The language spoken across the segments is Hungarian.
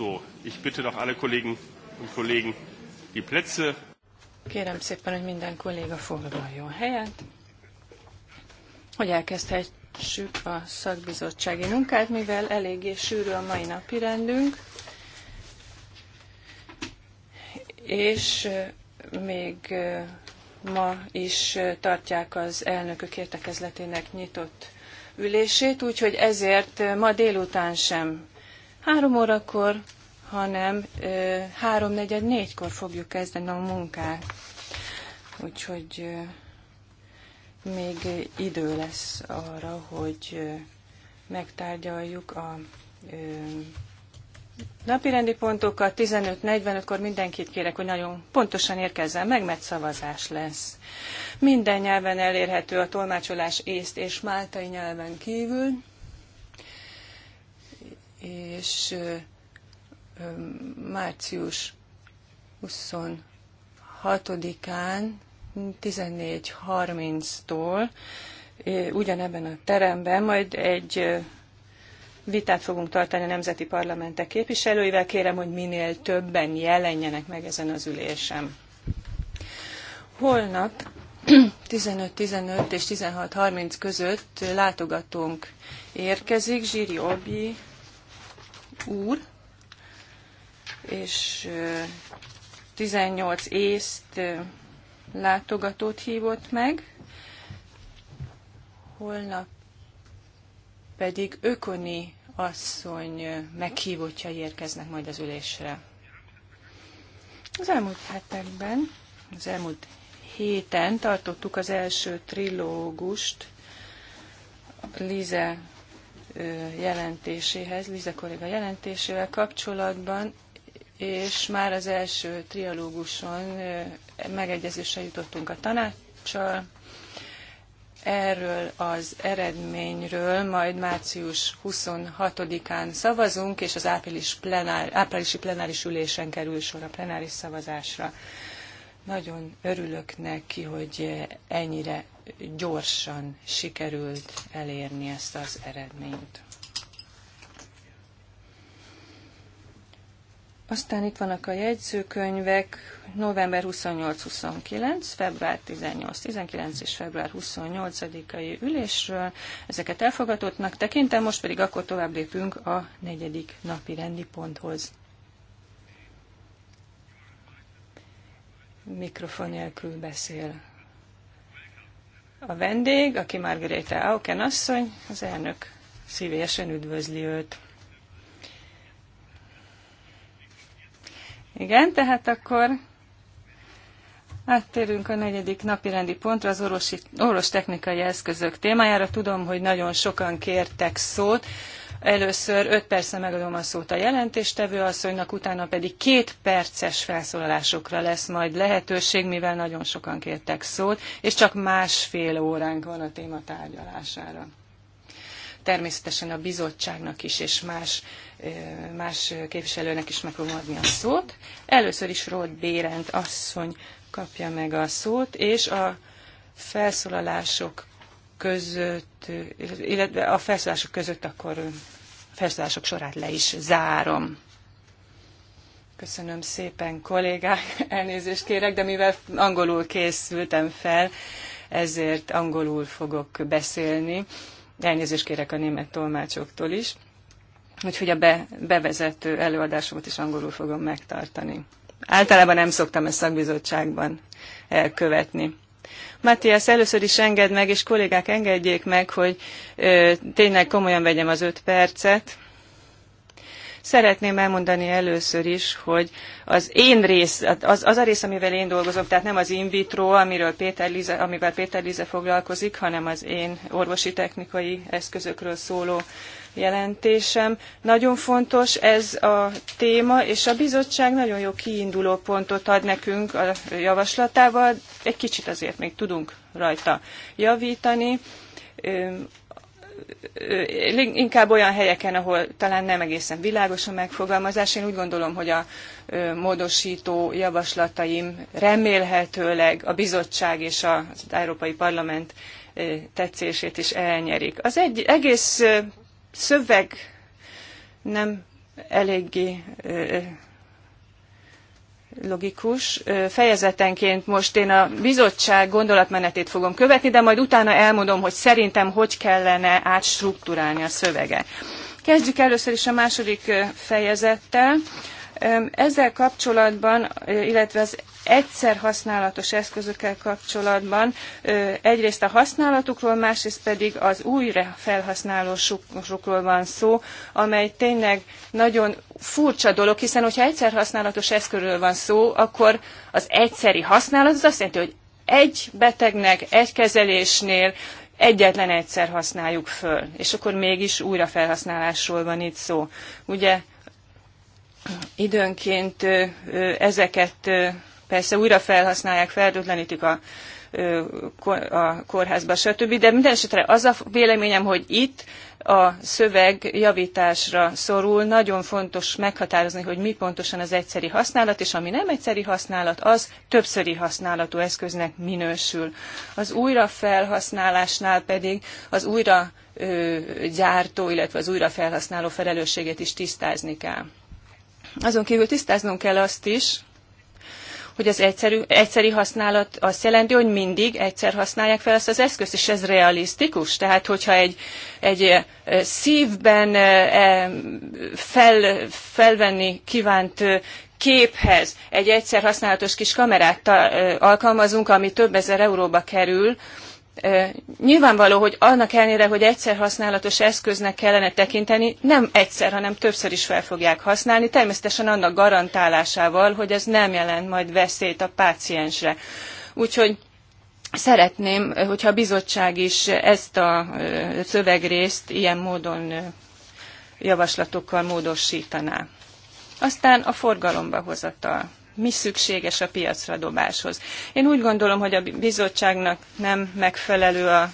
So, ich bitte doch alle Kollegen und Kollegen, die Plätze. Kérem szépen, hogy minden kolléga foglaljon helyet, hogy elkezdhessük a szakbizottsági munkát, mivel eléggé sűrű a mai napi rendünk, és még ma is tartják az elnökök értekezletének nyitott ülését, úgyhogy ezért ma délután sem három órakor, hanem háromnegyed négykor fogjuk kezdeni a munkát. Úgyhogy még idő lesz arra, hogy megtárgyaljuk a napirendi pontokat. 15.45-kor mindenkit kérek, hogy nagyon pontosan érkezzen meg, mert szavazás lesz. Minden nyelven elérhető a tolmácsolás észt és máltai nyelven kívül és március 26-án 14.30-tól ugyanebben a teremben majd egy vitát fogunk tartani a nemzeti parlamentek képviselőivel. Kérem, hogy minél többen jelenjenek meg ezen az ülésen. Holnap 15.15 .15 és 16.30 között látogatónk érkezik, Zsíri Obi, úr, és 18 észt látogatót hívott meg, holnap pedig Ökoni asszony meghívottjai érkeznek majd az ülésre. Az elmúlt hetekben, az elmúlt héten tartottuk az első trilógust Lize jelentéséhez, Liza kolléga jelentésével kapcsolatban, és már az első trialóguson megegyezésre jutottunk a tanácssal. Erről az eredményről majd március 26-án szavazunk, és az április plenár, áprilisi plenáris ülésen kerül sor a plenáris szavazásra. Nagyon örülök neki, hogy ennyire gyorsan sikerült elérni ezt az eredményt. Aztán itt vannak a jegyzőkönyvek, november 28-29, február 18-19 és február 28-ai ülésről. Ezeket elfogadottnak tekintem, most pedig akkor tovább lépünk a negyedik napi rendi ponthoz. Mikrofon nélkül beszél a vendég, aki Margarete Auken asszony, az elnök szívesen üdvözli őt. Igen, tehát akkor áttérünk a negyedik napi rendi pontra, az orosz technikai eszközök témájára. Tudom, hogy nagyon sokan kértek szót, Először 5 percre megadom a szót a jelentéstevő asszonynak, utána pedig két perces felszólalásokra lesz majd lehetőség, mivel nagyon sokan kértek szót, és csak másfél óránk van a téma tárgyalására. Természetesen a bizottságnak is, és más, más képviselőnek is meg fogom adni a szót. Először is rod Bérent asszony kapja meg a szót, és a felszólalások között, illetve a felszállások között akkor a felszállások sorát le is zárom. Köszönöm szépen, kollégák, elnézést kérek, de mivel angolul készültem fel, ezért angolul fogok beszélni. Elnézést kérek a német tolmácsoktól is. Úgyhogy a be, bevezető előadásomat is angolul fogom megtartani. Általában nem szoktam ezt szakbizottságban elkövetni. Matthias, először is engedd meg, és kollégák engedjék meg, hogy ö, tényleg komolyan vegyem az öt percet. Szeretném elmondani először is, hogy az én rész, az, az a rész, amivel én dolgozom, tehát nem az in vitro, amiről Péter Lize, amivel Péter Lize foglalkozik, hanem az én orvosi technikai eszközökről szóló jelentésem. Nagyon fontos ez a téma, és a bizottság nagyon jó kiinduló pontot ad nekünk a javaslatával. Egy kicsit azért még tudunk rajta javítani inkább olyan helyeken, ahol talán nem egészen világos a megfogalmazás. Én úgy gondolom, hogy a módosító javaslataim remélhetőleg a bizottság és az Európai Parlament tetszését is elnyerik. Az egy, egész szöveg nem eléggé logikus. Fejezetenként most én a bizottság gondolatmenetét fogom követni, de majd utána elmondom, hogy szerintem hogy kellene átstruktúrálni a szöveget. Kezdjük először is a második fejezettel. Ezzel kapcsolatban, illetve az egyszer használatos eszközökkel kapcsolatban egyrészt a használatukról, másrészt pedig az újra van szó, amely tényleg nagyon furcsa dolog, hiszen hogyha egyszer használatos eszközről van szó, akkor az egyszeri használat az azt jelenti, hogy egy betegnek, egy kezelésnél egyetlen egyszer használjuk föl, és akkor mégis újrafelhasználásról van itt szó. Ugye Időnként ezeket persze újra felhasználják, fertőtlenítik a, a kórházba, stb. De minden esetre az a véleményem, hogy itt a szöveg javításra szorul. Nagyon fontos meghatározni, hogy mi pontosan az egyszeri használat, és ami nem egyszeri használat, az többszöri használatú eszköznek minősül. Az újrafelhasználásnál pedig az újra gyártó, illetve az újrafelhasználó felelősségét is tisztázni kell. Azon kívül tisztáznunk kell azt is, hogy az egyszerű, egyszeri használat azt jelenti, hogy mindig egyszer használják fel ezt az eszközt, és ez realisztikus. Tehát, hogyha egy, egy szívben e, fel, felvenni kívánt képhez egy egyszer használatos kis kamerát alkalmazunk, ami több ezer euróba kerül, Nyilvánvaló, hogy annak ellenére, hogy egyszer használatos eszköznek kellene tekinteni, nem egyszer, hanem többször is fel fogják használni, természetesen annak garantálásával, hogy ez nem jelent majd veszélyt a páciensre. Úgyhogy szeretném, hogyha a bizottság is ezt a szövegrészt ilyen módon javaslatokkal módosítaná. Aztán a forgalomba hozatal mi szükséges a piacra dobáshoz. Én úgy gondolom, hogy a bizottságnak nem megfelelő a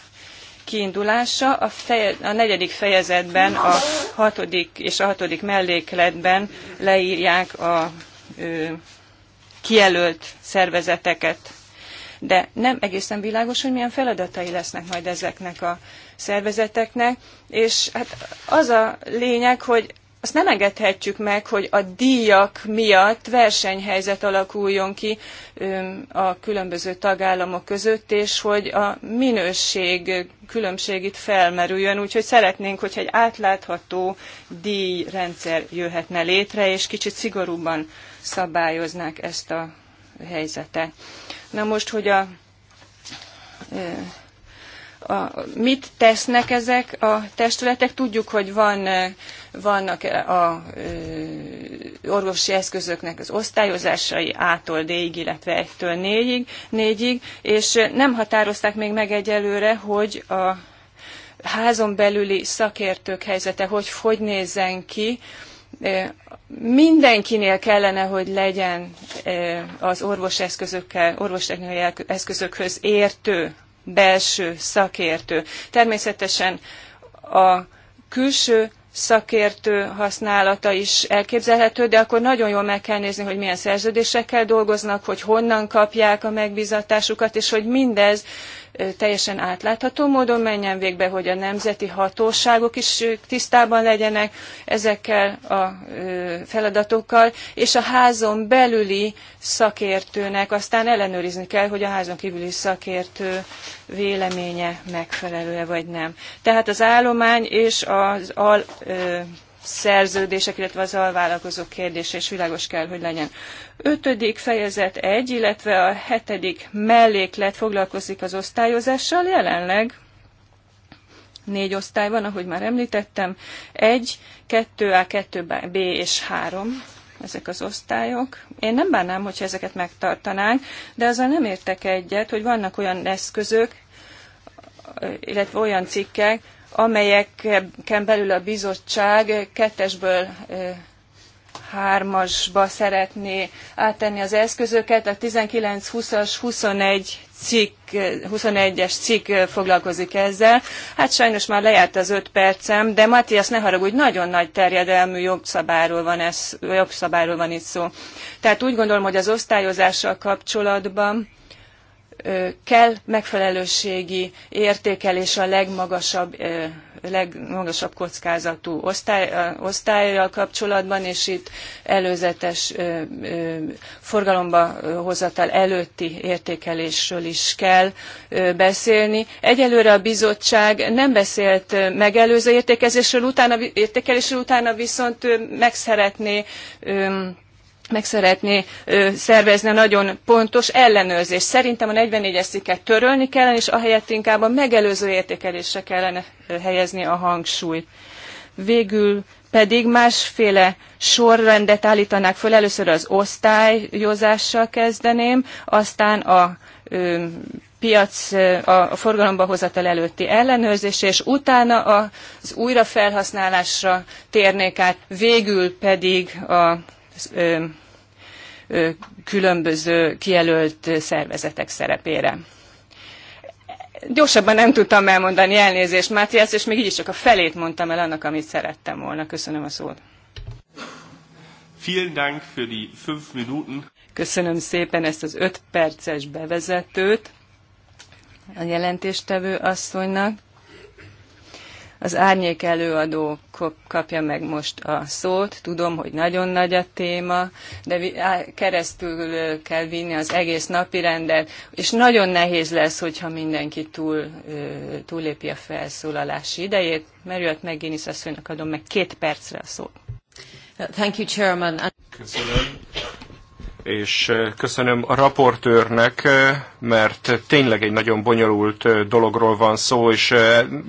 kiindulása. A, feje, a negyedik fejezetben, a hatodik és a hatodik mellékletben leírják a ö, kijelölt szervezeteket, de nem egészen világos, hogy milyen feladatai lesznek majd ezeknek a szervezeteknek, és hát az a lényeg, hogy azt nem engedhetjük meg, hogy a díjak miatt versenyhelyzet alakuljon ki a különböző tagállamok között, és hogy a minőség különbség itt felmerüljön. Úgyhogy szeretnénk, hogy egy átlátható díjrendszer jöhetne létre, és kicsit szigorúban szabályoznák ezt a helyzetet. Na most, hogy a a, mit tesznek ezek a testületek? Tudjuk, hogy van, e, vannak e, az e, orvosi eszközöknek az osztályozásai A-tól D-ig, illetve 1-től 4-ig, 4-ig, és nem határozták még meg egyelőre, hogy a házon belüli szakértők helyzete hogy, hogy nézzen ki, mindenkinél kellene, hogy legyen az eszközökkel, orvostechnikai eszközökhöz értő belső szakértő. Természetesen a külső szakértő használata is elképzelhető, de akkor nagyon jól meg kell nézni, hogy milyen szerződésekkel dolgoznak, hogy honnan kapják a megbízatásukat, és hogy mindez teljesen átlátható módon menjen végbe, hogy a nemzeti hatóságok is tisztában legyenek ezekkel a feladatokkal, és a házon belüli szakértőnek aztán ellenőrizni kell, hogy a házon kívüli szakértő véleménye megfelelő-e vagy nem. Tehát az állomány és az al, szerződések, illetve az alvállalkozók kérdése is világos kell, hogy legyen. Ötödik fejezet egy, illetve a hetedik melléklet foglalkozik az osztályozással. Jelenleg négy osztály van, ahogy már említettem. Egy, kettő a kettő b és három ezek az osztályok. Én nem bánnám, hogyha ezeket megtartanánk, de azzal nem értek egyet, hogy vannak olyan eszközök, illetve olyan cikkek, amelyeken belül a bizottság kettesből hármasba szeretné áttenni az eszközöket. A 19-20-as 21 cikk, 21-es cikk foglalkozik ezzel. Hát sajnos már lejárt az öt percem, de Matthias, ne haragudj, nagyon nagy terjedelmű jogszabályról van, ez, jogszabályról van itt szó. Tehát úgy gondolom, hogy az osztályozással kapcsolatban kell megfelelőségi értékelés a legmagasabb, legmagasabb kockázatú osztály, osztályjal kapcsolatban, és itt előzetes forgalomba hozatal előtti értékelésről is kell beszélni. Egyelőre a bizottság nem beszélt megelőző értékelésről, utána, értékelésről utána viszont meg szeretné meg szeretné ö, szervezni a nagyon pontos ellenőrzést Szerintem a 44-es cikket törölni kellene, és ahelyett inkább a megelőző értékelésre kellene ö, helyezni a hangsúlyt. Végül pedig másféle sorrendet állítanák föl. Először az osztályozással kezdeném, aztán a ö, piac a forgalomba hozatal előtti ellenőrzés és utána az újrafelhasználásra térnék át, végül pedig a különböző kijelölt szervezetek szerepére. Gyorsabban nem tudtam elmondani elnézést, Mátiász, és még így is csak a felét mondtam el annak, amit szerettem volna. Köszönöm a szót. Köszönöm szépen ezt az öt perces bevezetőt a jelentéstevő asszonynak. Az árnyék előadó kapja meg most a szót. Tudom, hogy nagyon nagy a téma, de keresztül kell vinni az egész napi rendet, és nagyon nehéz lesz, hogyha mindenki túl, túlépi a felszólalási idejét. Merült meg Génisz asszonynak adom meg két percre a szót. Thank you, Chairman. Köszönöm és köszönöm a raportőrnek, mert tényleg egy nagyon bonyolult dologról van szó, és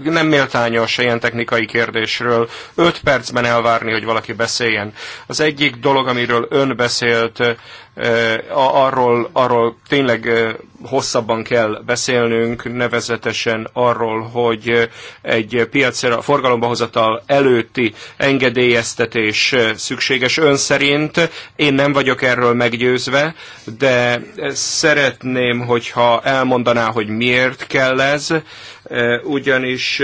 nem méltányos ilyen technikai kérdésről öt percben elvárni, hogy valaki beszéljen. Az egyik dolog, amiről ön beszélt, arról, arról tényleg hosszabban kell beszélnünk, nevezetesen arról, hogy egy piacra forgalomba hozatal előtti engedélyeztetés szükséges ön szerint. Én nem vagyok erről meggyőzve, de szeretném, hogyha elmondaná, hogy miért kell ez, ugyanis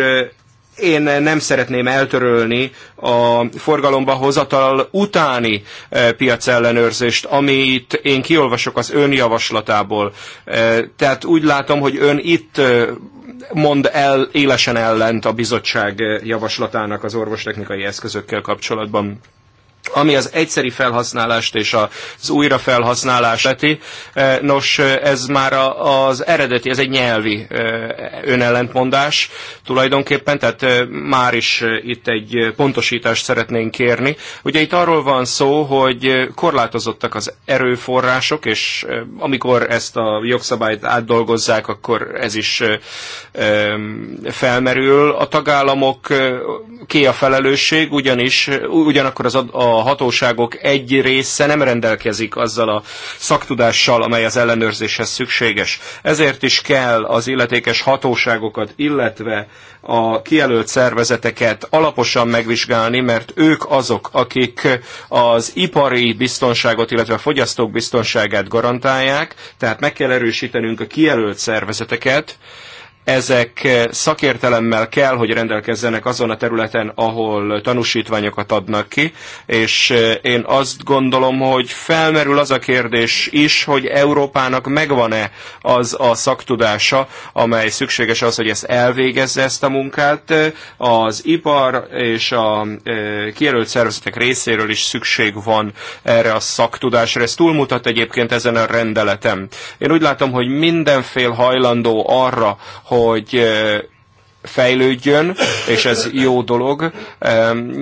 én nem szeretném eltörölni a forgalomba hozatal utáni e, piacellenőrzést, amit én kiolvasok az ön javaslatából. E, tehát úgy látom, hogy ön itt e, mond el élesen ellent a bizottság javaslatának az orvostechnikai eszközökkel kapcsolatban ami az egyszeri felhasználást és az újrafelhasználást leti. Eh, nos, eh, ez már az eredeti, ez egy nyelvi eh, önellentmondás tulajdonképpen, tehát már is itt egy pontosítást szeretnénk kérni. Ugye itt arról van szó, hogy korlátozottak az erőforrások, és amikor ezt a jogszabályt átdolgozzák, akkor ez is felmerül. A tagállamok ki a felelősség, ugyanis ugyanakkor az a a hatóságok egy része nem rendelkezik azzal a szaktudással, amely az ellenőrzéshez szükséges. Ezért is kell az illetékes hatóságokat, illetve a kijelölt szervezeteket alaposan megvizsgálni, mert ők azok, akik az ipari biztonságot, illetve a fogyasztók biztonságát garantálják, tehát meg kell erősítenünk a kijelölt szervezeteket, ezek szakértelemmel kell, hogy rendelkezzenek azon a területen, ahol tanúsítványokat adnak ki, és eh, én azt gondolom, hogy felmerül az a kérdés is, hogy Európának megvan-e az a szaktudása, amely szükséges az, hogy ezt elvégezze ezt a munkát. Az ipar és a eh, kijelölt szervezetek részéről is szükség van erre a szaktudásra. Ez túlmutat egyébként ezen a rendeletem. Én úgy látom, hogy mindenfél hajlandó arra, hogy fejlődjön, és ez jó dolog.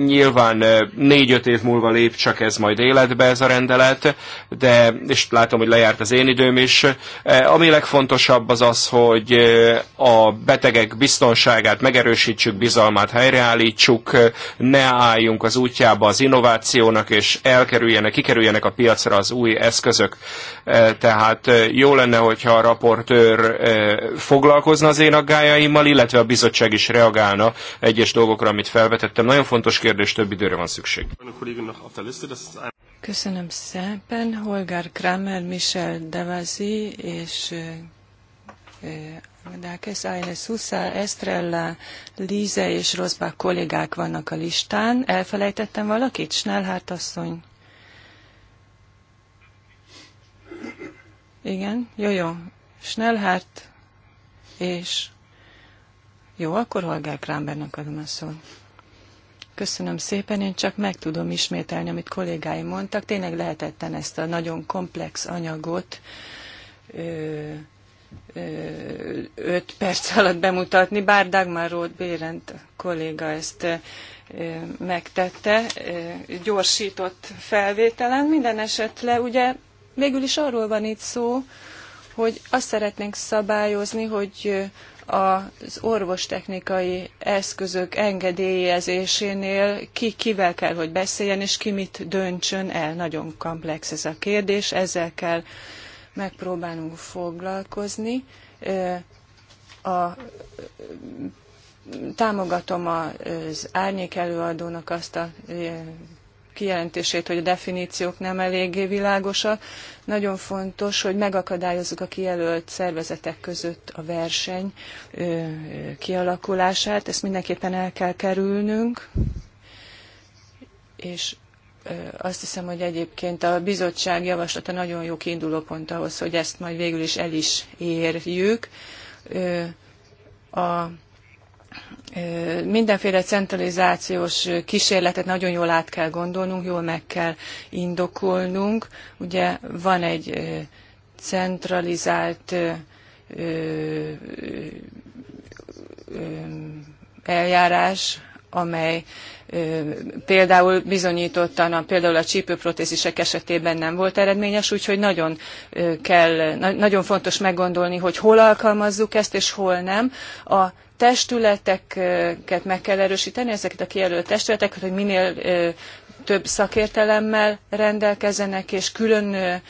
Nyilván eh, négy-öt év múlva lép csak ez majd életbe ez a rendelet, de, és látom, hogy lejárt az én időm is. Eh, ami legfontosabb az az, hogy eh, a betegek biztonságát megerősítsük, bizalmát helyreállítsuk, ne álljunk az útjába az innovációnak, és elkerüljenek, kikerüljenek a piacra az új eszközök. Tehát jó lenne, hogyha a raportőr foglalkozna az én aggájaimmal, illetve a bizottság bizottság is reagálna egyes dolgokra, amit felvetettem. Nagyon fontos kérdés, több időre van szükség. Köszönöm szépen. Holgar Kramer, Michel Davazi és Dákes Aile Susa Estrella, Líze és Rosbach kollégák vannak a listán. Elfelejtettem valakit? Snellhárt asszony. Igen, jó, jó. Snellhárt és jó, akkor Holger Krambernek adom a szót. Köszönöm szépen, én csak meg tudom ismételni, amit kollégáim mondtak. Tényleg lehetetlen ezt a nagyon komplex anyagot ö, ö, öt perc alatt bemutatni, bár Dagmar Roth Bérent kolléga ezt ö, megtette, ö, gyorsított felvételen. Minden esetre ugye végül is arról van itt szó, hogy azt szeretnénk szabályozni, hogy ö, az orvostechnikai eszközök engedélyezésénél ki kivel kell, hogy beszéljen, és ki mit döntsön el. Nagyon komplex ez a kérdés, ezzel kell megpróbálunk foglalkozni. A, támogatom az árnyék előadónak azt a kijelentését, hogy a definíciók nem eléggé világosak. Nagyon fontos, hogy megakadályozzuk a kijelölt szervezetek között a verseny kialakulását. Ezt mindenképpen el kell kerülnünk, és azt hiszem, hogy egyébként a bizottság javaslata nagyon jó kiinduló pont ahhoz, hogy ezt majd végül is el is érjük. A mindenféle centralizációs kísérletet nagyon jól át kell gondolnunk, jól meg kell indokolnunk. Ugye van egy centralizált eljárás, amely például bizonyítottan, például a csípőprotézisek esetében nem volt eredményes, úgyhogy nagyon kell, nagyon fontos meggondolni, hogy hol alkalmazzuk ezt, és hol nem. A testületeket meg kell erősíteni, ezeket a kijelölt testületeket, hogy minél több szakértelemmel rendelkezzenek, és külön,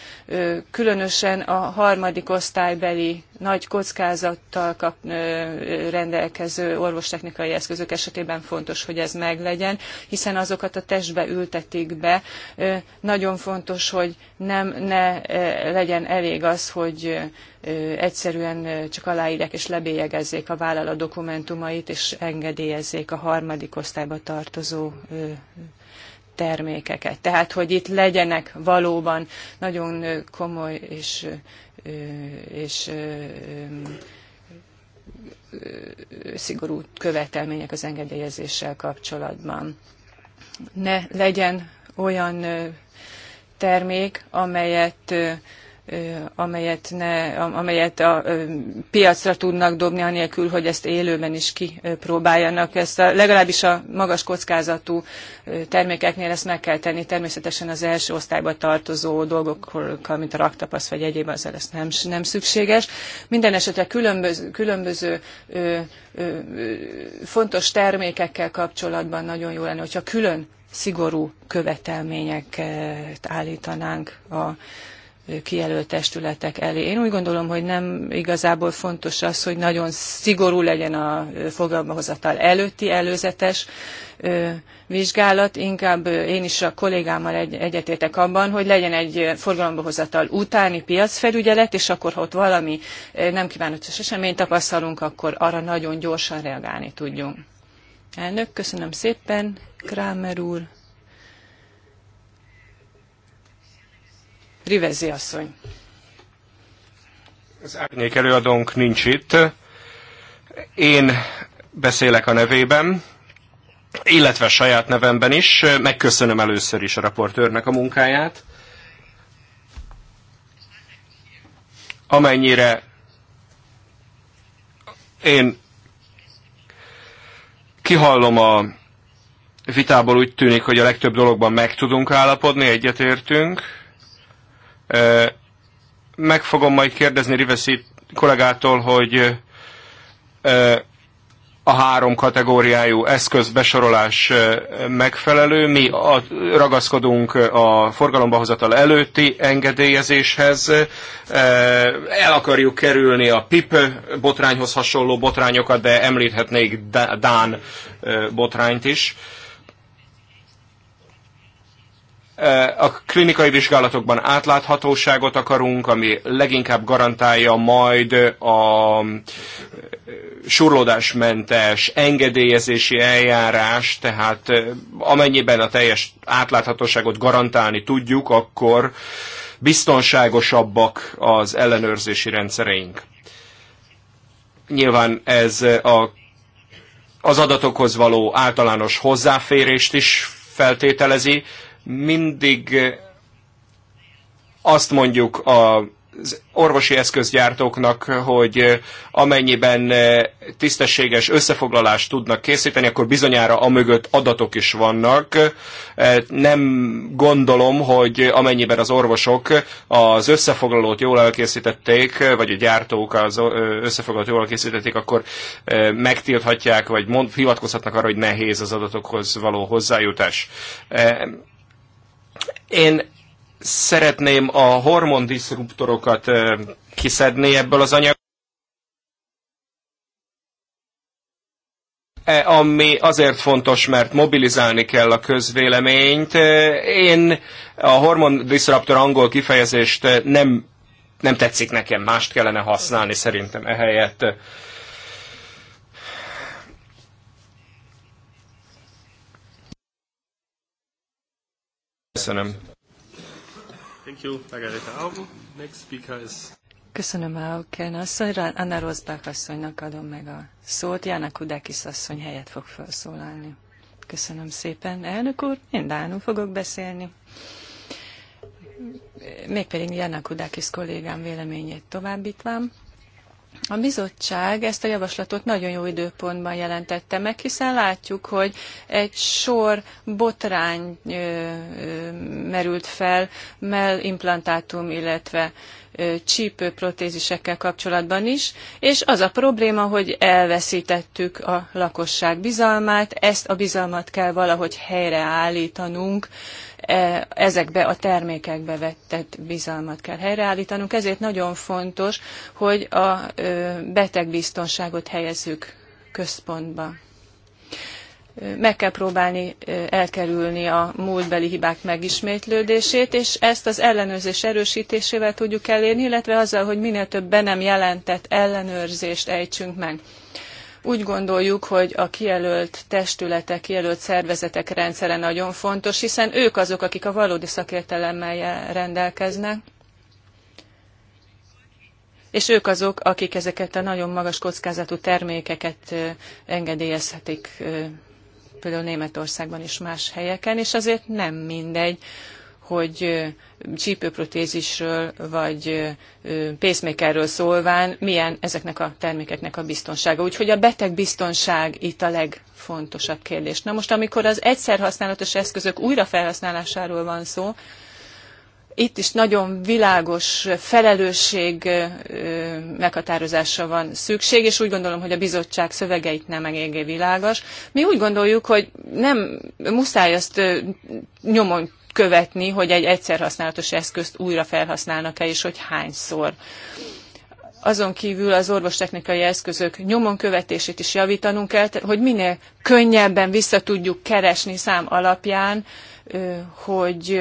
különösen a harmadik osztálybeli nagy kockázattal kap, rendelkező orvostechnikai eszközök esetében fontos, hogy ez meglegyen, hiszen azokat a testbe ültetik be. Nagyon fontos, hogy nem ne legyen elég az, hogy egyszerűen csak aláírják és lebélyegezzék a vállalat dokumentumait, és engedélyezzék a harmadik osztályba tartozó termékeket. Tehát, hogy itt legyenek valóban nagyon komoly és, és szigorú követelmények az engedélyezéssel kapcsolatban. Ne legyen olyan termék, amelyet amelyet, ne, amelyet a piacra tudnak dobni, anélkül, hogy ezt élőben is kipróbáljanak. Ezt a, legalábbis a magas kockázatú termékeknél ezt meg kell tenni. Természetesen az első osztályba tartozó dolgokkal, mint a raktapasz vagy egyéb, az ez nem, nem szükséges. Minden esetre különböző, különböző ö, ö, fontos termékekkel kapcsolatban nagyon jó lenne, hogyha külön szigorú követelményeket állítanánk a kijelölt testületek elé. Én úgy gondolom, hogy nem igazából fontos az, hogy nagyon szigorú legyen a fogalmahozatal előtti előzetes vizsgálat, inkább én is a kollégámmal egy, egyetértek abban, hogy legyen egy forgalombahozatal utáni piacfelügyelet, és akkor, ha ott valami nem kívánatos eseményt tapasztalunk, akkor arra nagyon gyorsan reagálni tudjunk. Elnök, köszönöm szépen, Krámer úr. Rivezi asszony. Az árnyék előadónk nincs itt. Én beszélek a nevében, illetve saját nevemben is. Megköszönöm először is a raportőrnek a munkáját. Amennyire én kihallom a vitából úgy tűnik, hogy a legtöbb dologban meg tudunk állapodni, egyetértünk. Meg fogom majd kérdezni Riveszi kollégától, hogy a három kategóriájú eszközbesorolás megfelelő. Mi ragaszkodunk a forgalomba hozatal előtti engedélyezéshez, el akarjuk kerülni a PIP botrányhoz hasonló botrányokat, de említhetnék Dán botrányt is a klinikai vizsgálatokban átláthatóságot akarunk, ami leginkább garantálja majd a surlódásmentes engedélyezési eljárás, tehát amennyiben a teljes átláthatóságot garantálni tudjuk, akkor biztonságosabbak az ellenőrzési rendszereink. Nyilván ez a, az adatokhoz való általános hozzáférést is feltételezi, mindig eh, azt mondjuk a az orvosi eszközgyártóknak, hogy eh, amennyiben eh, tisztességes összefoglalást tudnak készíteni, akkor bizonyára a mögött adatok is vannak. Nem gondolom, hogy amennyiben az orvosok az összefoglalót jól elkészítették, vagy a gyártók az összefoglalót jól elkészítették, akkor megtilthatják, vagy hivatkozhatnak arra, hogy nehéz az adatokhoz való hozzájutás. Én szeretném a hormondiszruptorokat kiszedni ebből az anyagból, e, ami azért fontos, mert mobilizálni kell a közvéleményt. Én a disruptor angol kifejezést nem, nem tetszik nekem, mást kellene használni szerintem ehelyett. Köszönöm. Köszönöm, a Margareta asszony, Anna Rosbach asszonynak adom meg a szót, Jana Kudákis asszony helyet fog felszólalni. Köszönöm szépen. Elnök úr, én Dánul fogok beszélni. Mégpedig Jana Kudákis kollégám véleményét továbbítvám. A bizottság ezt a javaslatot nagyon jó időpontban jelentette meg, hiszen látjuk, hogy egy sor botrány merült fel mellimplantátum, illetve csípő protézisekkel kapcsolatban is, és az a probléma, hogy elveszítettük a lakosság bizalmát, ezt a bizalmat kell valahogy helyreállítanunk, e, ezekbe a termékekbe vettett bizalmat kell helyreállítanunk, ezért nagyon fontos, hogy a betegbiztonságot helyezzük központba meg kell próbálni elkerülni a múltbeli hibák megismétlődését, és ezt az ellenőrzés erősítésével tudjuk elérni, illetve azzal, hogy minél több be nem jelentett ellenőrzést ejtsünk meg. Úgy gondoljuk, hogy a kijelölt testületek, kijelölt szervezetek rendszere nagyon fontos, hiszen ők azok, akik a valódi szakértelemmel rendelkeznek, és ők azok, akik ezeket a nagyon magas kockázatú termékeket engedélyezhetik például Németországban és más helyeken, és azért nem mindegy, hogy csípőprotézisről vagy pacemakerről szólván milyen ezeknek a termékeknek a biztonsága. Úgyhogy a beteg biztonság itt a legfontosabb kérdés. Na most, amikor az egyszer használatos eszközök újrafelhasználásáról van szó, itt is nagyon világos felelősség meghatározása van szükség, és úgy gondolom, hogy a bizottság szövege itt nem eléggé világos. Mi úgy gondoljuk, hogy nem muszáj azt nyomon követni, hogy egy egyszer használatos eszközt újra felhasználnak-e, és hogy hányszor. Azon kívül az orvostechnikai eszközök nyomon követését is javítanunk kell, hogy minél könnyebben vissza tudjuk keresni szám alapján, hogy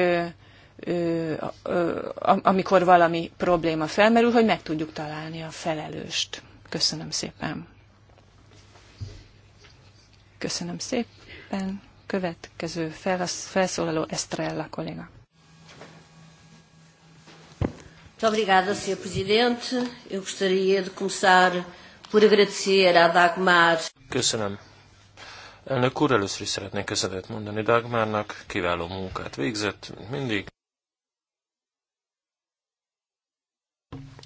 amikor valami probléma felmerül, hogy meg tudjuk találni a felelőst. Köszönöm szépen. Köszönöm szépen. Következő felszólaló Estrella kolléga. Muito obrigada, Sr. Presidente. Eu gostaria de começar por agradecer à Dagmar. Köszönöm. Elnök úr, először is szeretnék köszönetet mondani Dagmárnak, kiváló munkát végzett, mindig.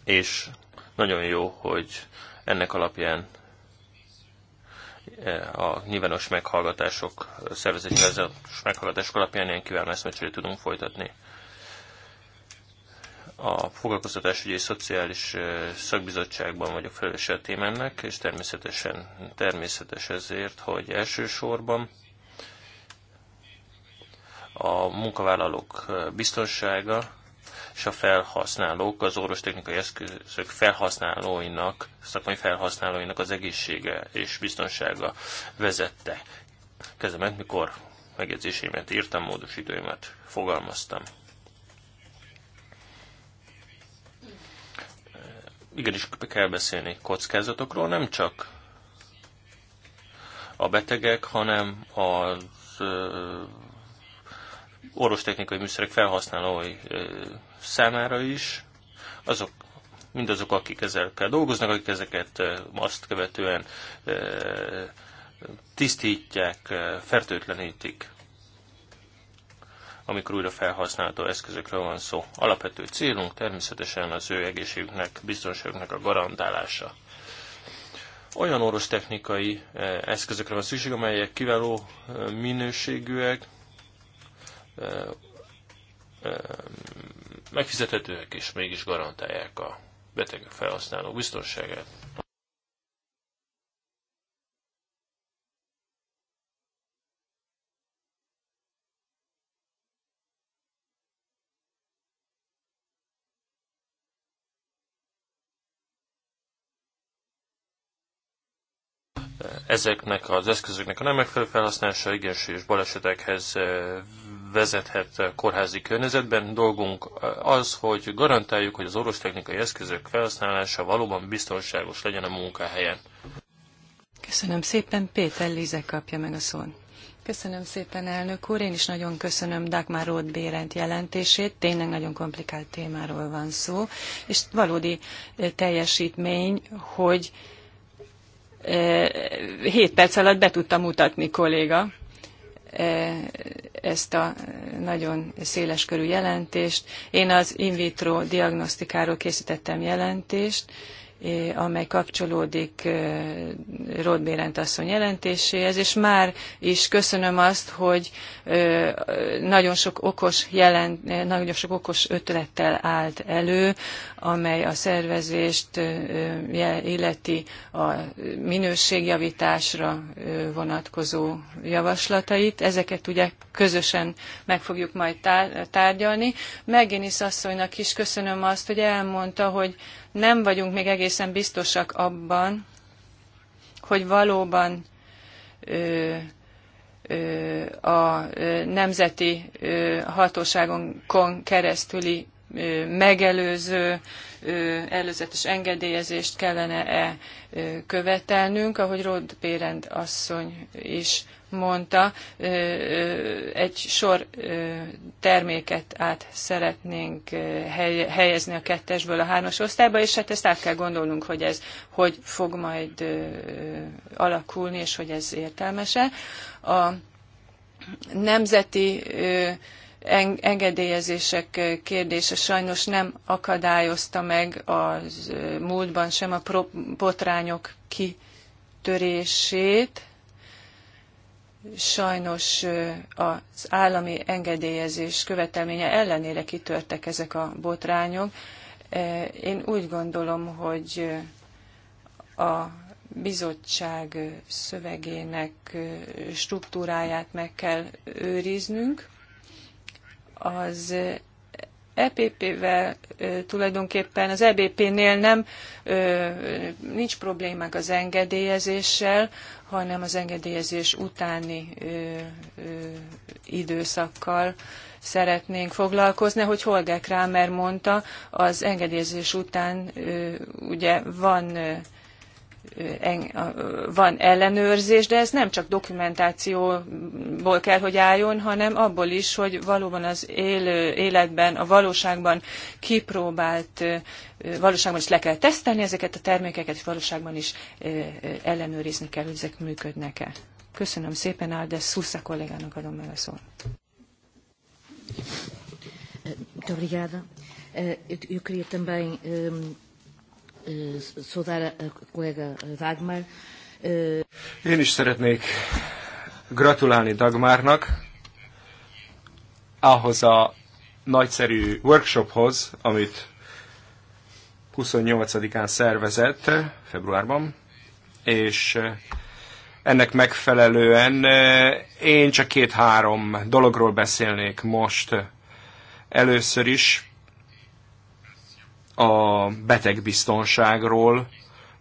és nagyon jó, hogy ennek alapján eh, a nyilvános meghallgatások, szervezett nyilvános meghallgatások alapján ilyen kiváló eszmecserét tudunk folytatni. A foglalkoztatásügyi és szociális eh, szakbizottságban vagyok felelőse a témának, és természetesen természetes ezért, hogy elsősorban a munkavállalók eh, biztonsága, és a felhasználók, az orvostechnikai eszközök felhasználóinak, szakmai felhasználóinak az egészsége és biztonsága vezette kezemet, mikor megjegyzéseimet írtam, módosítóimat fogalmaztam. Igenis kell beszélni kockázatokról, nem csak a betegek, hanem az orvostechnikai műszerek felhasználói számára is, azok, mindazok, akik ezekkel dolgoznak, akik ezeket azt követően tisztítják, fertőtlenítik, amikor újra felhasználható eszközökről van szó. Alapvető célunk természetesen az ő egészségüknek, biztonságuknak a garantálása. Olyan technikai eszközökre van szükség, amelyek kiváló minőségűek, megfizethetőek, és mégis garantálják a betegek felhasználó biztonságát. ezeknek az eszközöknek a nem megfelelő felhasználása igen és balesetekhez vezethet kórházi környezetben. Dolgunk az, hogy garantáljuk, hogy az orvostechnikai eszközök felhasználása valóban biztonságos legyen a munkahelyen. Köszönöm szépen, Péter Lize kapja meg a szót. Köszönöm szépen, elnök úr. Én is nagyon köszönöm Dagmar Roth Bérent jelentését. Tényleg nagyon komplikált témáról van szó, és valódi teljesítmény, hogy 7 perc alatt be tudta mutatni kolléga, E, ezt a nagyon széles körű jelentést. Én az in vitro diagnosztikáról készítettem jelentést, amely kapcsolódik Ród Bérent asszony jelentéséhez, és már is köszönöm azt, hogy nagyon sok okos, jelent, nagyon sok okos ötlettel állt elő, amely a szervezést illeti a minőségjavításra vonatkozó javaslatait. Ezeket ugye közösen meg fogjuk majd tárgyalni. Megénisz asszonynak is köszönöm azt, hogy elmondta, hogy nem vagyunk még egészen biztosak abban, hogy valóban ö, ö, a nemzeti hatóságon keresztüli megelőző előzetes engedélyezést kellene-e követelnünk, ahogy Rod Bérend asszony is mondta, egy sor terméket át szeretnénk helyezni a kettesből a hármas osztályba, és hát ezt át kell gondolnunk, hogy ez hogy fog majd alakulni, és hogy ez értelmese. A nemzeti engedélyezések kérdése sajnos nem akadályozta meg a múltban sem a botrányok kitörését. Sajnos az állami engedélyezés követelménye ellenére kitörtek ezek a botrányok. Én úgy gondolom, hogy a bizottság szövegének struktúráját meg kell őriznünk az EPP-vel tulajdonképpen az EBP-nél nem nincs problémák az engedélyezéssel, hanem az engedélyezés utáni időszakkal szeretnénk foglalkozni. Hogy Holger Kramer mondta, az engedélyezés után ugye van van ellenőrzés, de ez nem csak dokumentációból kell, hogy álljon, hanem abból is, hogy valóban az élő életben, a valóságban kipróbált, valóságban is le kell tesztelni ezeket a termékeket, és valóságban is ellenőrizni kell, hogy ezek működnek-e. Köszönöm szépen, Alde Szusza kollégának adom meg a szót. obrigada. Eh, eu queria também ehm, saudar a Dagmar. Én is szeretnék gratulálni Dagmárnak ahhoz a nagyszerű workshophoz, amit 28-án szervezett februárban, és eh, ennek megfelelően eh, én csak két-három dologról beszélnék most. Először is a betegbiztonságról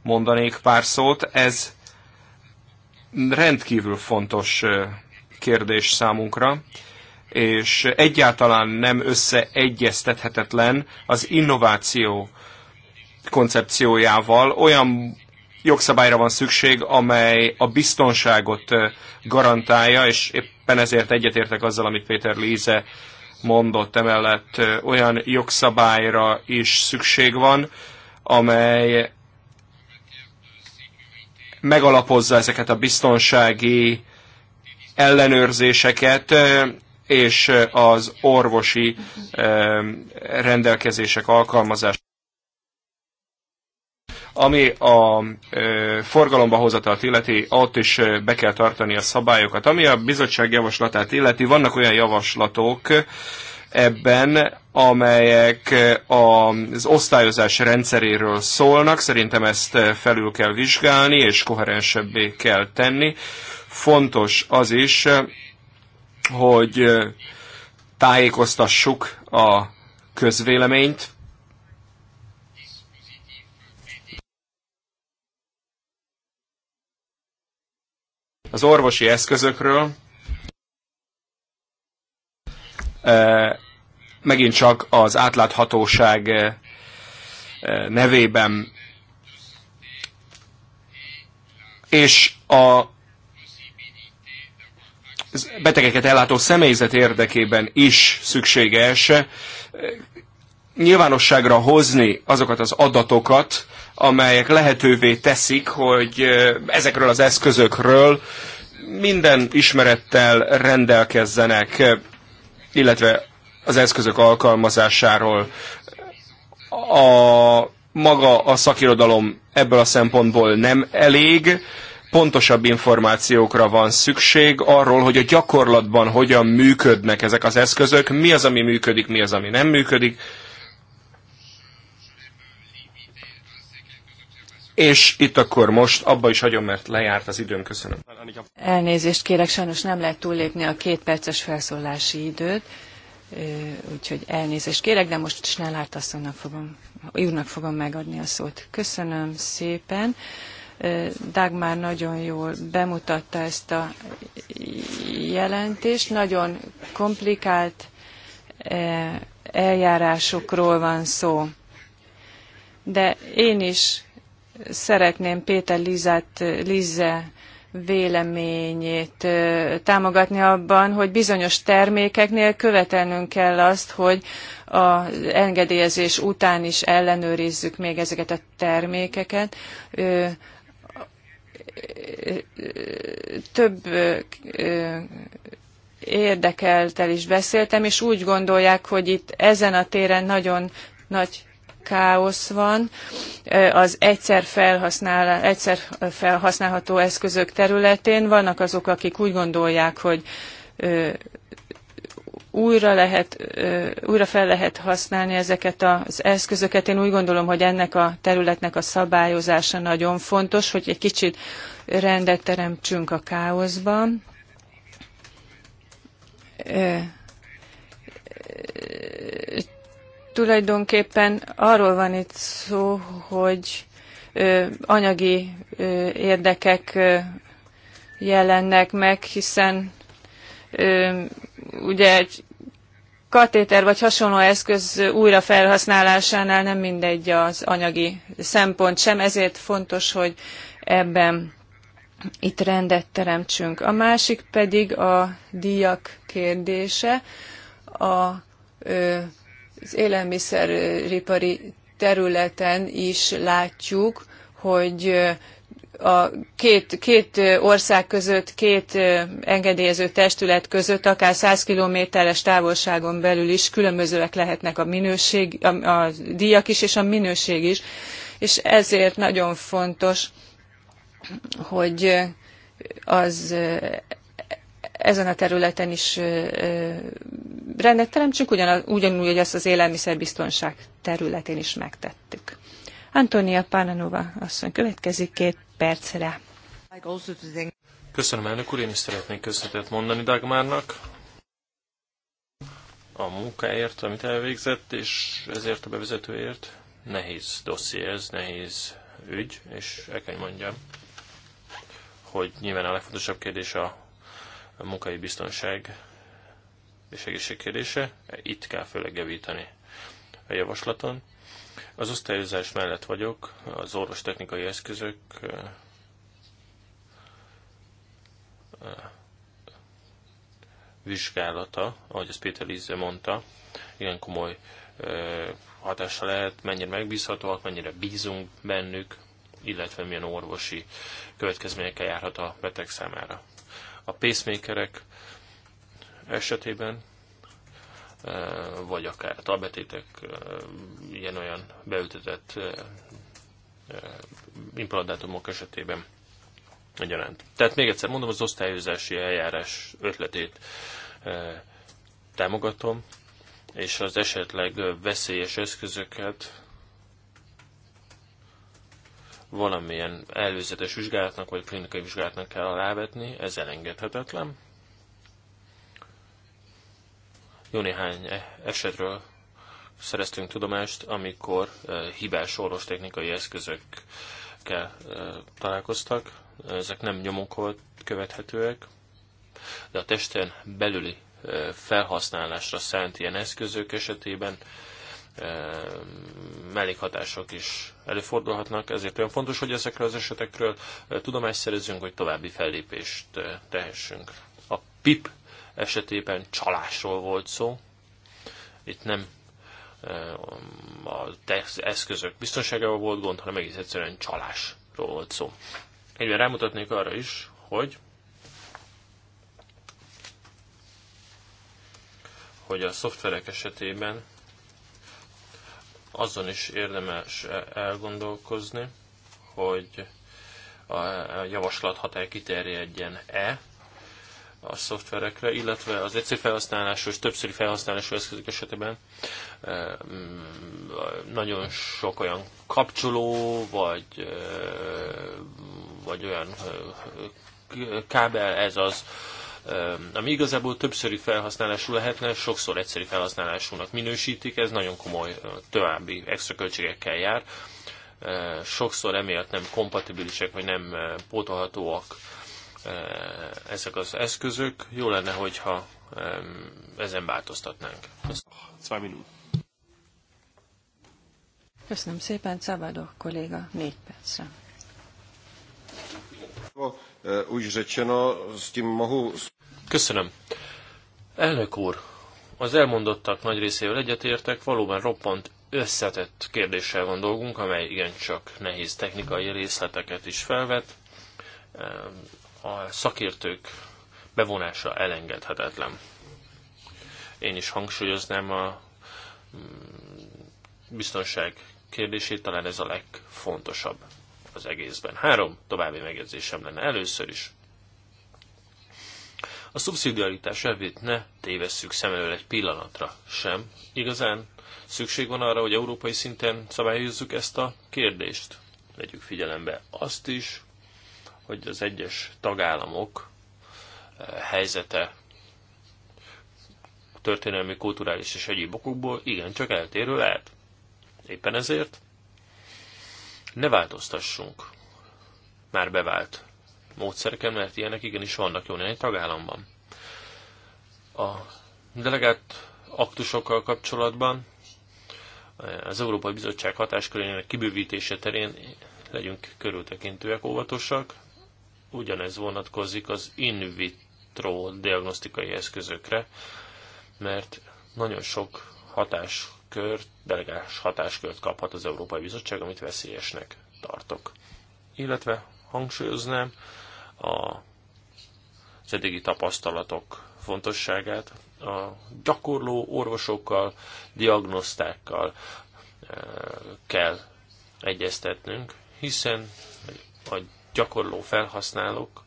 mondanék pár szót. Ez rendkívül fontos kérdés számunkra, és egyáltalán nem összeegyeztethetetlen az innováció koncepciójával. Olyan jogszabályra van szükség, amely a biztonságot garantálja, és éppen ezért egyetértek azzal, amit Péter Líze mondott, emellett olyan jogszabályra is szükség van, amely megalapozza ezeket a biztonsági ellenőrzéseket és az orvosi rendelkezések alkalmazását. Ami a forgalomba hozatalt illeti, ott is be kell tartani a szabályokat. Ami a bizottság javaslatát illeti, vannak olyan javaslatok, ebben, amelyek az osztályozás rendszeréről szólnak. Szerintem ezt felül kell vizsgálni, és koherensebbé kell tenni. Fontos az is, hogy tájékoztassuk a közvéleményt, az orvosi eszközökről. Megint csak az átláthatóság nevében. És a betegeket ellátó személyzet érdekében is szükséges nyilvánosságra hozni azokat az adatokat, amelyek lehetővé teszik, hogy ezekről az eszközökről minden ismerettel rendelkezzenek, illetve az eszközök alkalmazásáról. A maga a szakirodalom ebből a szempontból nem elég, pontosabb információkra van szükség arról, hogy a gyakorlatban hogyan működnek ezek az eszközök, mi az, ami működik, mi az, ami nem működik, És itt akkor most abba is hagyom, mert lejárt az időm, köszönöm. Elnézést kérek, sajnos nem lehet túllépni a két perces felszólási időt, úgyhogy elnézést kérek, de most Snellárt asszonynak fogom, úrnak fogom megadni a szót. Köszönöm szépen. Dagmar nagyon jól bemutatta ezt a jelentést. Nagyon komplikált eljárásokról van szó. De én is szeretném Péter Lizát, Lize véleményét támogatni abban, hogy bizonyos termékeknél követelnünk kell azt, hogy az engedélyezés után is ellenőrizzük még ezeket a termékeket. Több érdekeltel is beszéltem, és úgy gondolják, hogy itt ezen a téren nagyon nagy káosz van az egyszer, felhasznál, egyszer felhasználható eszközök területén. Vannak azok, akik úgy gondolják, hogy újra, lehet, újra fel lehet használni ezeket az eszközöket. Én úgy gondolom, hogy ennek a területnek a szabályozása nagyon fontos, hogy egy kicsit rendet teremtsünk a káoszban. Tulajdonképpen arról van itt szó, hogy anyagi érdekek jelennek meg, hiszen ugye egy katéter vagy hasonló eszköz újrafelhasználásánál nem mindegy az anyagi szempont sem, ezért fontos, hogy ebben itt rendet teremtsünk. A másik pedig a díjak kérdése. A ö, az élelmiszeripari területen is látjuk, hogy a két, két ország között, két engedélyező testület között, akár 100 kilométeres távolságon belül is különbözőek lehetnek a minőség, a, a díjak is, és a minőség is. És ezért nagyon fontos, hogy az ezen a területen is rendet teremtsünk, ugyanúgy, hogy ezt az élelmiszerbiztonság területén is megtettük. Antonia Pananova, asszony következik két percre. Köszönöm elnök úr, én is szeretnék köszönetet mondani Dagmárnak a munkáért, amit elvégzett, és ezért a bevezetőért. Nehéz dosszié ez, nehéz ügy, és el kell mondjam, hogy nyilván a legfontosabb kérdés a a munkai biztonság és egészség kérdése, itt kell főleg javítani a javaslaton. Az osztályozás mellett vagyok, az orvos technikai eszközök vizsgálata, ahogy ezt Péter Lizze mondta, igen komoly hatása lehet, mennyire megbízhatóak, mennyire bízunk bennük, illetve milyen orvosi következményekkel járhat a beteg számára a pacemakerek esetében, e, vagy akár a tabletétek, e, ilyen-olyan beültetett e, implantátumok esetében egyaránt. Tehát még egyszer mondom, az osztályozási eljárás ötletét támogatom, és az esetleg veszélyes eszközöket valamilyen előzetes vizsgálatnak vagy klinikai vizsgálatnak kell alávetni, ez elengedhetetlen. Jó néhány e- esetről szereztünk tudomást, amikor e, hibás technikai eszközökkel e, találkoztak. Ezek nem nyomon követhetőek, de a testen belüli felhasználásra szánt ilyen eszközök esetében mellékhatások is előfordulhatnak, ezért olyan fontos, hogy ezekről az esetekről tudomást szerezzünk, hogy további fellépést tehessünk. A PIP esetében csalásról volt szó, itt nem az eszközök biztonságával volt gond, hanem egész egyszerűen csalásról volt szó. Egyben rámutatnék arra is, hogy hogy a szoftverek esetében azon is érdemes e- elgondolkozni, hogy a javaslat hatály kiterjedjen-e a szoftverekre, illetve az egyszerű felhasználású és többszöri felhasználású eszközök esetében e, nagyon sok olyan kapcsoló, vagy, e, vagy olyan kábel, ez az, ami igazából többszöri felhasználású lehetne, sokszor egyszerű felhasználásúnak minősítik, ez nagyon komoly további extra költségekkel jár. Sokszor emiatt nem kompatibilisek, vagy nem pótolhatóak ezek az eszközök. Jó lenne, hogyha ezen változtatnánk. Köszönöm. Köszönöm szépen, Szabadó kolléga, négy percre. Už řečeno, s tím mohu... Köszönöm. Elnök úr, az elmondottak nagy részével egyetértek, valóban roppant összetett kérdéssel van dolgunk, amely igencsak nehéz technikai részleteket is felvet. A szakértők bevonása elengedhetetlen. Én is hangsúlyoznám a mm, biztonság kérdését, talán ez a legfontosabb az egészben. Három további megjegyzésem lenne. Először is a szubszidiaritás elvét ne tévesszük szem elől egy pillanatra sem. Igazán szükség van arra, hogy európai szinten szabályozzuk ezt a kérdést. Vegyük figyelembe azt is, hogy az egyes tagállamok eh, helyzete történelmi, kulturális és egyéb okokból igencsak eltérő lehet. Éppen ezért ne változtassunk már bevált módszereken, mert ilyenek igenis vannak jó néhány tagállamban. A delegált aktusokkal kapcsolatban az Európai Bizottság hatáskörének kibővítése terén legyünk körültekintőek, óvatosak. Ugyanez vonatkozik az in vitro diagnosztikai eszközökre, mert nagyon sok hatáskört, delegás hatáskört kaphat az Európai Bizottság, amit veszélyesnek tartok. Illetve hangsúlyoznám, a az eddigi tapasztalatok fontosságát a gyakorló orvosokkal, diagnosztákkal eh, kell egyeztetnünk, hiszen a gyakorló felhasználók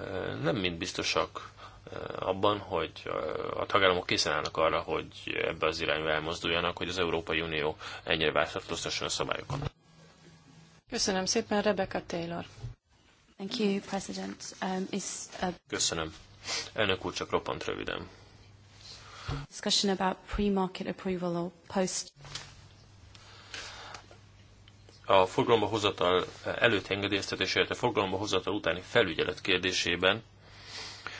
eh, nem mind biztosak eh, abban, hogy a tagállamok készen állnak arra, hogy ebbe az irányba elmozduljanak, hogy az Európai Unió ennyire változtasson a szabályokon. Köszönöm szépen, Rebecca Taylor. Thank you, President. Um, is a... Uh, Köszönöm. Elnök úr, csak roppant röviden. Discussion about pre-market approval or post a forgalomba hozatal előtt engedélyeztetés, illetve forgalomba hozatal utáni felügyelet kérdésében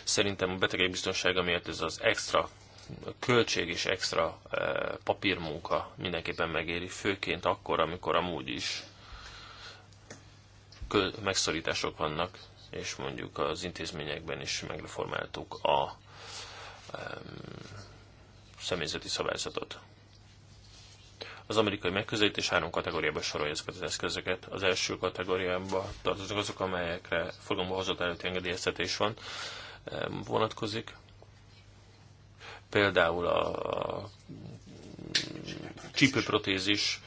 szerintem a betegek biztonsága miatt ez az extra költség és extra eh, papírmunka mindenképpen megéri, főként akkor, amikor amúgy is megszorítások vannak, és mondjuk az intézményekben is megreformáltuk a személyzeti szabályzatot. Az amerikai megközelítés három kategóriába sorolja ezeket az eszközöket. Az első kategóriába tartoznak azok, amelyekre forgalomba hozott előtti engedélyeztetés van, vonatkozik. Például a, a csípőprotézis,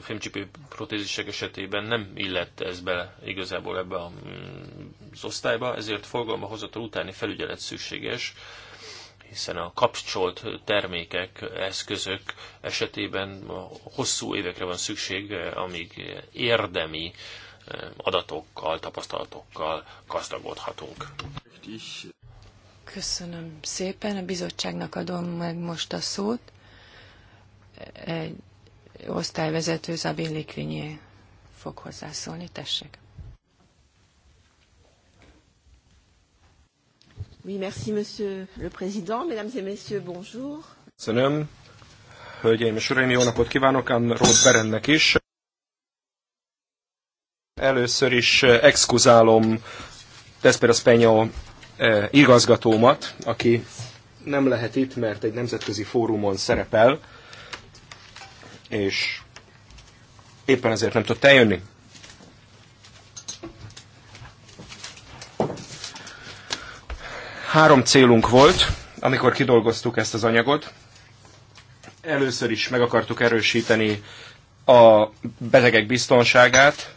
fémcsipő protézisek esetében nem illett ez bele igazából ebbe mm, az osztályba, ezért forgalma hozatal utáni felügyelet szükséges, hiszen a kapcsolt termékek, eszközök esetében hosszú évekre van szükség, amíg érdemi adatokkal, tapasztalatokkal gazdagodhatunk. Köszönöm szépen. A bizottságnak adom meg most a szót. Egy osztályvezető Zabin Likvinyé fog hozzászólni. Tessék! Oui, merci, monsieur le président. Mesdames et messieurs, bonjour. Köszönöm. Hölgyeim és uraim, jó napot kívánok, Ann Roth Berennek is. Először is eh, exkuzálom Desperas Penyo eh, igazgatómat, aki nem lehet itt, mert egy nemzetközi fórumon szerepel, és éppen ezért nem tudott eljönni. Három célunk volt, amikor kidolgoztuk ezt az anyagot. Először is meg akartuk erősíteni a betegek biztonságát,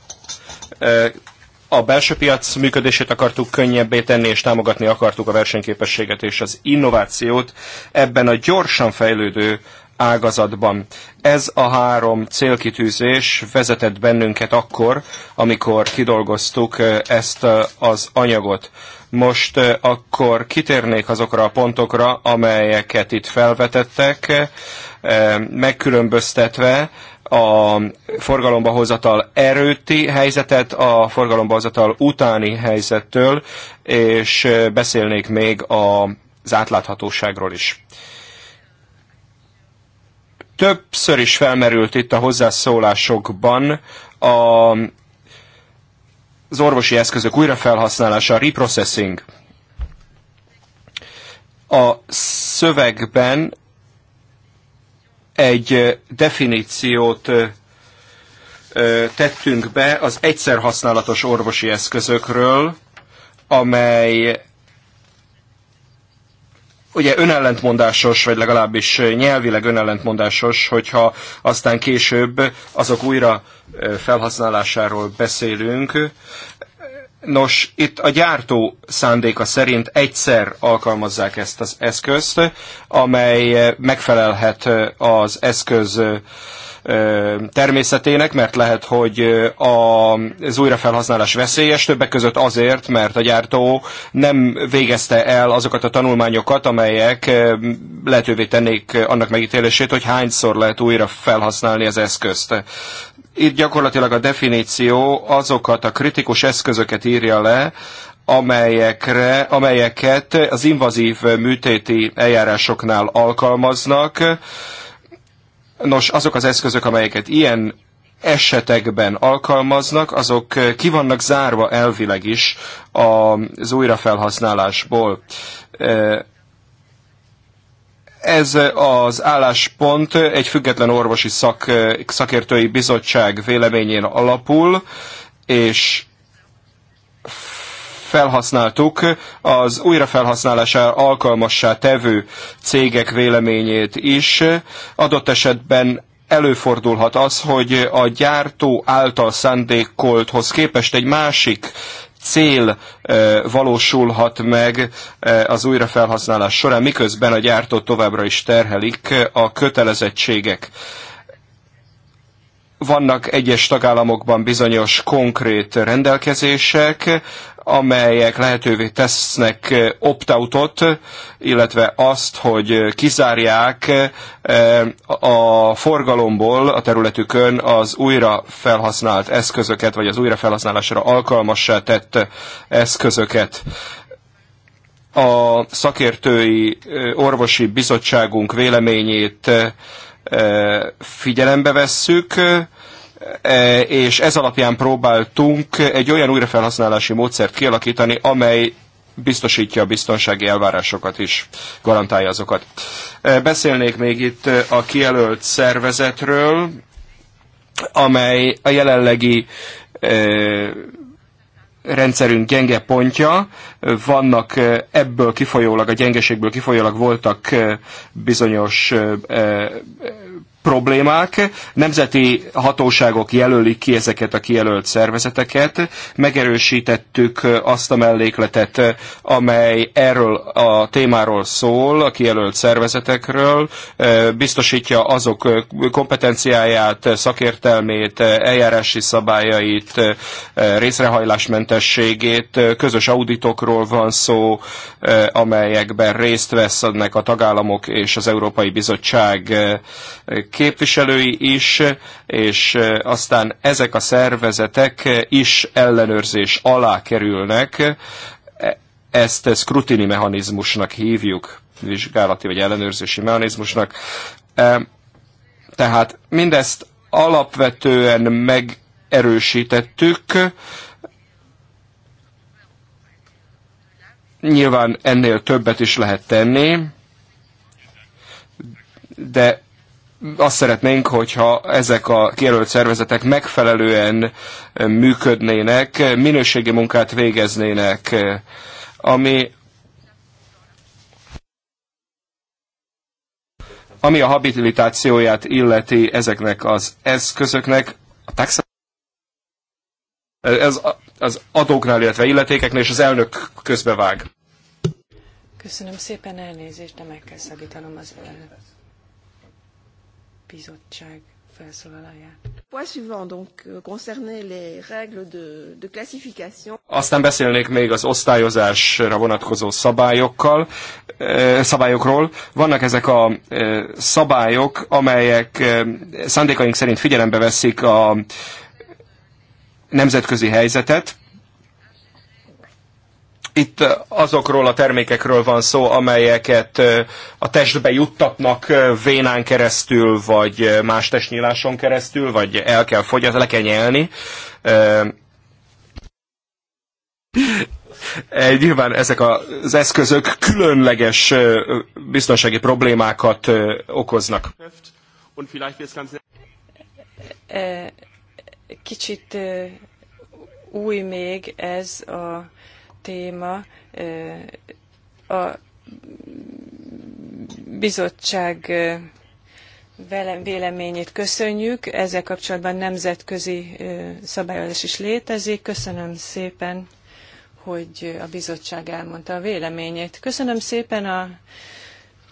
a belső piac működését akartuk könnyebbé tenni, és támogatni akartuk a versenyképességet és az innovációt ebben a gyorsan fejlődő ágazatban. Ez a három célkitűzés vezetett bennünket akkor, amikor kidolgoztuk ezt az anyagot. Most akkor kitérnék azokra a pontokra, amelyeket itt felvetettek, megkülönböztetve a forgalomba hozatal erőti helyzetet a forgalomba hozatal utáni helyzettől, és beszélnék még az átláthatóságról is. Többször is felmerült itt a hozzászólásokban a, az orvosi eszközök újrafelhasználása, a reprocessing. A szövegben egy definíciót tettünk be az egyszer használatos orvosi eszközökről, amely ugye önellentmondásos, vagy legalábbis nyelvileg önellentmondásos, hogyha aztán később azok újra felhasználásáról beszélünk. Nos, itt a gyártó szándéka szerint egyszer alkalmazzák ezt az eszközt, amely megfelelhet az eszköz természetének, mert lehet, hogy az újrafelhasználás veszélyes, többek között azért, mert a gyártó nem végezte el azokat a tanulmányokat, amelyek lehetővé tennék annak megítélését, hogy hányszor lehet újra felhasználni az eszközt. Itt gyakorlatilag a definíció azokat a kritikus eszközöket írja le, amelyekre, amelyeket az invazív műtéti eljárásoknál alkalmaznak, Nos, azok az eszközök, amelyeket ilyen esetekben alkalmaznak, azok eh, ki vannak zárva elvileg is az újrafelhasználásból. Eh, ez az álláspont egy független orvosi szak, eh, szakértői bizottság véleményén alapul, és felhasználtuk az újrafelhasználásra alkalmassá tevő cégek véleményét is. Adott esetben előfordulhat az, hogy a gyártó által szándékolthoz képest egy másik cél e, valósulhat meg e, az újrafelhasználás során, miközben a gyártót továbbra is terhelik a kötelezettségek. Vannak egyes tagállamokban bizonyos konkrét rendelkezések, amelyek lehetővé tesznek opt-outot, illetve azt, hogy kizárják eh, a forgalomból a területükön az újra felhasznált eszközöket, vagy az újra felhasználásra alkalmassá tett eszközöket. A szakértői eh, orvosi bizottságunk véleményét figyelembe vesszük, és ez alapján próbáltunk egy olyan újrafelhasználási módszert kialakítani, amely biztosítja a biztonsági elvárásokat is, garantálja azokat. Beszélnék még itt a kijelölt szervezetről, amely a jelenlegi rendszerünk gyenge pontja, vannak ebből kifolyólag, a gyengeségből kifolyólag voltak bizonyos problémák, nemzeti hatóságok jelölik ki ezeket a kijelölt szervezeteket, megerősítettük azt a mellékletet, amely erről a témáról szól, a kijelölt szervezetekről, biztosítja azok kompetenciáját, szakértelmét, eljárási szabályait, részrehajlásmentességét, közös auditokról van szó, amelyekben részt vesz ennek a tagállamok és az Európai Bizottság képviselői is, és aztán ezek a szervezetek is ellenőrzés alá kerülnek. E, ezt szkrutini mechanizmusnak hívjuk, vizsgálati vagy ellenőrzési mechanizmusnak. E, tehát mindezt alapvetően megerősítettük, nyilván ennél többet is lehet tenni, de azt szeretnénk, hogyha ezek a kijelölt szervezetek megfelelően eh, működnének, minőségi munkát végeznének, eh, ami ami a habilitációját illeti ezeknek az eszközöknek, a taxa ez az adóknál, illetve illetékeknél, és az elnök közbevág. Köszönöm szépen elnézést, de meg kell szakítanom az elnök bizottság euh, aztán beszélnék még az osztályozásra vonatkozó szabályokkal, eh, szabályokról. Vannak ezek a eh, szabályok, amelyek eh, szándékaink szerint figyelembe veszik a nemzetközi helyzetet, itt azokról a termékekről van szó, amelyeket a testbe juttatnak vénán keresztül, vagy más testnyíláson keresztül, vagy el kell fogyasztani, le kell nyelni. E, nyilván ezek az eszközök különleges biztonsági problémákat okoznak. E, kicsit új még ez a téma a bizottság véleményét köszönjük. Ezzel kapcsolatban nemzetközi szabályozás is létezik. Köszönöm szépen, hogy a bizottság elmondta a véleményét. Köszönöm szépen a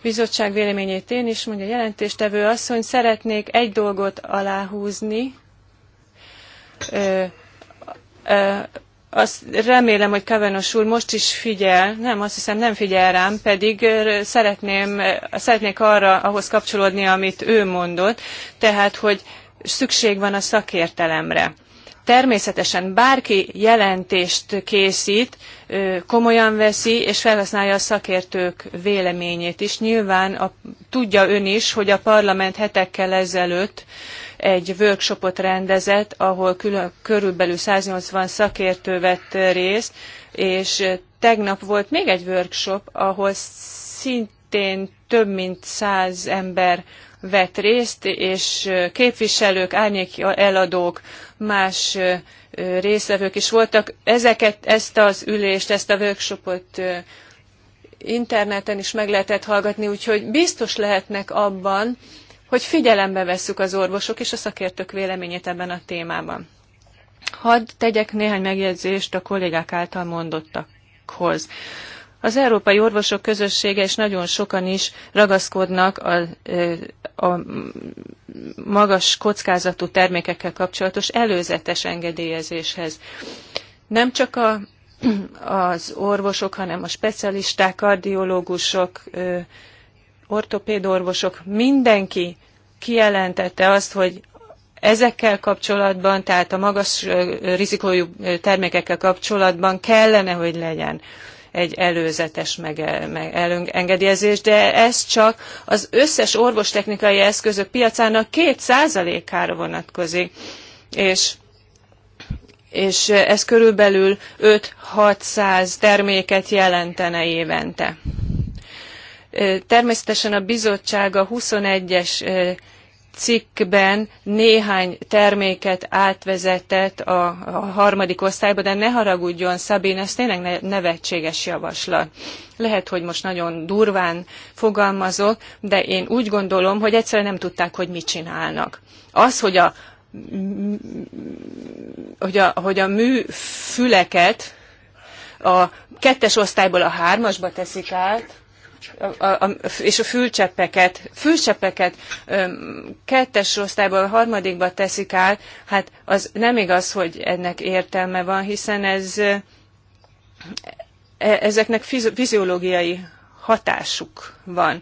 bizottság véleményét én is, mondja a jelentéstevő asszony. Szeretnék egy dolgot aláhúzni. Ö, ö, azt remélem, hogy Kavanos úr most is figyel, nem, azt hiszem nem figyel rám, pedig szeretném, szeretnék arra ahhoz kapcsolódni, amit ő mondott, tehát, hogy szükség van a szakértelemre. Természetesen bárki jelentést készít, komolyan veszi, és felhasználja a szakértők véleményét is. Nyilván a, tudja ön is, hogy a parlament hetekkel ezelőtt egy workshopot rendezett, ahol külön, körülbelül 180 szakértő vett részt, és tegnap volt még egy workshop, ahol szintén több mint 100 ember vett részt, és képviselők, árnyék eladók, más részvevők is voltak. Ezeket, ezt az ülést, ezt a workshopot interneten is meg lehetett hallgatni, úgyhogy biztos lehetnek abban, hogy figyelembe vesszük az orvosok és a szakértők véleményét ebben a témában. Hadd tegyek néhány megjegyzést a kollégák által mondottakhoz. Az Európai Orvosok Közössége és nagyon sokan is ragaszkodnak a, a magas kockázatú termékekkel kapcsolatos előzetes engedélyezéshez. Nem csak a, az orvosok, hanem a specialisták, kardiológusok, ortopédorvosok, mindenki kijelentette azt, hogy ezekkel kapcsolatban, tehát a magas rizikójú termékekkel kapcsolatban kellene, hogy legyen egy előzetes engedélyezés, de ez csak az összes orvostechnikai eszközök piacának két százalékára vonatkozik, és és ez körülbelül 5-600 terméket jelentene évente. Természetesen a bizottság a 21-es cikkben néhány terméket átvezetett a, a harmadik osztályba, de ne haragudjon Szabin, ez tényleg nevetséges javaslat. Lehet, hogy most nagyon durván fogalmazok, de én úgy gondolom, hogy egyszerűen nem tudták, hogy mit csinálnak. Az, hogy a, hogy a, hogy a műfüleket a kettes osztályból a hármasba teszik át, a, a, és a fülcseppeket, fülcseppeket ö, kettes osztályból harmadikba teszik át, hát az nem igaz, hogy ennek értelme van, hiszen ez e, ezeknek fiziológiai hatásuk van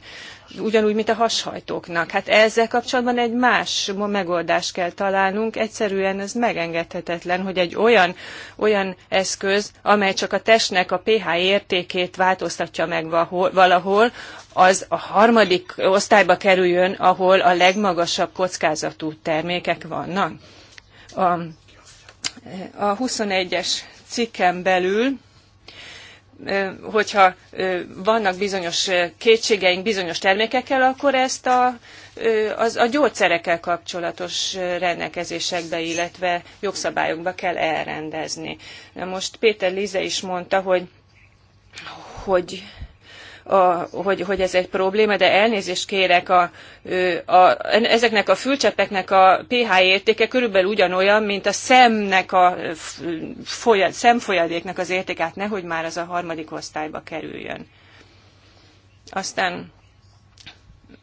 ugyanúgy, mint a hashajtóknak. Hát ezzel kapcsolatban egy más megoldást kell találnunk. Egyszerűen ez megengedhetetlen, hogy egy olyan, olyan eszköz, amely csak a testnek a pH értékét változtatja meg valahol, az a harmadik osztályba kerüljön, ahol a legmagasabb kockázatú termékek vannak. A, a 21-es cikken belül hogyha vannak bizonyos kétségeink bizonyos termékekkel, akkor ezt a, az, a gyógyszerekkel kapcsolatos rendelkezésekbe, illetve jogszabályokba kell elrendezni. Na most Péter Lize is mondta, hogy, hogy a, hogy, hogy ez egy probléma, de elnézést kérek, a, a, ezeknek a fülcsepeknek a pH értéke körülbelül ugyanolyan, mint a szemnek a folyad, szemfolyadéknak az értékát, nehogy már az a harmadik osztályba kerüljön. Aztán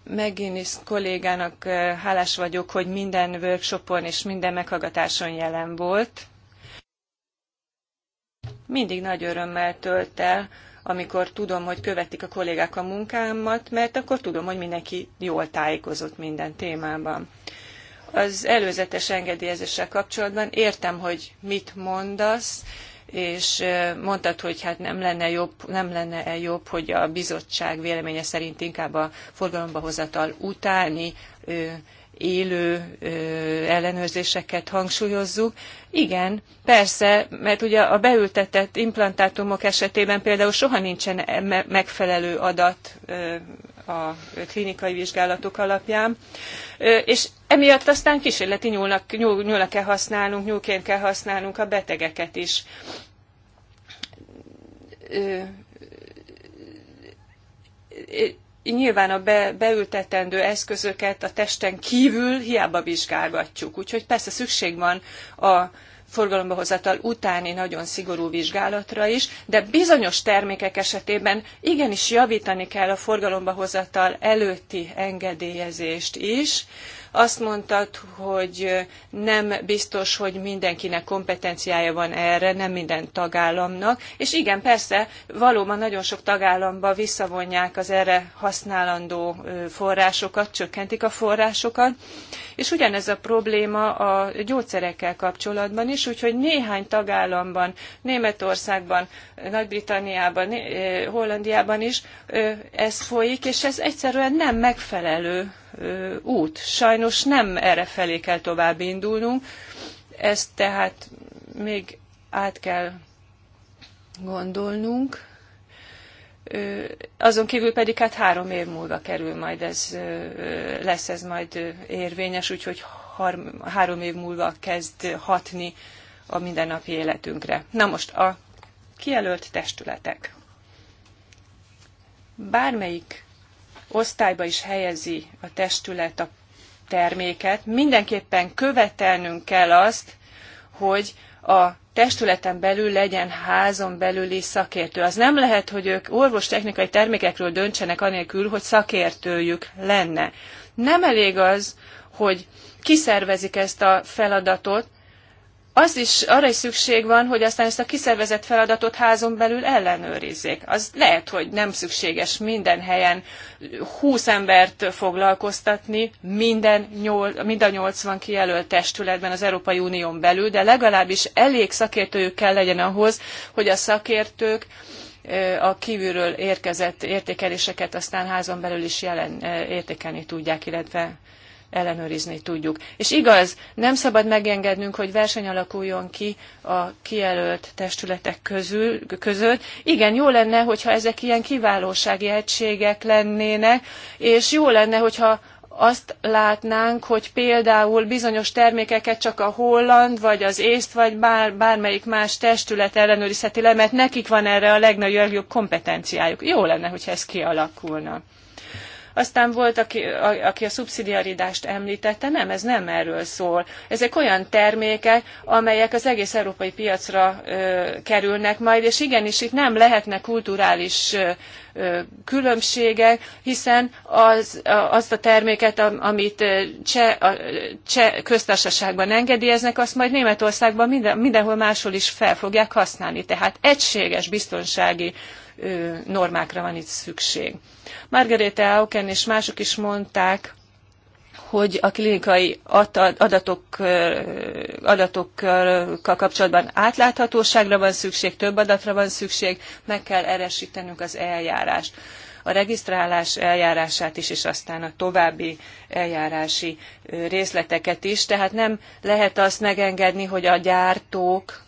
megint is kollégának hálás vagyok, hogy minden workshopon és minden meghallgatáson jelen volt. Mindig nagy örömmel tölt el, amikor tudom, hogy követik a kollégák a munkámat, mert akkor tudom, hogy mindenki jól tájékozott minden témában. Az előzetes engedélyezéssel kapcsolatban értem, hogy mit mondasz, és mondtad, hogy hát nem lenne jobb, nem lenne -e jobb, hogy a bizottság véleménye szerint inkább a forgalomba hozatal utáni élő ellenőrzéseket hangsúlyozzuk. Igen, persze, mert ugye a beültetett implantátumok esetében például soha nincsen e- megfelelő adat a klinikai vizsgálatok alapján, és emiatt aztán kísérleti nyúlnak, nyúl, nyúlnak kell használnunk, nyúlként kell használnunk a betegeket is nyilván a be, beültetendő eszközöket a testen kívül hiába vizsgálgatjuk. Úgyhogy persze szükség van a forgalomba hozatal utáni nagyon szigorú vizsgálatra is, de bizonyos termékek esetében igenis javítani kell a forgalomba hozatal előtti engedélyezést is, azt mondtad, hogy nem biztos, hogy mindenkinek kompetenciája van erre, nem minden tagállamnak. És igen, persze, valóban nagyon sok tagállamba visszavonják az erre használandó forrásokat, csökkentik a forrásokat. És ugyanez a probléma a gyógyszerekkel kapcsolatban is, úgyhogy néhány tagállamban, Németországban, Nagy-Britanniában, Hollandiában is ez folyik, és ez egyszerűen nem megfelelő út. Sajnos nem erre felé kell tovább indulnunk, ezt tehát még át kell gondolnunk. Azon kívül pedig hát három év múlva kerül majd ez, lesz ez majd érvényes, úgyhogy három év múlva kezd hatni a mindennapi életünkre. Na most a kijelölt testületek. Bármelyik osztályba is helyezi a testület a terméket, mindenképpen követelnünk kell azt, hogy a testületen belül legyen házon belüli szakértő. Az nem lehet, hogy ők orvostechnikai termékekről döntsenek anélkül, hogy szakértőjük lenne. Nem elég az, hogy kiszervezik ezt a feladatot, az is, arra is szükség van, hogy aztán ezt a kiszervezett feladatot házon belül ellenőrizzék. Az lehet, hogy nem szükséges minden helyen 20 embert foglalkoztatni minden nyol, mind a 80 kijelölt testületben az Európai Unión belül, de legalábbis elég szakértőjük kell legyen ahhoz, hogy a szakértők a kívülről érkezett értékeléseket aztán házon belül is jelen értékelni tudják, illetve ellenőrizni tudjuk. És igaz, nem szabad megengednünk, hogy verseny alakuljon ki a kijelölt testületek közül, között. Igen, jó lenne, hogyha ezek ilyen kiválósági egységek lennének, és jó lenne, hogyha azt látnánk, hogy például bizonyos termékeket csak a holland, vagy az észt, vagy bár, bármelyik más testület ellenőrizheti le, mert nekik van erre a legnagyobb kompetenciájuk. Jó lenne, hogyha ez kialakulna. Aztán volt, aki a, aki a szubszidiaridást említette, nem, ez nem erről szól. Ezek olyan termékek, amelyek az egész európai piacra ö, kerülnek majd, és igenis itt nem lehetnek kulturális ö, különbségek, hiszen az, azt a terméket, amit cseh, a cseh köztársaságban engedélyeznek, azt majd Németországban minden, mindenhol máshol is fel fogják használni. Tehát egységes biztonsági normákra van itt szükség. Margarete Auken és mások is mondták, hogy a klinikai adatok, adatokkal kapcsolatban átláthatóságra van szükség, több adatra van szükség, meg kell eresítenünk az eljárást a regisztrálás eljárását is, és aztán a további eljárási részleteket is. Tehát nem lehet azt megengedni, hogy a gyártók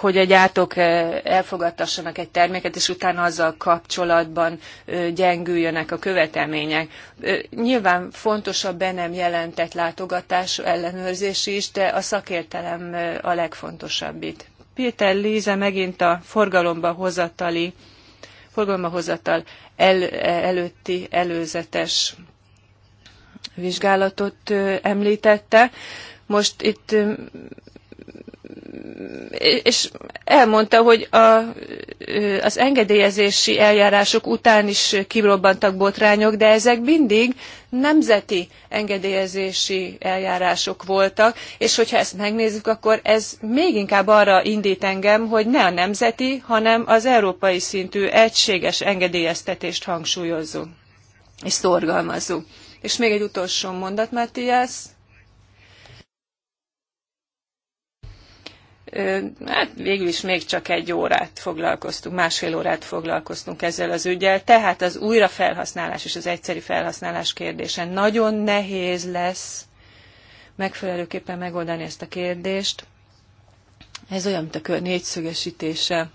hogy a gyártók eh, elfogadtassanak egy terméket, és utána azzal kapcsolatban eh, gyengüljönek a követelmények. Eh, nyilván fontos a be nem jelentett látogatás ellenőrzés is, de a szakértelem a legfontosabb itt. Péter Líze megint a forgalomba hozatali, forgalomba hozatal el, előtti előzetes vizsgálatot említette. Most itt és elmondta, hogy a, az engedélyezési eljárások után is kirobbantak botrányok, de ezek mindig nemzeti engedélyezési eljárások voltak, és hogyha ezt megnézzük, akkor ez még inkább arra indít engem, hogy ne a nemzeti, hanem az európai szintű egységes engedélyeztetést hangsúlyozzuk és szorgalmazzuk. És még egy utolsó mondat, Matthias hát végül is még csak egy órát foglalkoztunk, másfél órát foglalkoztunk ezzel az ügyel, tehát az újrafelhasználás és az egyszeri felhasználás kérdése nagyon nehéz lesz megfelelőképpen megoldani ezt a kérdést. Ez olyan, mint a kör négyszögesítése.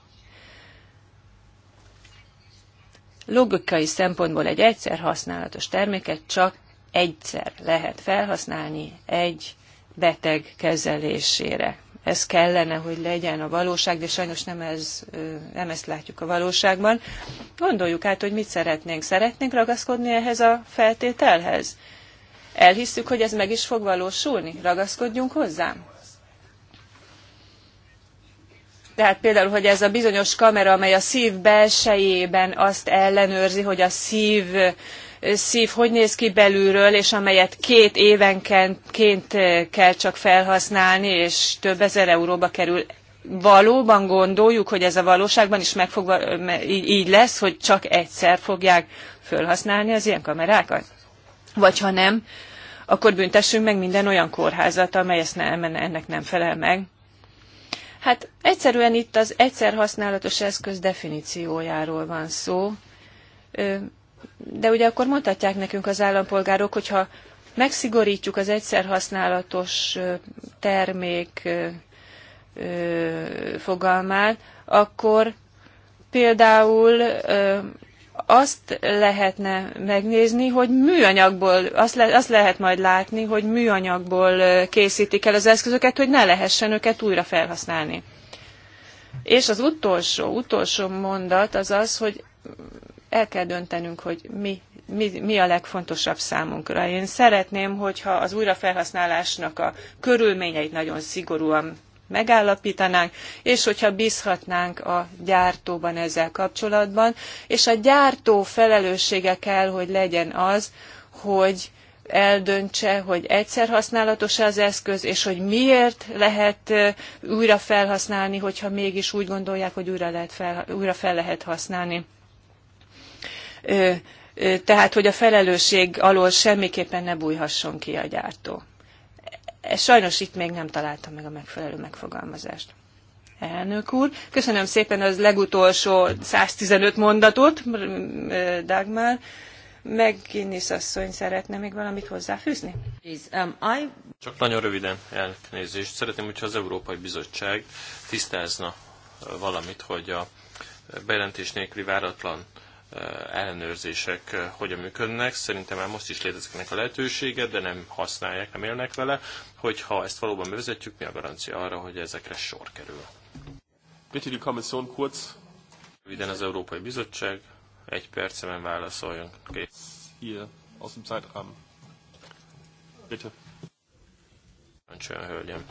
Logikai szempontból egy egyszer használatos terméket csak egyszer lehet felhasználni egy beteg kezelésére ez kellene, hogy legyen a valóság, de sajnos nem, ez, nem ezt látjuk a valóságban. Gondoljuk át, hogy mit szeretnénk. Szeretnénk ragaszkodni ehhez a feltételhez? Elhisszük, hogy ez meg is fog valósulni? Ragaszkodjunk hozzám. Tehát például, hogy ez a bizonyos kamera, amely a szív belsejében azt ellenőrzi, hogy a szív szív hogy néz ki belülről, és amelyet két évenként eh, kell csak felhasználni, és több ezer euróba kerül. Valóban gondoljuk, hogy ez a valóságban is meg fog, eh, így lesz, hogy csak egyszer fogják felhasználni az ilyen kamerákat? Vagy ha nem, akkor büntessünk meg minden olyan kórházat, amely ezt nem, ennek nem felel meg. Hát egyszerűen itt az egyszer használatos eszköz definíciójáról van szó de ugye akkor mondhatják nekünk az állampolgárok, hogyha megszigorítjuk az egyszerhasználatos termék fogalmát, akkor például azt lehetne megnézni, hogy műanyagból, azt, le, azt lehet majd látni, hogy műanyagból készítik el az eszközöket, hogy ne lehessen őket újra felhasználni. És az utolsó, utolsó mondat az az, hogy el kell döntenünk, hogy mi, mi, mi a legfontosabb számunkra. Én szeretném, hogyha az újrafelhasználásnak a körülményeit nagyon szigorúan megállapítanánk, és hogyha bízhatnánk a gyártóban ezzel kapcsolatban, és a gyártó felelőssége kell, hogy legyen az, hogy eldöntse, hogy egyszer használatos az eszköz, és hogy miért lehet újra felhasználni, hogyha mégis úgy gondolják, hogy újra, lehet fel, újra fel lehet használni tehát hogy a felelősség alól semmiképpen ne bújhasson ki a gyártó. E, e, sajnos itt még nem találtam meg a megfelelő megfogalmazást. Elnök úr, köszönöm szépen az legutolsó 115 mondatot, Dagmar. Meg Guinness asszony szeretne még valamit hozzáfűzni? Um, Csak nagyon röviden elnézést. Szeretném, hogyha az Európai Bizottság tisztázna valamit, hogy a bejelentés nélküli váratlan Eh, ellenőrzések eh, hogyan működnek. Szerintem már most is léteznek a lehetősége, de nem használják, nem élnek vele. Hogyha ezt valóban bevezetjük, mi a garancia arra, hogy ezekre sor kerül? Bitte die Kommission kurz. Röviden az Európai Bizottság, egy percemen válaszoljon. Kész. Hier, aus dem Zeitrahmen. Bitte. Parancsoljon, hölgyem.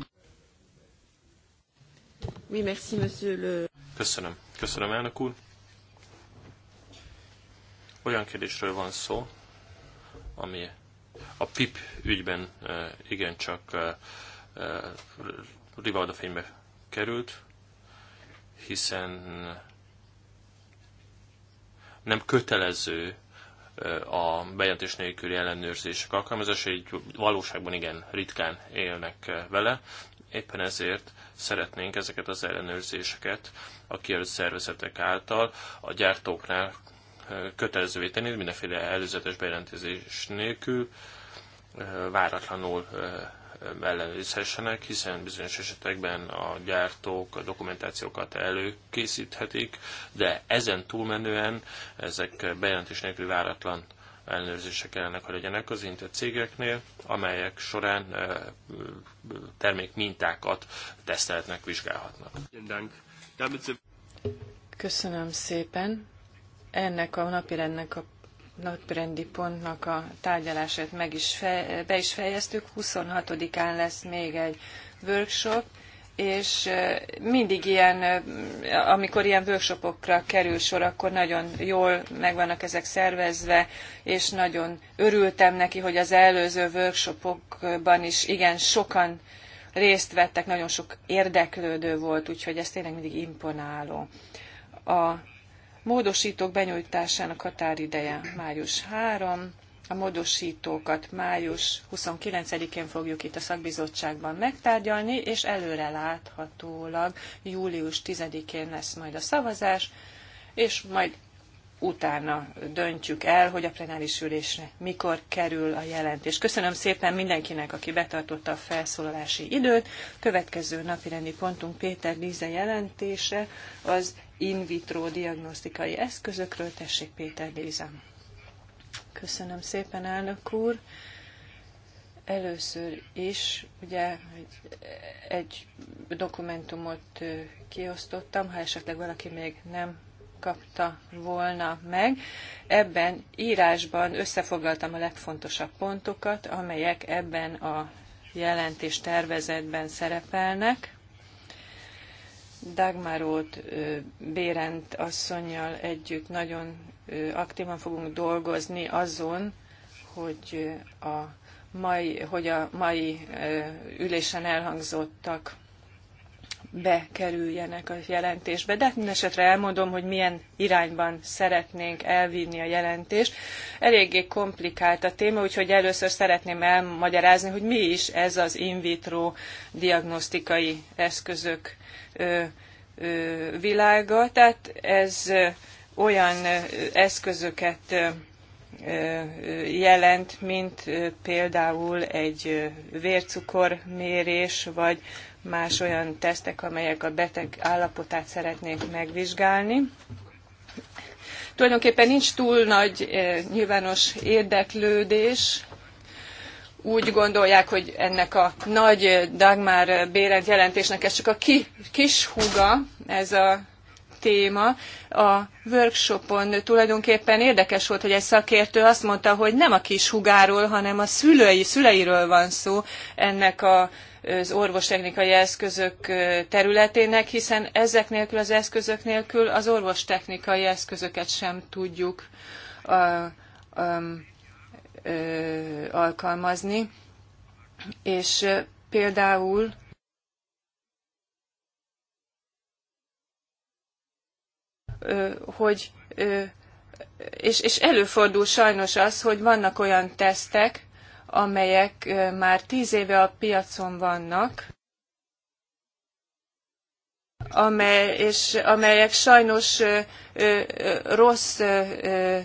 Oui, merci, monsieur le... Köszönöm. Köszönöm, elnök úr. Olyan kérdésről van szó, ami a PIP ügyben e, igencsak e, e, fénybe került, hiszen nem kötelező a bejelentés nélküli ellenőrzések alkalmazása, így valóságban igen ritkán élnek vele. Éppen ezért szeretnénk ezeket az ellenőrzéseket a kijelölt szervezetek által a gyártóknál kötelezővé tenni, mindenféle előzetes bejelentés nélkül váratlanul ellenőrizhessenek, hiszen bizonyos esetekben a gyártók a dokumentációkat előkészíthetik, de ezen túlmenően ezek bejelentés nélkül váratlan ellenőrzések kellene, hogy legyenek az intett cégeknél, amelyek során termék mintákat tesztelhetnek, vizsgálhatnak. Köszönöm szépen ennek a napirendnek a napirendi pontnak a tárgyalását meg is fe, be is fejeztük. 26-án lesz még egy workshop, és mindig ilyen, amikor ilyen workshopokra kerül sor, akkor nagyon jól megvannak ezek szervezve, és nagyon örültem neki, hogy az előző workshopokban is igen sokan részt vettek, nagyon sok érdeklődő volt, úgyhogy ez tényleg mindig imponáló. A Módosítók benyújtásának határideje május 3. A módosítókat május 29-én fogjuk itt a szakbizottságban megtárgyalni, és előre láthatólag július 10-én lesz majd a szavazás, és majd utána döntjük el, hogy a plenáris ülésre mikor kerül a jelentés. Köszönöm szépen mindenkinek, aki betartotta a felszólalási időt. Következő napi rendi pontunk Péter Líze jelentése az in vitro diagnosztikai eszközökről. Tessék Péter Líze. Köszönöm szépen, elnök úr. Először is ugye egy dokumentumot kiosztottam, ha esetleg valaki még nem kapta volna meg. Ebben írásban összefoglaltam a legfontosabb pontokat, amelyek ebben a jelentés tervezetben szerepelnek. Dagmarót Bérent asszonyjal együtt nagyon aktívan fogunk dolgozni azon, hogy a mai, hogy a mai ülésen elhangzottak bekerüljenek a jelentésbe. De mindesetre elmondom, hogy milyen irányban szeretnénk elvinni a jelentést. Eléggé komplikált a téma, úgyhogy először szeretném elmagyarázni, hogy mi is ez az in vitro diagnosztikai eszközök világa. Tehát ez olyan eszközöket jelent, mint például egy vércukormérés, vagy más olyan tesztek, amelyek a beteg állapotát szeretnék megvizsgálni. Tulajdonképpen nincs túl nagy eh, nyilvános érdeklődés. Úgy gondolják, hogy ennek a nagy eh, Dagmar Bérent jelentésnek ez csak a ki, kis húga ez a téma. A workshopon tulajdonképpen érdekes volt, hogy egy szakértő azt mondta, hogy nem a kis hugáról, hanem a szülői, szüleiről van szó ennek a az orvostechnikai eszközök területének, hiszen ezek nélkül, az eszközök nélkül az orvostechnikai eszközöket sem tudjuk a, a, a, alkalmazni. És például hogy és, és előfordul sajnos az, hogy vannak olyan tesztek, amelyek már tíz éve a piacon vannak, amely, és amelyek sajnos ö, ö, rossz ö,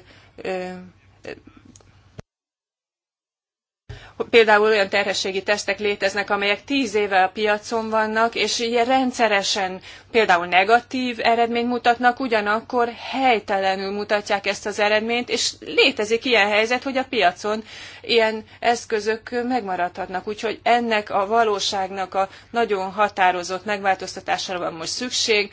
például olyan terhességi tesztek léteznek, amelyek tíz éve a piacon vannak, és ilyen rendszeresen például negatív eredményt mutatnak, ugyanakkor helytelenül mutatják ezt az eredményt, és létezik ilyen helyzet, hogy a piacon ilyen eszközök megmaradhatnak. Úgyhogy ennek a valóságnak a nagyon határozott megváltoztatására van most szükség,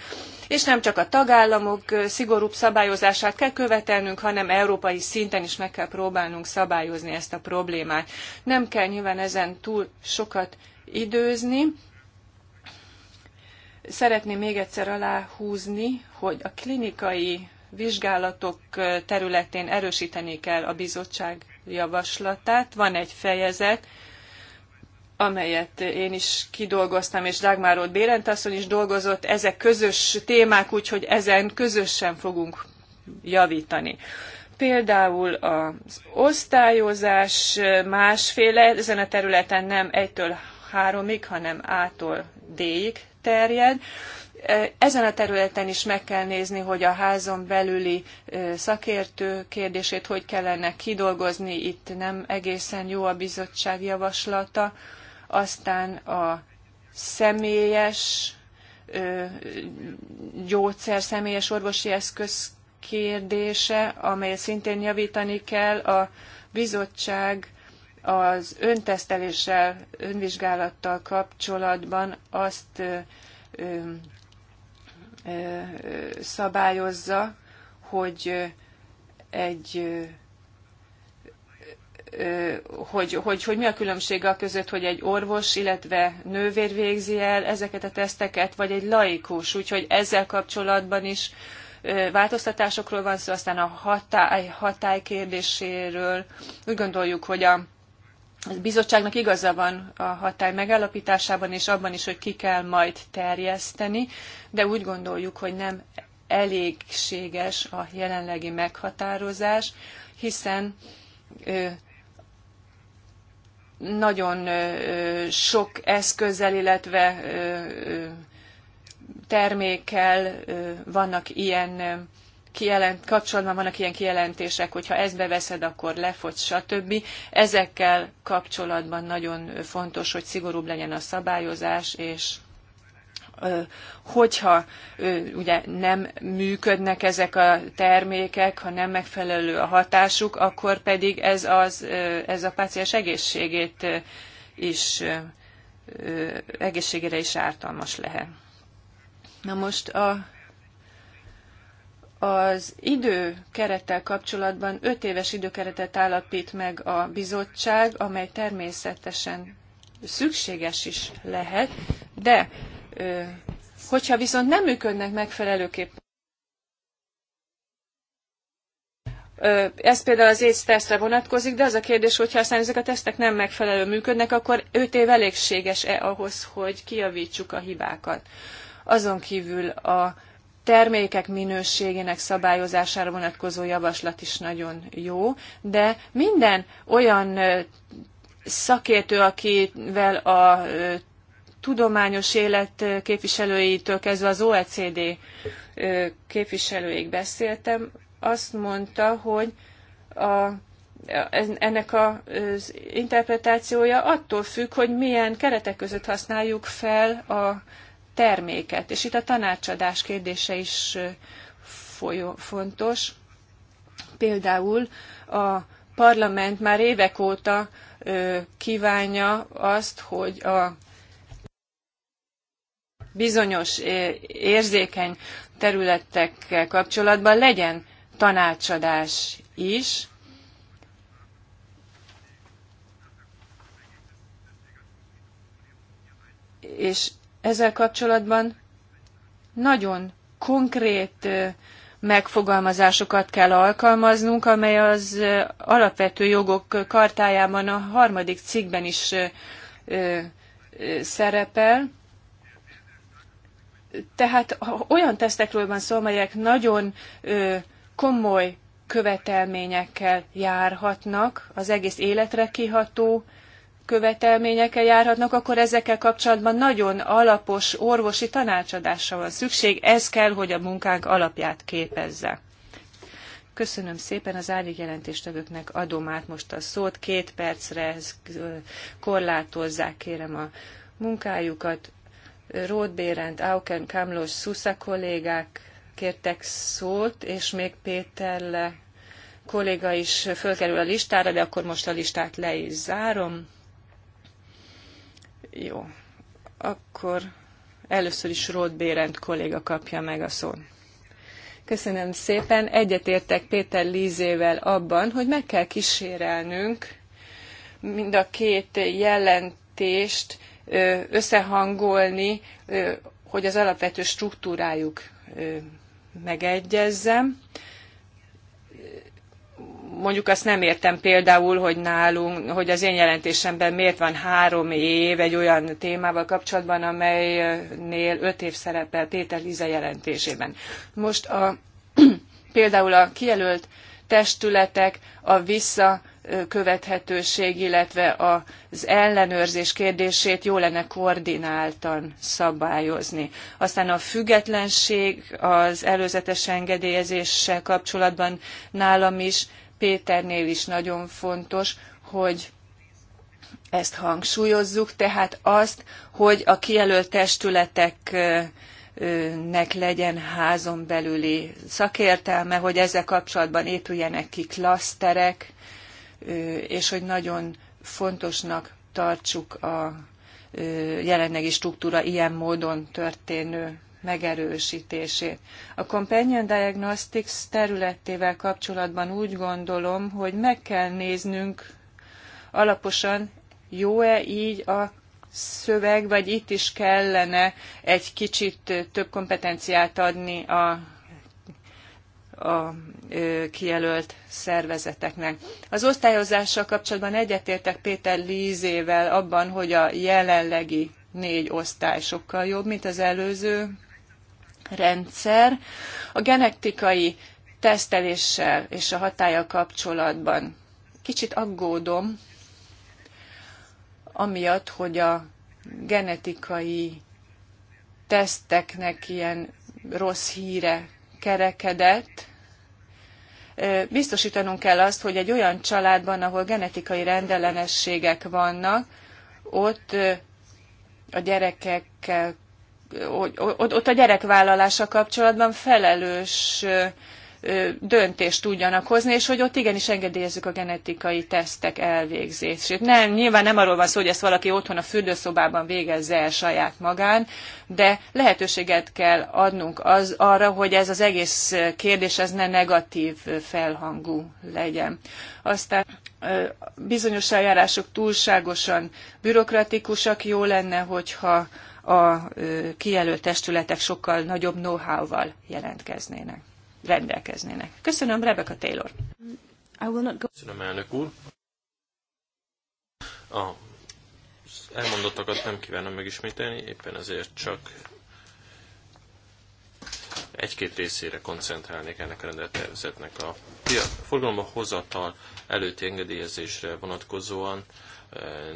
és nem csak a tagállamok szigorúbb szabályozását kell követelnünk, hanem európai szinten is meg kell próbálnunk szabályozni ezt a problémát. Nem kell nyilván ezen túl sokat időzni, szeretném még egyszer aláhúzni, hogy a klinikai vizsgálatok területén erősíteni kell a bizottság javaslatát. Van egy fejezet, amelyet én is kidolgoztam, és Dagmar Roth Bérent asszony is dolgozott, ezek közös témák, úgyhogy ezen közösen fogunk javítani. Például az osztályozás másféle, ezen a területen nem egytől háromig, hanem ától D-ig terjed. Ezen a területen is meg kell nézni, hogy a házon belüli szakértő kérdését hogy kellene kidolgozni, itt nem egészen jó a bizottság javaslata. Aztán a személyes gyógyszer, személyes orvosi eszköz kérdése, amely szintén javítani kell. A bizottság az önteszteléssel, önvizsgálattal kapcsolatban azt szabályozza, hogy egy hogy, hogy, hogy mi a különbség a között, hogy egy orvos, illetve nővér végzi el ezeket a teszteket, vagy egy laikus. Úgyhogy ezzel kapcsolatban is változtatásokról van szó, aztán a hatály, hatály kérdéséről. Úgy gondoljuk, hogy a a bizottságnak igaza van a hatály megállapításában, és abban is, hogy ki kell majd terjeszteni, de úgy gondoljuk, hogy nem elégséges a jelenlegi meghatározás, hiszen nagyon sok eszközzel, illetve termékkel vannak ilyen kijelent, kapcsolatban vannak ilyen kijelentések, hogyha ezt beveszed, akkor lefogy, stb. Ezekkel kapcsolatban nagyon fontos, hogy szigorúbb legyen a szabályozás, és hogyha ugye nem működnek ezek a termékek, ha nem megfelelő a hatásuk, akkor pedig ez, az, ez a páciens egészségét is egészségére is ártalmas lehet. Na most a az időkerettel kapcsolatban öt éves időkeretet állapít meg a bizottság, amely természetesen szükséges is lehet, de hogyha viszont nem működnek megfelelőképpen, Ez például az AIDS tesztre vonatkozik, de az a kérdés, hogyha aztán ezek a tesztek nem megfelelően működnek, akkor 5 év elégséges-e ahhoz, hogy kiavítsuk a hibákat. Azon kívül a termékek minőségének szabályozására vonatkozó javaslat is nagyon jó, de minden olyan szakértő, akivel a tudományos élet képviselőitől kezdve az OECD képviselőig beszéltem, azt mondta, hogy a, ennek az interpretációja attól függ, hogy milyen keretek között használjuk fel a terméket. És itt a tanácsadás kérdése is folyó, fontos. Például a parlament már évek óta ö, kívánja azt, hogy a bizonyos érzékeny területekkel kapcsolatban legyen tanácsadás is. És ezzel kapcsolatban nagyon konkrét megfogalmazásokat kell alkalmaznunk, amely az alapvető jogok kartájában a harmadik cikkben is szerepel. Tehát olyan tesztekről van szó, amelyek nagyon komoly követelményekkel járhatnak, az egész életre kiható követelményekkel járhatnak, akkor ezekkel kapcsolatban nagyon alapos orvosi tanácsadásra van szükség. Ez kell, hogy a munkánk alapját képezze. Köszönöm szépen az árnyék jelentéstevőknek adom át most a szót. Két percre korlátozzák, kérem a munkájukat. Ród Bérend, Auken, Kamlos, Szusza kollégák kértek szót, és még Péter le kolléga is fölkerül a listára, de akkor most a listát le is zárom. Jó. Akkor először is Rót Bérend kolléga kapja meg a szót. Köszönöm szépen. Egyetértek Péter Lízével abban, hogy meg kell kísérelnünk mind a két jelentést összehangolni, hogy az alapvető struktúrájuk megegyezzem mondjuk azt nem értem például, hogy nálunk, hogy az én jelentésemben miért van három év egy olyan témával kapcsolatban, amelynél öt év szerepel Péter Lize jelentésében. Most a, például a kijelölt testületek, a visszakövethetőség, illetve az ellenőrzés kérdését jó lenne koordináltan szabályozni. Aztán a függetlenség az előzetes engedélyezéssel kapcsolatban nálam is Péternél is nagyon fontos, hogy ezt hangsúlyozzuk, tehát azt, hogy a kijelölt testületeknek legyen házon belüli szakértelme, hogy ezzel kapcsolatban épüljenek ki klaszterek, és hogy nagyon fontosnak tartsuk a jelenlegi struktúra ilyen módon történő megerősítését. A Companion Diagnostics területével kapcsolatban úgy gondolom, hogy meg kell néznünk alaposan, jó-e így a szöveg, vagy itt is kellene egy kicsit több kompetenciát adni a a kijelölt szervezeteknek. Az osztályozással kapcsolatban egyetértek Péter Lízével abban, hogy a jelenlegi négy osztály sokkal jobb, mint az előző rendszer a genetikai teszteléssel és a hatája kapcsolatban. Kicsit aggódom, amiatt, hogy a genetikai teszteknek ilyen rossz híre kerekedett. Biztosítanunk kell azt, hogy egy olyan családban, ahol genetikai rendellenességek vannak, ott a gyerekekkel ott a gyerekvállalása kapcsolatban felelős döntést tudjanak hozni, és hogy ott igenis engedélyezzük a genetikai tesztek elvégzését. Nem, nyilván nem arról van szó, hogy ezt valaki otthon a fürdőszobában végezze el saját magán, de lehetőséget kell adnunk az, arra, hogy ez az egész kérdés ez ne negatív felhangú legyen. Aztán bizonyos eljárások túlságosan bürokratikusak, jó lenne, hogyha a kijelölt testületek sokkal nagyobb know-how-val jelentkeznének, rendelkeznének. Köszönöm, Rebecca Taylor. I will not go. Köszönöm, elnök úr. A elmondottakat nem kívánom megismételni, éppen ezért csak egy-két részére koncentrálnék ennek a rendeltervezetnek. A forgalomba hozatal előtti engedélyezésre vonatkozóan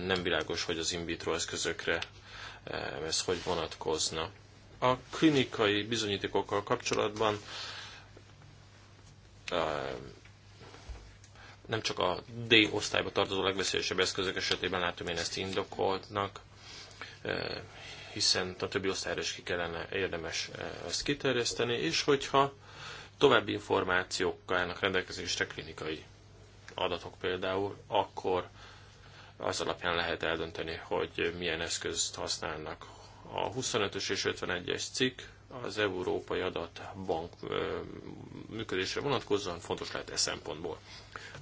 nem világos, hogy az in vitro eszközökre Eh, ez hogy vonatkozna. A klinikai bizonyítékokkal kapcsolatban eh, nem csak a D osztályba tartozó legveszélyesebb eszközök esetében látom én ezt indokoltnak, eh, hiszen a többi osztályra is ki kellene érdemes ezt kiterjeszteni, és hogyha további információkkal állnak rendelkezésre, klinikai adatok például, akkor az alapján lehet eldönteni, hogy milyen eszközt használnak. A 25-ös és 51-es cikk az Európai Adatbank működésre vonatkozóan fontos lehet e szempontból.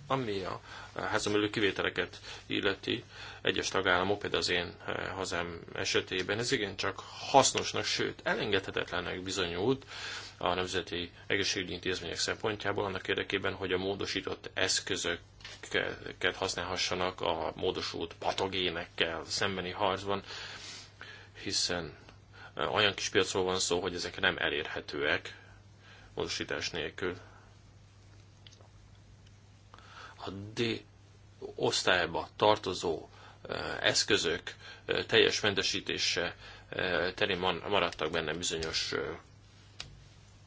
Ami a házon kivételeket illeti, egyes tagállamok, például az én hazám esetében, ez igencsak hasznosnak, sőt elengedhetetlennek bizonyult, a nemzeti egészségügyi intézmények szempontjából, annak érdekében, hogy a módosított eszközöket használhassanak a módosult patogénekkel szembeni harcban, hiszen olyan kis piacról van szó, hogy ezek nem elérhetőek módosítás nélkül. A D osztályba tartozó eszközök teljes mentesítése terén maradtak benne bizonyos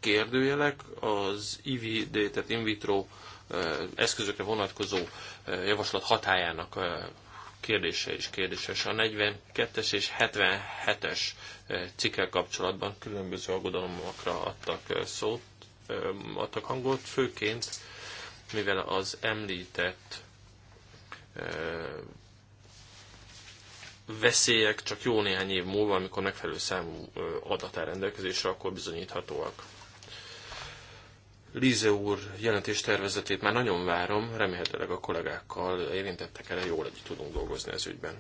kérdőjelek, az IVD, tehát in vitro eszközökre vonatkozó javaslat hatájának kérdése is kérdéses. A 42-es és 77-es cikkel kapcsolatban különböző aggodalomokra adtak szót, adtak hangot, főként mivel az említett veszélyek csak jó néhány év múlva, amikor megfelelő számú adat áll rendelkezésre, akkor bizonyíthatóak. Líze úr jelentés tervezetét már nagyon várom, remélhetőleg a kollégákkal érintettek erre jól együtt tudunk dolgozni ez ügyben.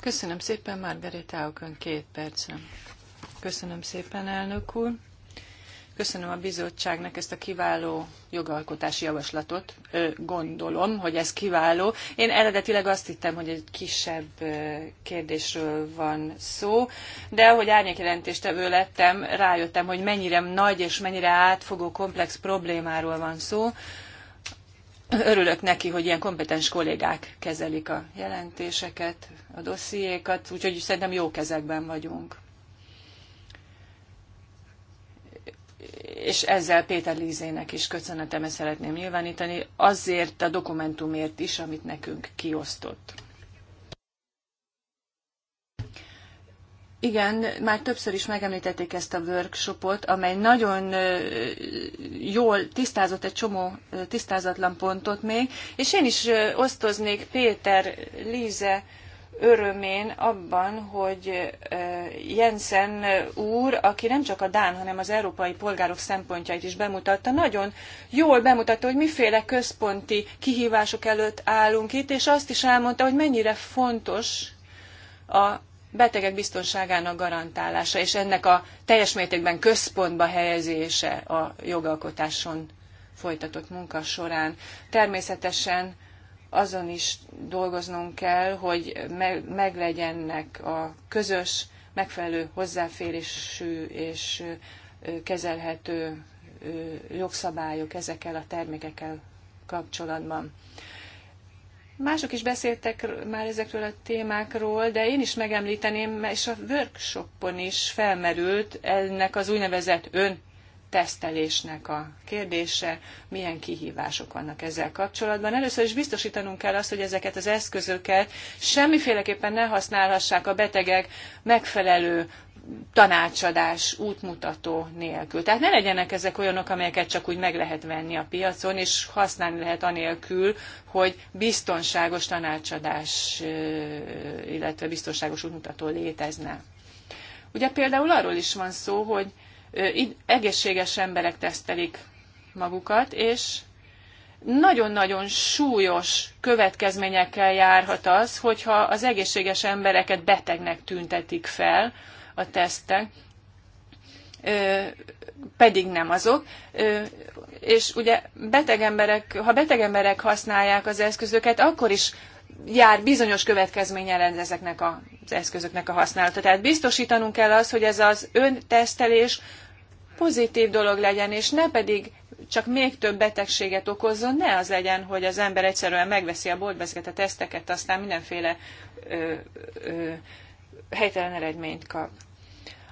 Köszönöm szépen, Margaret Auken, két percem. Köszönöm szépen, elnök úr. Köszönöm a bizottságnak ezt a kiváló jogalkotási javaslatot. gondolom, hogy ez kiváló. Én eredetileg azt hittem, hogy egy kisebb kérdésről van szó, de ahogy árnyékjelentéstevő lettem, rájöttem, hogy mennyire nagy és mennyire átfogó komplex problémáról van szó. Örülök neki, hogy ilyen kompetens kollégák kezelik a jelentéseket, a dossziékat, úgyhogy szerintem jó kezekben vagyunk. és ezzel Péter Lízének is köszönetemet szeretném nyilvánítani, azért a dokumentumért is, amit nekünk kiosztott. Igen, már többször is megemlítették ezt a workshopot, amely nagyon jól tisztázott egy csomó tisztázatlan pontot még, és én is osztoznék Péter Líze örömén abban, hogy Jensen úr, aki nem csak a Dán, hanem az európai polgárok szempontjait is bemutatta, nagyon jól bemutatta, hogy miféle központi kihívások előtt állunk itt, és azt is elmondta, hogy mennyire fontos a betegek biztonságának garantálása, és ennek a teljes mértékben központba helyezése a jogalkotáson folytatott munka során. Természetesen azon is dolgoznunk kell, hogy meg, meglegyenek a közös, megfelelő hozzáférésű és kezelhető jogszabályok ezekkel a termékekkel kapcsolatban. Mások is beszéltek már ezekről a témákról, de én is megemlíteném, és a workshopon is felmerült ennek az úgynevezett ön tesztelésnek a kérdése, milyen kihívások vannak ezzel kapcsolatban. Először is biztosítanunk kell azt, hogy ezeket az eszközöket semmiféleképpen ne használhassák a betegek megfelelő tanácsadás, útmutató nélkül. Tehát ne legyenek ezek olyanok, amelyeket csak úgy meg lehet venni a piacon, és használni lehet anélkül, hogy biztonságos tanácsadás, illetve biztonságos útmutató létezne. Ugye például arról is van szó, hogy egészséges emberek tesztelik magukat, és nagyon-nagyon súlyos következményekkel járhat az, hogyha az egészséges embereket betegnek tüntetik fel a tesztek, pedig nem azok. És ugye beteg emberek, ha beteg emberek használják az eszközöket, akkor is jár bizonyos következménye ezeknek az eszközöknek a használata. Tehát biztosítanunk kell az, hogy ez az öntesztelés pozitív dolog legyen, és ne pedig csak még több betegséget okozzon, ne az legyen, hogy az ember egyszerűen megveszi a boltba ezeket a teszteket, aztán mindenféle ö, ö, helytelen eredményt kap.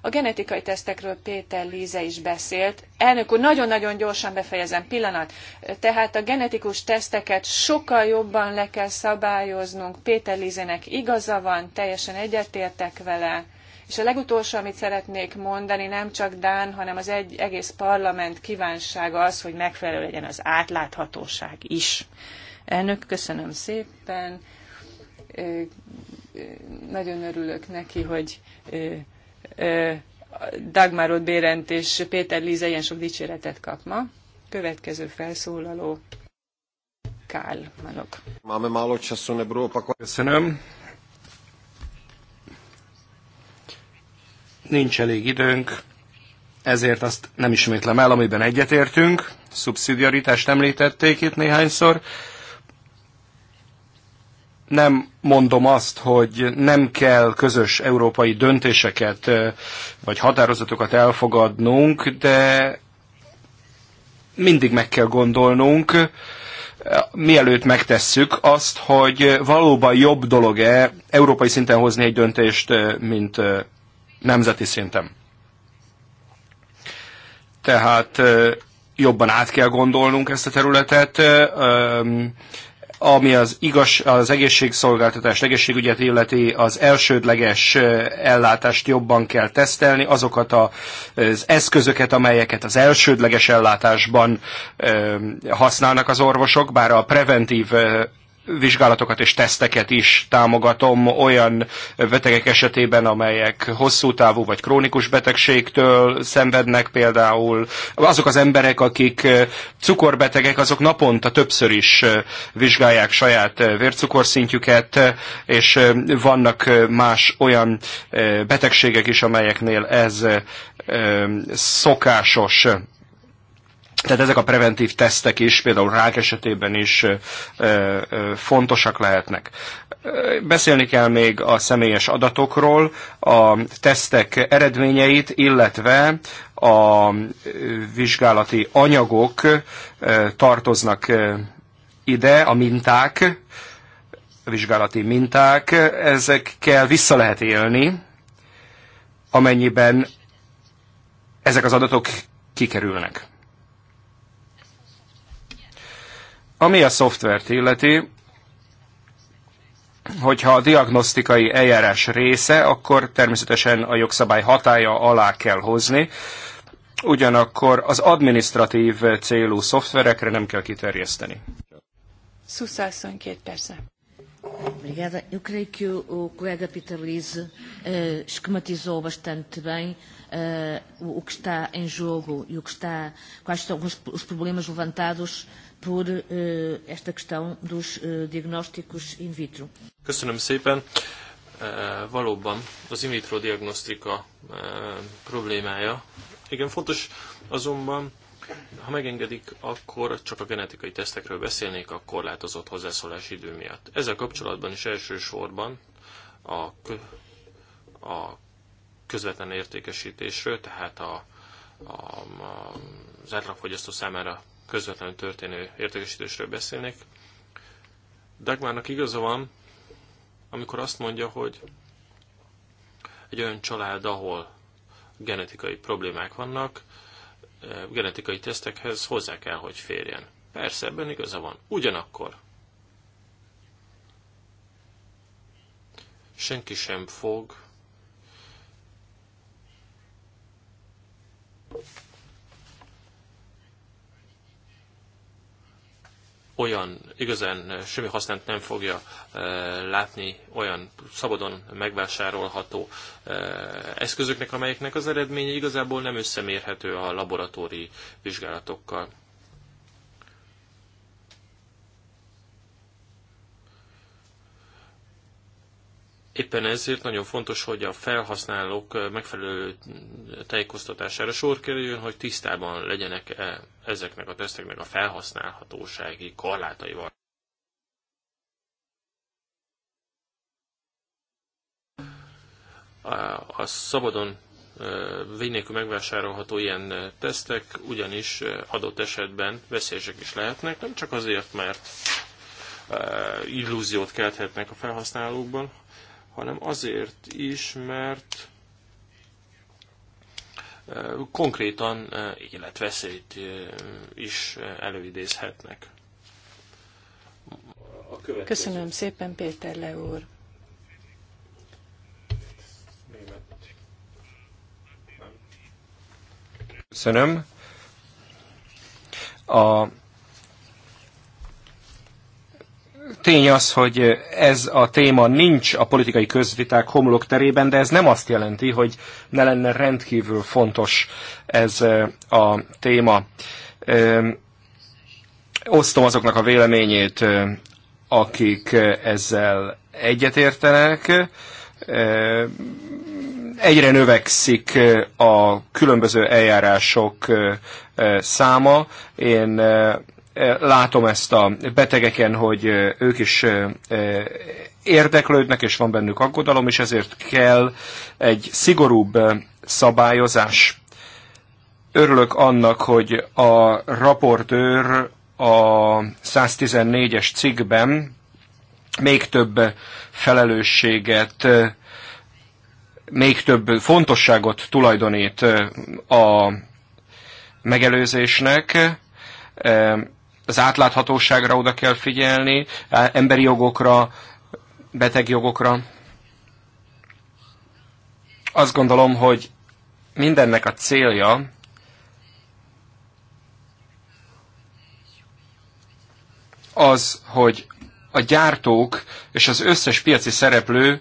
A genetikai tesztekről Péter Líze is beszélt. Elnök úr, nagyon-nagyon gyorsan befejezem, pillanat. Tehát a genetikus teszteket sokkal jobban le kell szabályoznunk. Péter Lízenek igaza van, teljesen egyetértek vele. És a legutolsó, amit szeretnék mondani, nem csak Dán, hanem az egy, egész parlament kívánsága az, hogy megfelelő legyen az átláthatóság is. Elnök, köszönöm szépen. Nagyon örülök neki, hogy Dagmarod Bérent és Péter Líze ilyen sok dicséretet kap ma. Következő felszólaló Kál Manok. Máme málo času, nebudu opakovat. Köszönöm. Nincs elég időnk, ezért azt nem ismétlem el, amiben egyetértünk. Szubszidiaritást említették itt néhányszor nem mondom azt, hogy nem kell közös európai döntéseket vagy határozatokat elfogadnunk, de mindig meg kell gondolnunk, mielőtt megtesszük azt, hogy valóban jobb dolog-e európai szinten hozni egy döntést, mint nemzeti szinten. Tehát jobban át kell gondolnunk ezt a területet, ami az, igaz, az egészségszolgáltatást, egészségügyet illeti, az elsődleges ellátást jobban kell tesztelni, azokat az eszközöket, amelyeket az elsődleges ellátásban használnak az orvosok, bár a preventív vizsgálatokat és teszteket is támogatom olyan betegek esetében, amelyek hosszú távú vagy krónikus betegségtől szenvednek például. Azok az emberek, akik eh, cukorbetegek, azok naponta többször is eh, vizsgálják saját eh, vércukorszintjüket, és vannak más olyan betegségek is, amelyeknél ez szokásos. Tehát ezek a preventív tesztek is, például rák esetében is ö, ö, fontosak lehetnek. Beszélni kell még a személyes adatokról, a tesztek eredményeit, illetve a vizsgálati anyagok ö, tartoznak ide, a minták, a vizsgálati minták, ezekkel vissza lehet élni, amennyiben ezek az adatok kikerülnek. Ami a szoftvert illeti, hogyha a diagnosztikai eljárás része, akkor természetesen a jogszabály hatája alá kell hozni, ugyanakkor az administratív célú szoftverekre nem kell kiterjeszteni. Szuszászony két persze. Obrigada. Eu creio que o, colega Peter Lise eh, esquematizou bastante bem eh, o, que está em jogo e o que está, quais são os, os problemas levantados por eh, esta questão dos eh, diagnósticos in vitro. Köszönöm szépen. Eh, valóban az in vitro diagnosztika problémája. Igen, fontos azonban, ha megengedik, akkor csak a genetikai tesztekről beszélnék a korlátozott hozzászólás idő miatt. Ezzel kapcsolatban is elsősorban a, kö, a közvetlen értékesítésről, tehát a, a, az átlagfogyasztó számára közvetlenül történő értékesítésről beszélnék. Dagmárnak igaza van, amikor azt mondja, hogy egy olyan család, ahol genetikai problémák vannak, eh, genetikai tesztekhez hozzá kell, hogy férjen. Persze, ebben igaza van. Ugyanakkor senki sem fog olyan igazán eh, semmi hasznát nem fogja eh, látni olyan szabadon megvásárolható eh, eszközöknek, amelyeknek az eredménye igazából nem összemérhető a laboratóri vizsgálatokkal. Éppen ezért nagyon fontos, hogy a felhasználók megfelelő tájékoztatására sor kerüljön, hogy tisztában legyenek -e ezeknek a teszteknek a felhasználhatósági korlátaival. A szabadon vény megvásárolható ilyen tesztek ugyanis adott esetben veszélyesek is lehetnek, nem csak azért, mert illúziót kelthetnek a felhasználókban, hanem azért is, mert eh, konkrétan eh, életveszélyt eh, is előidézhetnek. Köszönöm szépen, Péter Le úr. Köszönöm. A tény az, hogy ez a téma nincs a politikai közviták homlok terében, de ez nem azt jelenti, hogy ne lenne rendkívül fontos ez a téma. Osztom azoknak a véleményét, akik ezzel egyetértenek. Egyre növekszik a különböző eljárások száma. Én látom ezt a betegeken, hogy ők is érdeklődnek, és van bennük aggodalom, és ezért kell egy szigorúbb szabályozás. Örülök annak, hogy a raportőr a 114-es cikkben még több felelősséget, még több fontosságot tulajdonít a megelőzésnek, az átláthatóságra oda kell figyelni, emberi jogokra, beteg jogokra. Azt gondolom, hogy mindennek a célja, az, hogy a gyártók és az összes piaci szereplő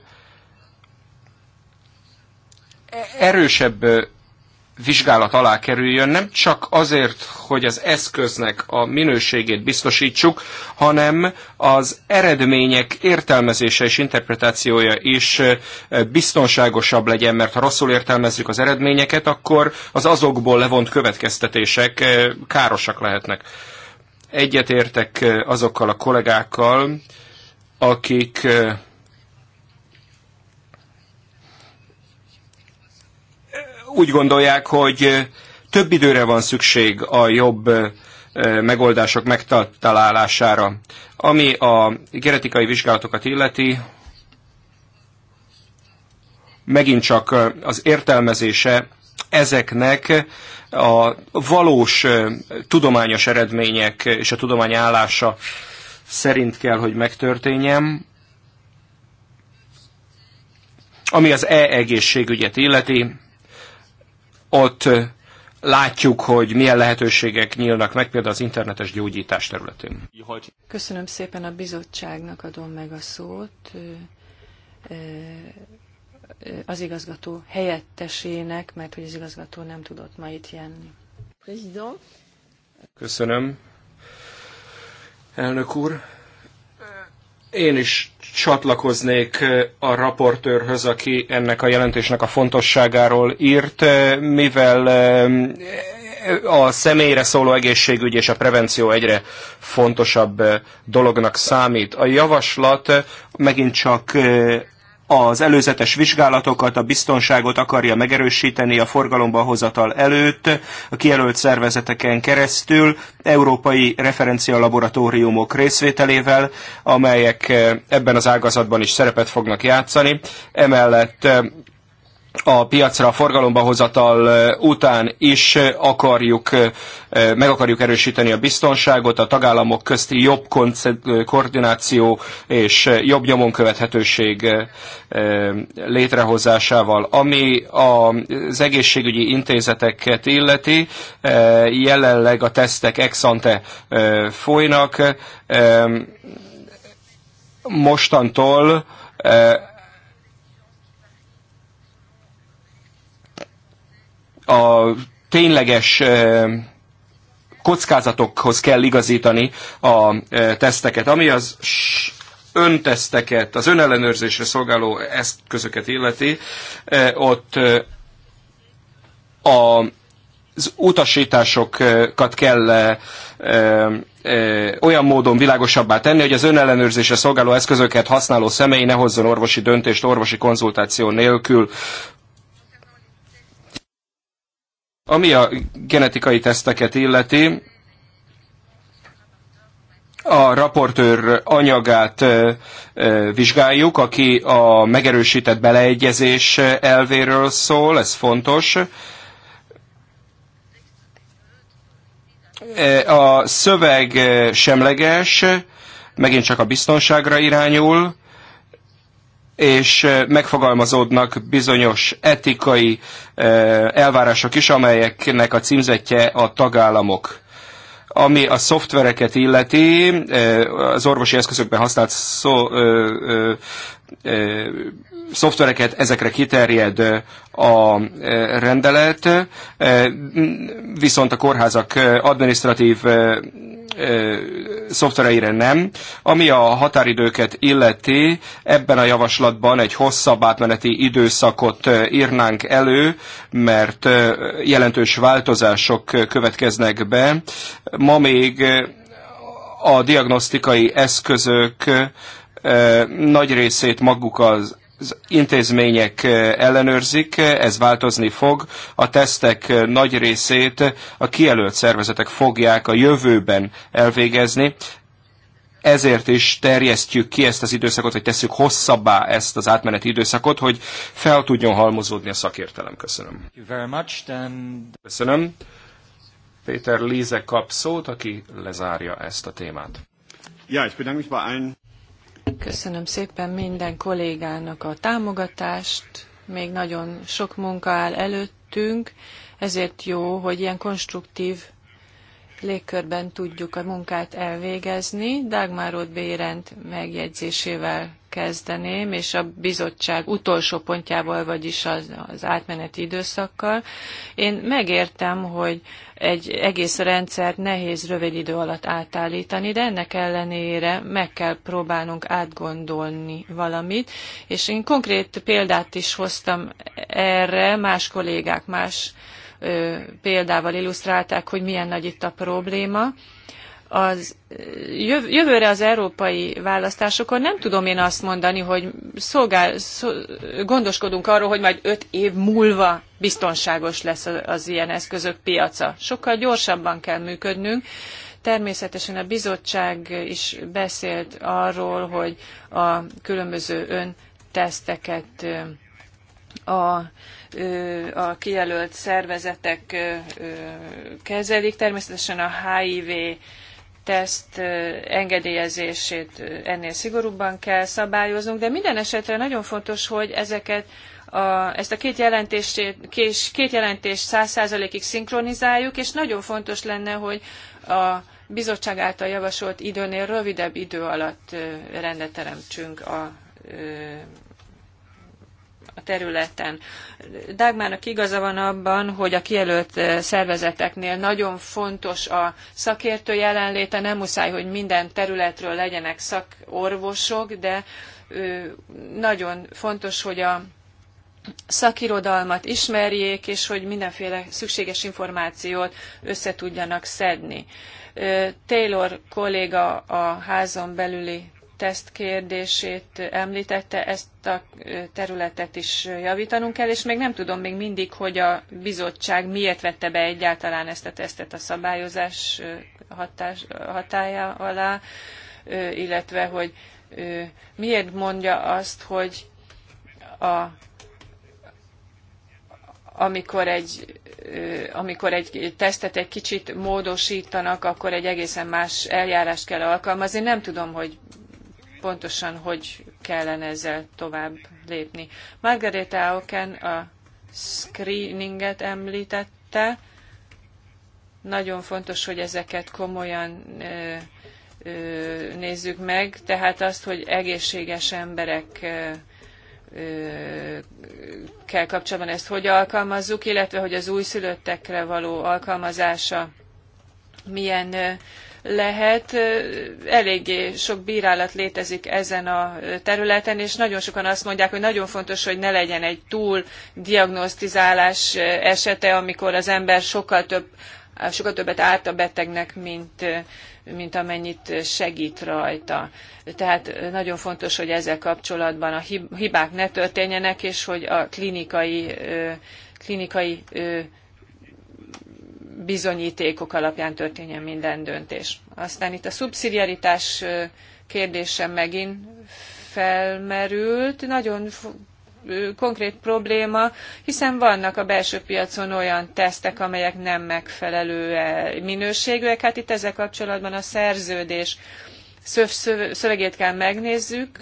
erősebb vizsgálat alá kerüljön, nem csak azért, hogy az eszköznek a minőségét biztosítsuk, hanem az eredmények értelmezése és interpretációja is biztonságosabb legyen, mert ha rosszul értelmezzük az eredményeket, akkor az azokból levont következtetések károsak lehetnek. Egyetértek azokkal a kollégákkal, akik úgy gondolják, hogy több időre van szükség a jobb megoldások megtalálására. Ami a genetikai vizsgálatokat illeti, megint csak az értelmezése ezeknek a valós tudományos eredmények és a tudomány állása szerint kell, hogy megtörténjen. Ami az e-egészségügyet illeti, ott látjuk, hogy milyen lehetőségek nyílnak meg, például az internetes gyógyítás területén. Köszönöm szépen a bizottságnak adom meg a szót az igazgató helyettesének, mert hogy az igazgató nem tudott ma itt jönni. Köszönöm. Elnök úr, én is csatlakoznék eh, a raportőrhöz, aki ennek a jelentésnek a fontosságáról írt, eh, mivel eh, a személyre szóló egészségügy és a prevenció egyre fontosabb dolognak számít. A javaslat megint csak az előzetes vizsgálatokat, a biztonságot akarja megerősíteni a forgalomba hozatal előtt, a kijelölt szervezeteken keresztül, európai referencialaboratóriumok részvételével, amelyek eh, ebben az ágazatban is szerepet fognak játszani. Emellett eh, a piacra a forgalomba hozatal után is akarjuk, meg akarjuk erősíteni a biztonságot, a tagállamok közti jobb koordináció és jobb nyomon követhetőség létrehozásával. Ami az egészségügyi intézeteket illeti, jelenleg a tesztek ex ante folynak. Mostantól a tényleges kockázatokhoz kell igazítani a teszteket. Ami az önteszteket, az önellenőrzésre szolgáló eszközöket illeti, ott a az utasításokat kell olyan módon világosabbá tenni, hogy az önellenőrzésre szolgáló eszközöket használó személy ne hozzon orvosi döntést orvosi konzultáció nélkül. Ami a genetikai teszteket illeti, a raportőr anyagát vizsgáljuk, aki a megerősített beleegyezés elvéről szól, ez fontos. A szöveg semleges, megint csak a biztonságra irányul, és megfogalmazódnak bizonyos etikai elvárások is, amelyeknek a címzetje a tagállamok. Ami a szoftvereket illeti, az orvosi eszközökben használt szó, ö, ö, ö, szoftvereket, ezekre kiterjed a rendelet, viszont a kórházak administratív szoftvereire nem. Ami a határidőket illeti, ebben a javaslatban egy hosszabb átmeneti időszakot írnánk elő, mert jelentős változások következnek be. Ma még a diagnosztikai eszközök nagy részét maguk az az intézmények ellenőrzik, ez változni fog. A tesztek nagy részét a kijelölt szervezetek fogják a jövőben elvégezni. Ezért is terjesztjük ki ezt az időszakot, vagy tesszük hosszabbá ezt az átmeneti időszakot, hogy fel tudjon halmozódni a szakértelem. Köszönöm. Köszönöm. Péter Líze kap szót, aki lezárja ezt a témát. Ja, ich bedanke mich bei allen. Köszönöm szépen minden kollégának a támogatást. Még nagyon sok munka áll előttünk, ezért jó, hogy ilyen konstruktív légkörben tudjuk a munkát elvégezni. Dagmar Bérend megjegyzésével kezdeném, és a bizottság utolsó pontjával, vagyis az, az átmeneti időszakkal. Én megértem, hogy egy egész rendszert nehéz rövid idő alatt átállítani, de ennek ellenére meg kell próbálnunk átgondolni valamit, és én konkrét példát is hoztam erre, más kollégák más példával illusztrálták, hogy milyen nagy itt a probléma az jövőre az európai választásokon nem tudom én azt mondani, hogy szolgál, szó, gondoskodunk arról, hogy majd öt év múlva biztonságos lesz az, az ilyen eszközök piaca. Sokkal gyorsabban kell működnünk. Természetesen a bizottság is beszélt arról, hogy a különböző önteszteket a a kijelölt szervezetek kezelik. Természetesen a HIV teszt engedélyezését ennél szigorúbban kell szabályoznunk, de minden esetre nagyon fontos, hogy ezeket a, ezt a két jelentést, kés, két jelentést száz százalékig szinkronizáljuk, és nagyon fontos lenne, hogy a bizottság által javasolt időnél rövidebb idő alatt rendet teremtsünk a a területen. Dágmának igaza van abban, hogy a kijelölt eh, szervezeteknél nagyon fontos a szakértő jelenléte, nem muszáj, hogy minden területről legyenek szakorvosok, de nagyon fontos, hogy a szakirodalmat ismerjék, és hogy mindenféle szükséges információt összetudjanak szedni. Taylor kolléga a házon belüli teszt kérdését említette, ezt a területet is javítanunk kell, és még nem tudom még mindig, hogy a bizottság miért vette be egyáltalán ezt a tesztet a szabályozás hatás, hatája alá, illetve hogy miért mondja azt, hogy a, amikor egy amikor egy tesztet egy kicsit módosítanak, akkor egy egészen más eljárást kell alkalmazni. Nem tudom, hogy pontosan hogy kellene ezzel tovább lépni. Margaret Auken a screeninget említette. Nagyon fontos, hogy ezeket komolyan nézzük meg, tehát azt, hogy egészséges emberek kell kapcsolatban ezt hogy alkalmazzuk, illetve hogy az újszülöttekre való alkalmazása milyen lehet. Eléggé sok bírálat létezik ezen a területen, és nagyon sokan azt mondják, hogy nagyon fontos, hogy ne legyen egy túl diagnosztizálás esete, amikor az ember sokkal több sokkal többet árt a betegnek, mint, mint amennyit segít rajta. Tehát nagyon fontos, hogy ezzel kapcsolatban a hibák ne történjenek, és hogy a klinikai, klinikai bizonyítékok alapján történjen minden döntés. Aztán itt a szubszidiaritás kérdése megint felmerült. Nagyon konkrét probléma, hiszen vannak a belső piacon olyan tesztek, amelyek nem megfelelő e, minőségűek. Hát itt ezzel kapcsolatban a szerződés szövegét kell megnézzük,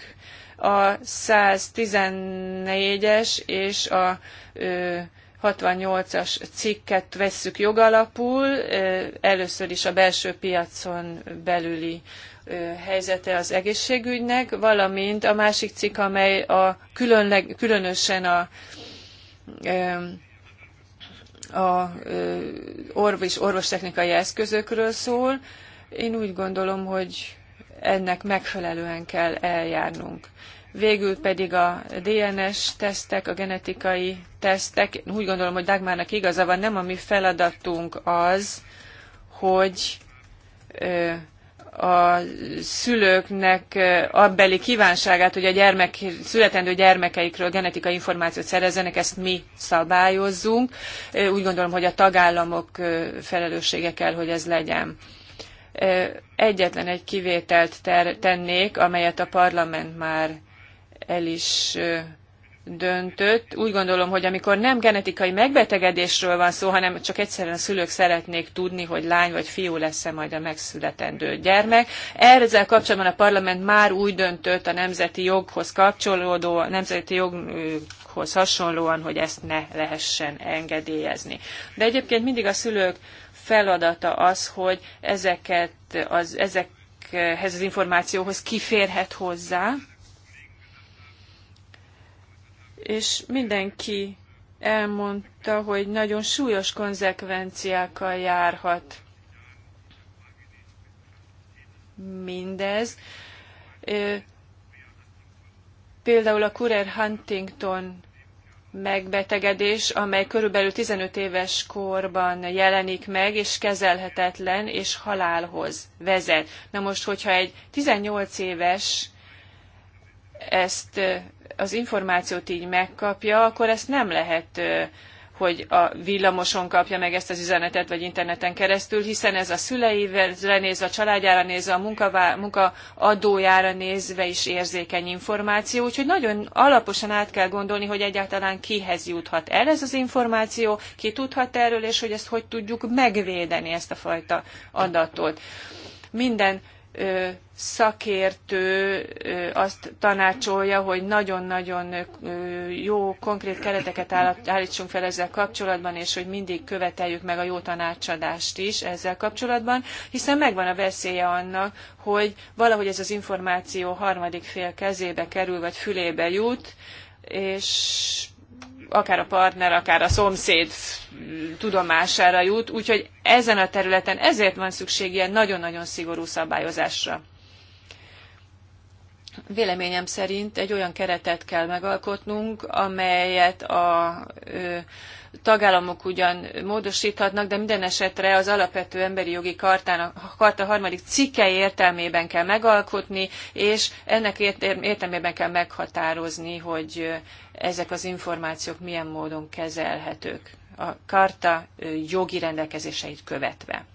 a 114-es és a 68-as cikket vesszük jogalapul, először is a belső piacon belüli helyzete az egészségügynek, valamint a másik cikk, amely a különleg, különösen a, a orvos, orvostechnikai eszközökről szól. Én úgy gondolom, hogy ennek megfelelően kell eljárnunk végül pedig a DNS tesztek, a genetikai tesztek. Úgy gondolom, hogy Dagmárnak igaza van, nem a mi feladatunk az, hogy a szülőknek abbeli kívánságát, hogy a gyermek, születendő gyermekeikről genetikai információt szerezzenek, ezt mi szabályozzunk. Úgy gondolom, hogy a tagállamok felelőssége kell, hogy ez legyen. Egyetlen egy kivételt tennék, amelyet a parlament már el is döntött. Úgy gondolom, hogy amikor nem genetikai megbetegedésről van szó, hanem csak egyszerűen a szülők szeretnék tudni, hogy lány vagy fiú lesz-e majd a megszületendő gyermek. Ezzel kapcsolatban a parlament már úgy döntött a nemzeti joghoz kapcsolódó, a nemzeti joghoz hasonlóan, hogy ezt ne lehessen engedélyezni. De egyébként mindig a szülők feladata az, hogy ezeket az, ezekhez az információhoz kiférhet hozzá, és mindenki elmondta, hogy nagyon súlyos konzekvenciákkal járhat mindez. Például a Kurer Huntington megbetegedés, amely körülbelül 15 éves korban jelenik meg, és kezelhetetlen, és halálhoz vezet. Na most, hogyha egy 18 éves ezt az információt így megkapja, akkor ezt nem lehet hogy a villamoson kapja meg ezt az üzenetet, vagy interneten keresztül, hiszen ez a szüleivel néz, a családjára néz, a munkaadójára munka nézve is érzékeny információ, úgyhogy nagyon alaposan át kell gondolni, hogy egyáltalán kihez juthat el ez az információ, ki tudhat erről, és hogy ezt hogy tudjuk megvédeni, ezt a fajta adatot. Minden szakértő azt tanácsolja, hogy nagyon-nagyon jó, konkrét kereteket állítsunk fel ezzel kapcsolatban, és hogy mindig követeljük meg a jó tanácsadást is ezzel kapcsolatban, hiszen megvan a veszélye annak, hogy valahogy ez az információ harmadik fél kezébe kerül, vagy fülébe jut, és akár a partner, akár a szomszéd tudomására jut, úgyhogy ezen a területen ezért van szükség ilyen nagyon-nagyon szigorú szabályozásra. Véleményem szerint egy olyan keretet kell megalkotnunk, amelyet a tagállamok ugyan módosíthatnak, de minden esetre az alapvető emberi jogi kartának, karta harmadik cikke értelmében kell megalkotni, és ennek értelmében kell meghatározni, hogy ezek az információk milyen módon kezelhetők a karta jogi rendelkezéseit követve.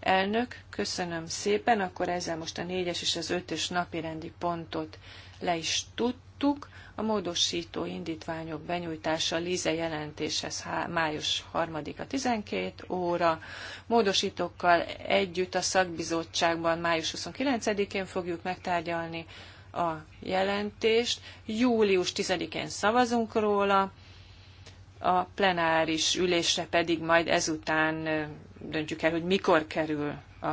Elnök, köszönöm szépen, akkor ezzel most a négyes és az ötös napirendi pontot le is tudtuk. A módosító indítványok benyújtása Lize jelentéshez május 3-a 12 óra. Módosítókkal együtt a szakbizottságban május 29-én fogjuk megtárgyalni a jelentést. Július 10-én szavazunk róla, a plenáris ülésre pedig majd ezután döntjük el, hogy mikor kerül a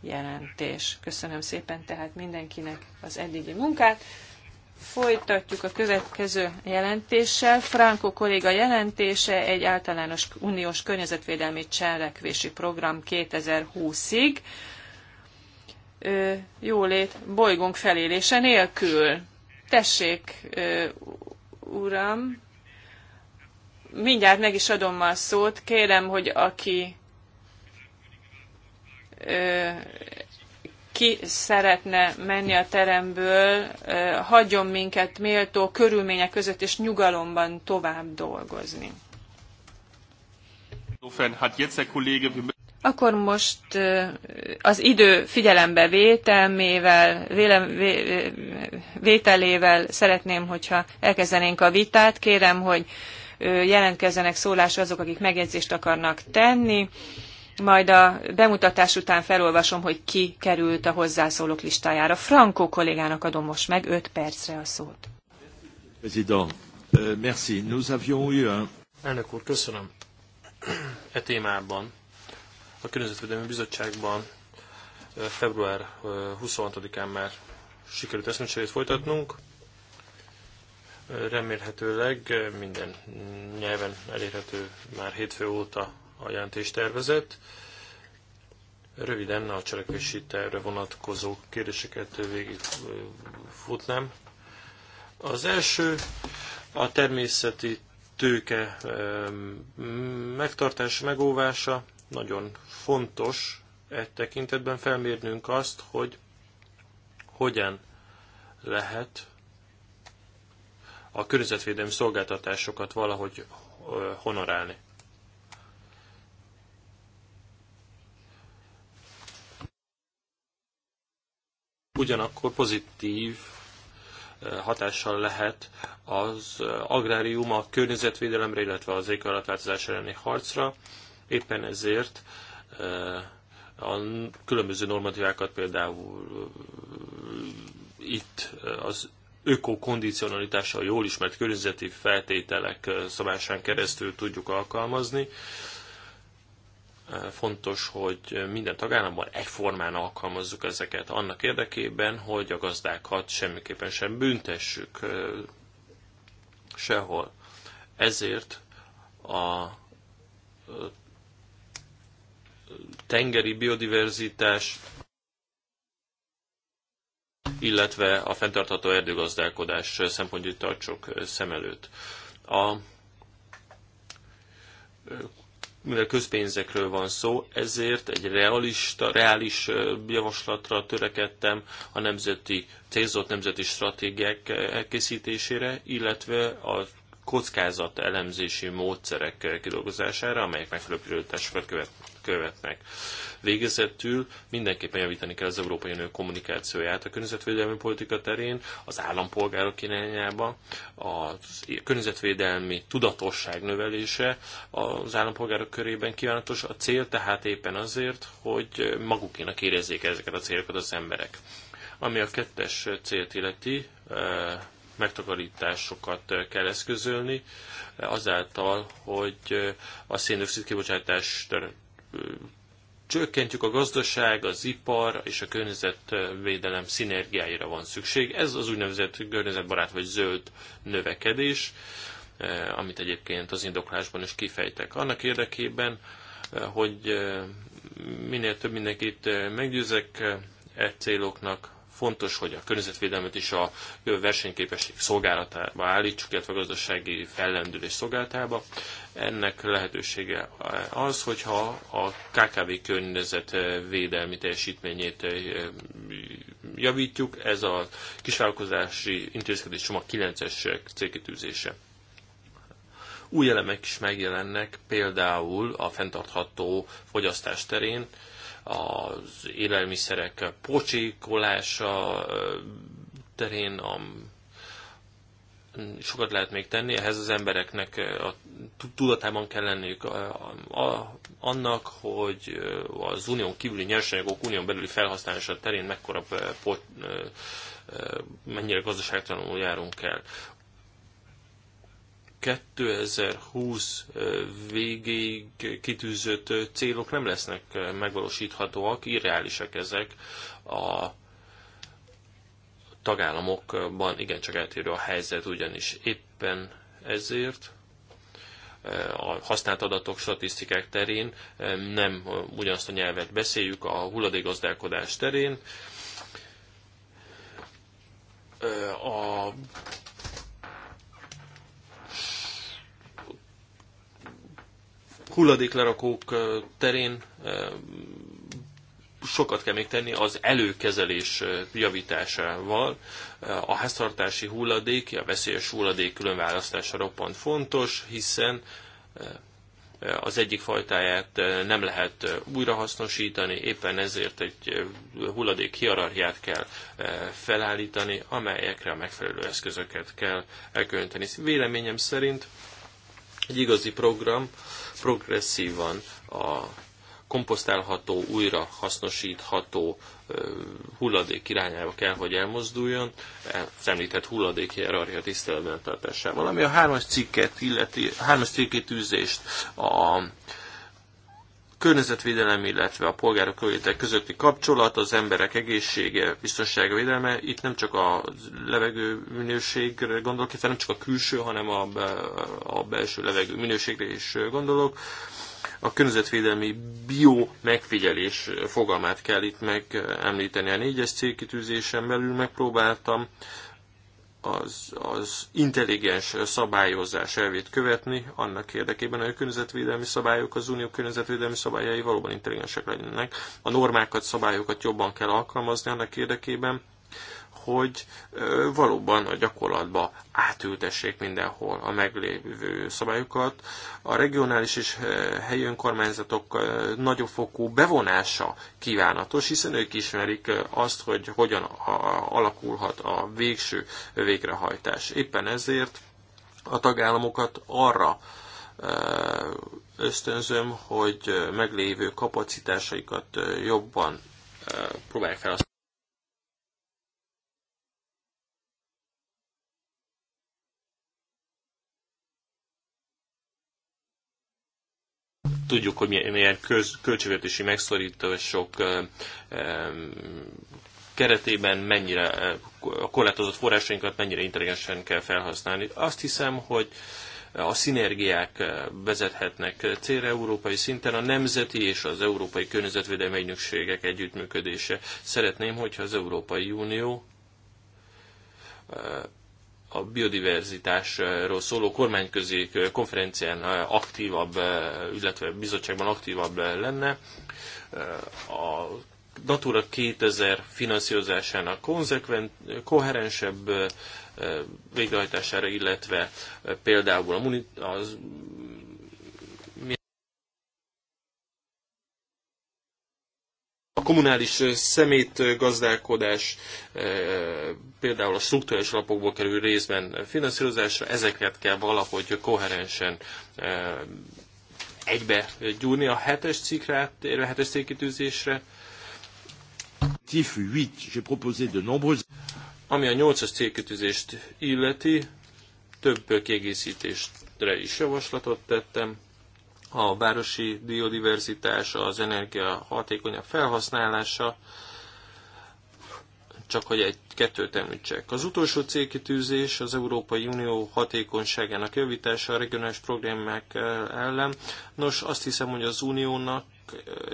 jelentés. Köszönöm szépen tehát mindenkinek az eddigi munkát. Folytatjuk a következő jelentéssel. Franco kolléga jelentése egy általános uniós környezetvédelmi cselekvési program 2020-ig. Jólét bolygónk felélése nélkül. Tessék, uram, mindjárt meg is adom a szót. Kérem, hogy aki ki szeretne menni a teremből, hagyjon minket méltó körülmények között és nyugalomban tovább dolgozni. Akkor most az idő figyelembe vételmével, vélem, vé, vételével szeretném, hogyha elkezdenénk a vitát. Kérem, hogy jelentkezzenek szólásra azok, akik megjegyzést akarnak tenni majd a bemutatás után felolvasom, hogy ki került a hozzászólók listájára. Frankó kollégának adom most meg 5 percre a szót. President, euh, merci. Nous avions eu un... Elnök úr, köszönöm. E témában a Környezetvédelmi Bizottságban február 26-án már sikerült eszmecserét folytatnunk. Remélhetőleg minden nyelven elérhető már hétfő óta a jelentéstervezet. Röviden a cselekvési tervre vonatkozó kérdéseket végig futnám. Az első a természeti tőke megtartása, megóvása. Nagyon fontos e tekintetben felmérnünk azt, hogy hogyan lehet a környezetvédelmi szolgáltatásokat valahogy honorálni. ugyanakkor pozitív eh, hatással lehet az eh, agrárium a környezetvédelemre, illetve az éghajlatváltozás elleni harcra. Éppen ezért eh, a különböző normatívákat például itt az ökokondicionalitással jól ismert környezeti feltételek szabásán keresztül tudjuk alkalmazni fontos, hogy minden tagállamban egyformán alkalmazzuk ezeket annak érdekében, hogy a gazdákat semmiképpen sem büntessük sehol. Ezért a tengeri biodiverzitás, illetve a fenntartható erdőgazdálkodás szempontjait tartsuk szem előtt. A mivel közpénzekről van szó, ezért egy realista, reális javaslatra törekedtem a nemzeti, célzott nemzeti stratégiák elkészítésére, illetve a kockázat elemzési módszerek kidolgozására, amelyek megfelelő prioritásokat követnek követnek. Végezetül mindenképpen javítani kell az Európai Unió kommunikációját a környezetvédelmi politika terén, az állampolgárok irányába, a környezetvédelmi tudatosság növelése az állampolgárok körében kívánatos. A cél tehát éppen azért, hogy magukénak érezzék ezeket a célokat az emberek. Ami a kettes célt illeti, eh, megtakarításokat kell eszközölni, eh, azáltal, hogy eh, a széndiokszid kibocsátás csökkentjük a gazdaság, az ipar és a környezetvédelem szinergiáira van szükség. Ez az úgynevezett környezetbarát vagy zöld növekedés, eh, amit egyébként az indoklásban is kifejtek. Annak érdekében, eh, hogy eh, minél több mindenkit meggyőzek e céloknak Fontos, hogy a környezetvédelmet is a versenyképesség szolgálatába állítsuk, illetve a gazdasági fellendülés szolgálatába. Ennek lehetősége az, hogyha a KKV környezetvédelmi teljesítményét eh, javítjuk, ez a kisvállalkozási intézkedés csomag 9-es célkitűzése új elemek is megjelennek, például a fenntartható fogyasztás terén, az élelmiszerek pocsékolása terén a sokat lehet még tenni, ehhez az embereknek a tudatában kell lenniük annak, hogy az unión kívüli nyersanyagok unión belüli felhasználása terén mekkora mennyire gazdaságtalanul járunk el. 2020 végéig kitűzött célok nem lesznek megvalósíthatóak, irreálisak ezek a tagállamokban igencsak eltérő a helyzet, ugyanis éppen ezért a használt adatok, statisztikák terén nem ugyanazt a nyelvet beszéljük a hulladékgazdálkodás terén. A hulladéklerakók terén sokat kell még tenni az előkezelés javításával. A háztartási hulladék, a veszélyes hulladék különválasztása roppant fontos, hiszen az egyik fajtáját nem lehet újrahasznosítani, éppen ezért egy hulladék hierarchiát kell felállítani, amelyekre a megfelelő eszközöket kell elkönteni. Véleményem szerint egy igazi program progresszívan a komposztálható, újra hasznosítható hulladék irányába kell, hogy elmozduljon, az említett hulladék hierarchia tiszteletben tartásával. Ami a hármas cikket illeti, hármas cikkét űzést a környezetvédelem, illetve a polgárok körülöttek közötti kapcsolat, az emberek egészsége, biztonsága, védelme. Itt nem csak a levegő minőségre gondolok, itt nem csak a külső, hanem a, a belső levegő minőségre is gondolok. A környezetvédelmi bio megfigyelés fogalmát kell itt megemlíteni a négyes célkitűzésen belül megpróbáltam az, az intelligens szabályozás elvét követni, annak érdekében, hogy a környezetvédelmi szabályok, az unió környezetvédelmi szabályai valóban intelligensek legyenek. A normákat, szabályokat jobban kell alkalmazni annak érdekében, hogy valóban a gyakorlatba átültessék mindenhol a meglévő szabályokat. A regionális és helyi önkormányzatok nagyobb fokú bevonása kívánatos, hiszen ők ismerik azt, hogy hogyan alakulhat a végső végrehajtás. Éppen ezért a tagállamokat arra ösztönzöm, hogy meglévő kapacitásaikat jobban próbálják fel Tudjuk, hogy milyen, milyen köz, költségvetési megszorítások keretében mennyire a korlátozott forrásainkat mennyire intelligensen kell felhasználni. Azt hiszem, hogy a szinergiák vezethetnek célra európai szinten, a nemzeti és az európai környezetvédelmi ügynökségek együttműködése. Szeretném, hogyha az Európai Unió a biodiverzitásról szóló kormányközi konferencián aktívabb, illetve bizottságban aktívabb lenne. A Natura 2000 finanszírozásának konzekvent, koherensebb végrehajtására, illetve például a, muni- A kommunális szemétgazdálkodás például a struktúrás alapokból kerül részben finanszírozásra, ezeket kell valahogy koherensen egybe gyúrni a hetes cikre, a hetes célkitűzésre. Ami a nyolcas célkitűzést illeti, több kiegészítésre is javaslatot tettem a városi biodiverzitás, az energia hatékonyabb felhasználása, csak hogy egy kettőt említsek. Az utolsó célkitűzés az Európai Unió hatékonyságának javítása a regionális problémák ellen. Nos, azt hiszem, hogy az uniónak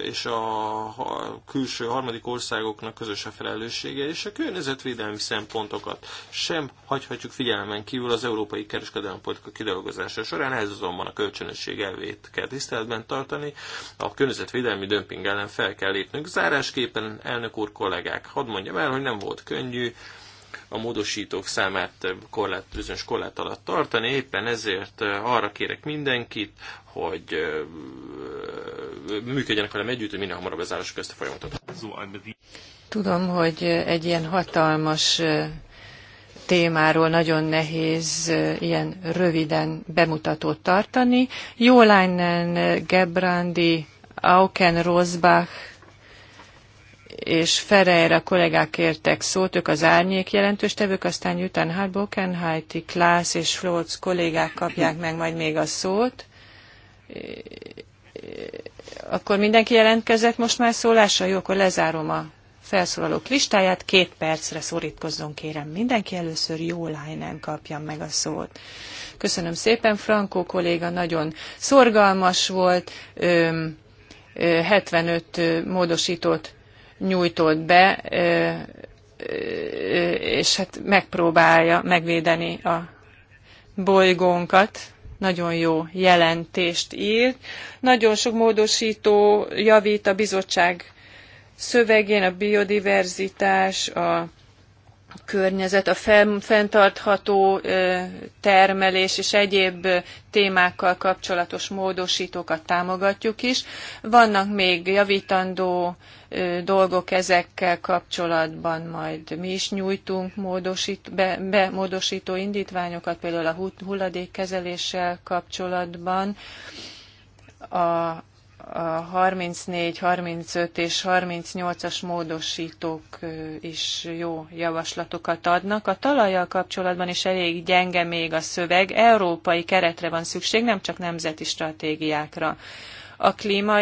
és a külső harmadik országoknak közös a felelőssége, és a környezetvédelmi szempontokat sem hagyhatjuk figyelmen kívül az európai kereskedelmi politika kidolgozása során, ez azonban a kölcsönösség elvét kell tiszteletben tartani, a környezetvédelmi dömping ellen fel kell lépnünk. Zárásképpen, elnök úr kollégák, hadd mondjam el, hogy nem volt könnyű, a módosítók számát korlát, bizonyos korlát alatt tartani, éppen ezért eh, arra kérek mindenkit, hogy eh, eh, működjenek velem együtt, hogy minél hamarabb állások ezt a folyamatot. Tudom, hogy egy ilyen hatalmas témáról nagyon nehéz ilyen röviden bemutatót tartani. Jó Leinen, Gebrandi, Auken, Rosbach, és Ferreira kollégák kértek szót, ők az árnyék jelentős tevők, aztán Jután Harboken, Heidi Klász és Flóc kollégák kapják meg majd még a szót. Akkor mindenki jelentkezett most már szólásra? Jó, akkor lezárom a felszólalók listáját. Két percre szorítkozzon, kérem. Mindenki először jó lájnán kapja meg a szót. Köszönöm szépen, Frankó kolléga nagyon szorgalmas volt, 75 módosított nyújtott be, és hát megpróbálja megvédeni a bolygónkat. Nagyon jó jelentést írt. Nagyon sok módosító javít a bizottság szövegén, a biodiverzitás, a környezet, a fenntartható termelés és egyéb témákkal kapcsolatos módosítókat támogatjuk is. Vannak még javítandó dolgok ezekkel kapcsolatban majd mi is nyújtunk módosít, be, módosító indítványokat, például a hulladékkezeléssel kapcsolatban. A, a 34, 35 és 38-as módosítók is jó javaslatokat adnak. A talajjal kapcsolatban is elég gyenge még a szöveg. Európai keretre van szükség, nem csak nemzeti stratégiákra. A klíma,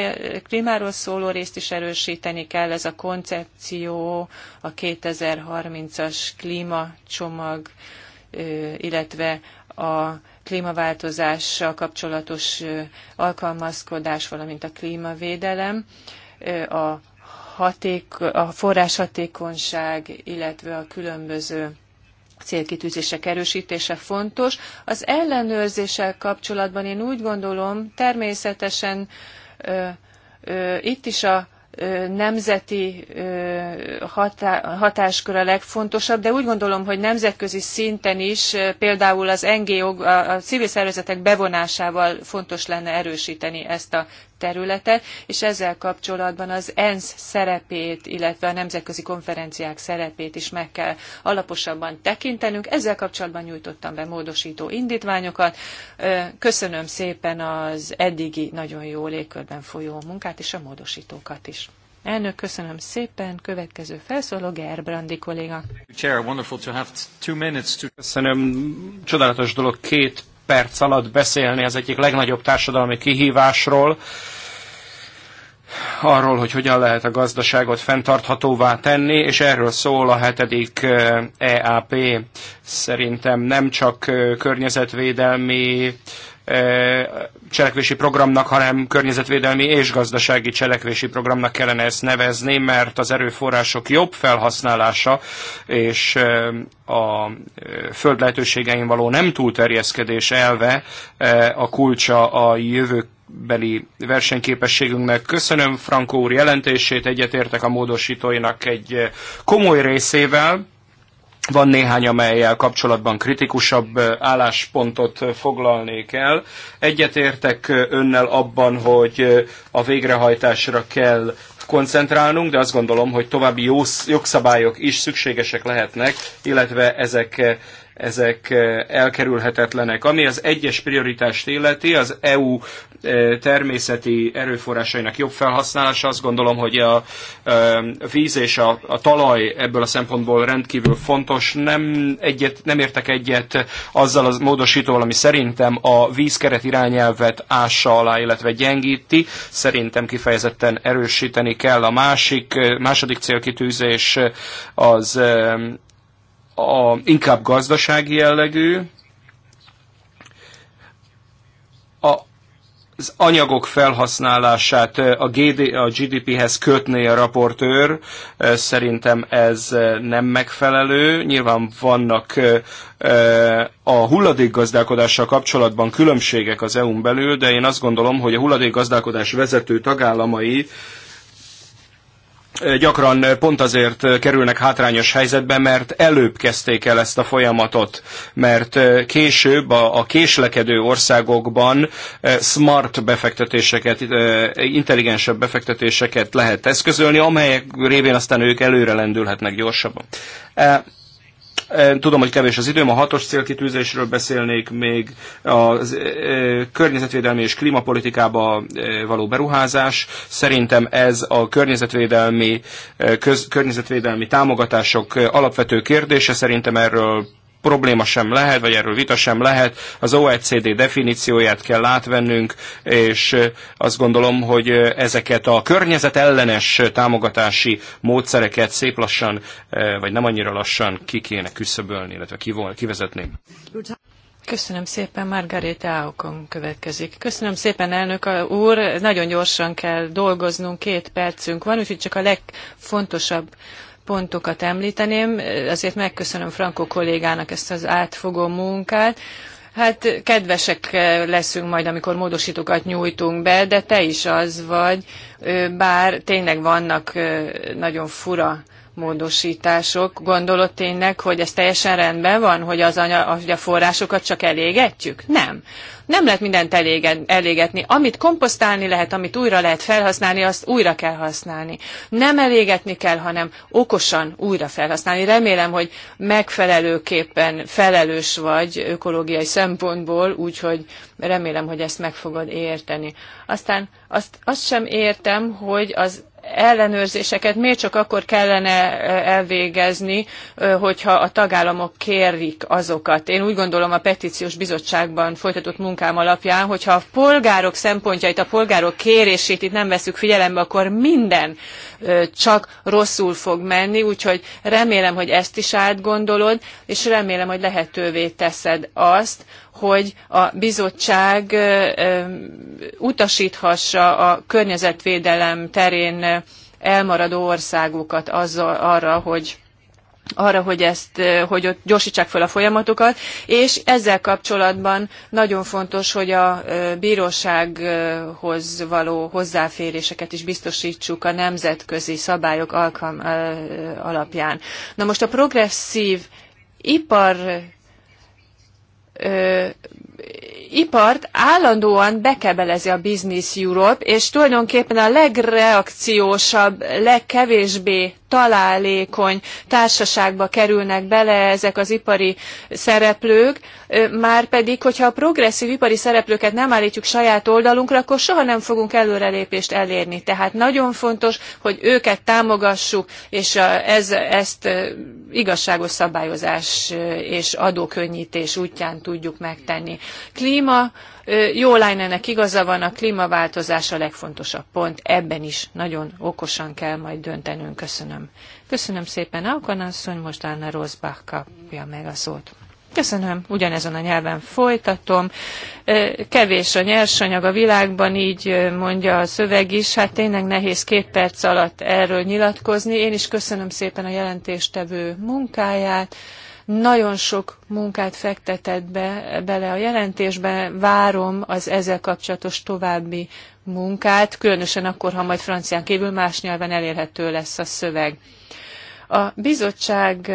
klímáról szóló részt is erősíteni kell, ez a koncepció, a 2030-as klímacsomag, illetve a klímaváltozással kapcsolatos alkalmazkodás, valamint a klímavédelem, a, haték, a forráshatékonyság, illetve a különböző célkitűzések erősítése fontos. Az ellenőrzéssel kapcsolatban én úgy gondolom, természetesen ö, ö, itt is a nemzeti hatáskör a legfontosabb, de úgy gondolom, hogy nemzetközi szinten is például az NGO, a, a civil szervezetek bevonásával fontos lenne erősíteni ezt a területet, és ezzel kapcsolatban az ENSZ szerepét, illetve a nemzetközi konferenciák szerepét is meg kell alaposabban tekintenünk. Ezzel kapcsolatban nyújtottam be módosító indítványokat. Köszönöm szépen az eddigi nagyon jó légkörben folyó munkát és a módosítókat is. Elnök, köszönöm szépen. Következő felszóló Gerbrandi kolléga. Köszönöm. Csodálatos dolog két perc alatt beszélni az egyik legnagyobb társadalmi kihívásról, arról, hogy hogyan lehet a gazdaságot fenntarthatóvá tenni, és erről szól a hetedik EAP. Eh, e Szerintem nem csak eh, környezetvédelmi cselekvési programnak, hanem környezetvédelmi és gazdasági cselekvési programnak kellene ezt nevezni, mert az erőforrások jobb felhasználása és a föld lehetőségein való nem túlterjeszkedés elve a kulcsa a jövő beli versenyképességünknek. Köszönöm Frankó úr jelentését, egyetértek a módosítóinak egy komoly részével, van néhány, amelyel kapcsolatban kritikusabb álláspontot foglalnék el. Egyetértek önnel abban, hogy a végrehajtásra kell koncentrálnunk, de azt gondolom, hogy további jó jogszabályok is szükségesek lehetnek, illetve ezek ezek eh, elkerülhetetlenek. Ami az egyes prioritást illeti, az EU eh, természeti erőforrásainak jobb felhasználása, azt gondolom, hogy eh, a, víz és a, a talaj ebből a szempontból rendkívül fontos. Nem, egyet, nem értek egyet azzal az módosítóval, ami szerintem a vízkeret irányelvet ássa alá, illetve gyengíti. Szerintem kifejezetten erősíteni kell. A másik, második célkitűzés az a, inkább gazdasági jellegű, a, az anyagok felhasználását a, GD, a GDP-hez kötné a raportőr, szerintem ez nem megfelelő. Nyilván vannak a hulladékgazdálkodással kapcsolatban különbségek az EU-n belül, de én azt gondolom, hogy a hulladékgazdálkodás vezető tagállamai gyakran pont azért kerülnek hátrányos helyzetbe, mert előbb kezdték el ezt a folyamatot, mert később a, késlekedő országokban smart befektetéseket, intelligensebb befektetéseket lehet eszközölni, amelyek révén aztán ők előre lendülhetnek gyorsabban. Tudom, hogy kevés az időm, a hatos célkitűzésről beszélnék még, a környezetvédelmi és klímapolitikába való beruházás. Szerintem ez a környezetvédelmi, köz, környezetvédelmi támogatások alapvető kérdése, szerintem erről probléma sem lehet, vagy erről vita sem lehet. Az OECD definícióját kell átvennünk, és azt gondolom, hogy ezeket a környezetellenes támogatási módszereket szép lassan, vagy nem annyira lassan ki kéne küszöbölni, illetve kivezetni. Köszönöm szépen, Margaréta Aukon következik. Köszönöm szépen, elnök úr, nagyon gyorsan kell dolgoznunk, két percünk van, úgyhogy csak a legfontosabb pontokat említeném, ezért megköszönöm Franco kollégának ezt az átfogó munkát. Hát kedvesek leszünk majd, amikor módosítókat nyújtunk be, de te is az vagy, bár tényleg vannak nagyon fura módosítások. Gondolod tényleg, hogy ez teljesen rendben van, hogy, az anya, hogy a forrásokat csak elégetjük? Nem. Nem lehet mindent eléget, elégetni. Amit komposztálni lehet, amit újra lehet felhasználni, azt újra kell használni. Nem elégetni kell, hanem okosan újra felhasználni. Remélem, hogy megfelelőképpen felelős vagy ökológiai szempontból, úgyhogy remélem, hogy ezt meg fogod érteni. Aztán azt, azt sem értem, hogy az ellenőrzéseket miért csak akkor kellene elvégezni, hogyha a tagállamok kérik azokat. Én úgy gondolom a petíciós bizottságban folytatott munkám alapján, hogyha a polgárok szempontjait, a polgárok kérését itt nem veszük figyelembe, akkor minden csak rosszul fog menni, úgyhogy remélem, hogy ezt is átgondolod, és remélem, hogy lehetővé teszed azt, hogy a bizottság utasíthassa a környezetvédelem terén elmaradó országokat azzal, arra, hogy arra, hogy ezt, hogy ott gyorsítsák fel a folyamatokat, és ezzel kapcsolatban nagyon fontos, hogy a bírósághoz való hozzáféréseket is biztosítsuk a nemzetközi szabályok alkalm, alapján. Na most a progresszív ipar ö, ipart állandóan bekebelezi a Business Europe, és tulajdonképpen a legreakciósabb, legkevésbé találékony társaságba kerülnek bele ezek az ipari szereplők, már pedig, hogyha a progresszív ipari szereplőket nem állítjuk saját oldalunkra, akkor soha nem fogunk előrelépést elérni. Tehát nagyon fontos, hogy őket támogassuk, és ez, ezt igazságos szabályozás és adókönnyítés útján tudjuk megtenni. Klíma jó Lájnának igaza van, a klímaváltozás a legfontosabb pont, ebben is nagyon okosan kell majd döntenünk. Köszönöm. Köszönöm szépen, Alkan asszony, most Anna Rosbach kapja meg a szót. Köszönöm, ugyanezen a nyelven folytatom. Kevés a nyersanyag a világban, így mondja a szöveg is. Hát tényleg nehéz két perc alatt erről nyilatkozni. Én is köszönöm szépen a jelentéstevő munkáját nagyon sok munkát fektetett be, bele a jelentésbe, várom az ezzel kapcsolatos további munkát, különösen akkor, ha majd francián kívül más nyelven elérhető lesz a szöveg. A bizottság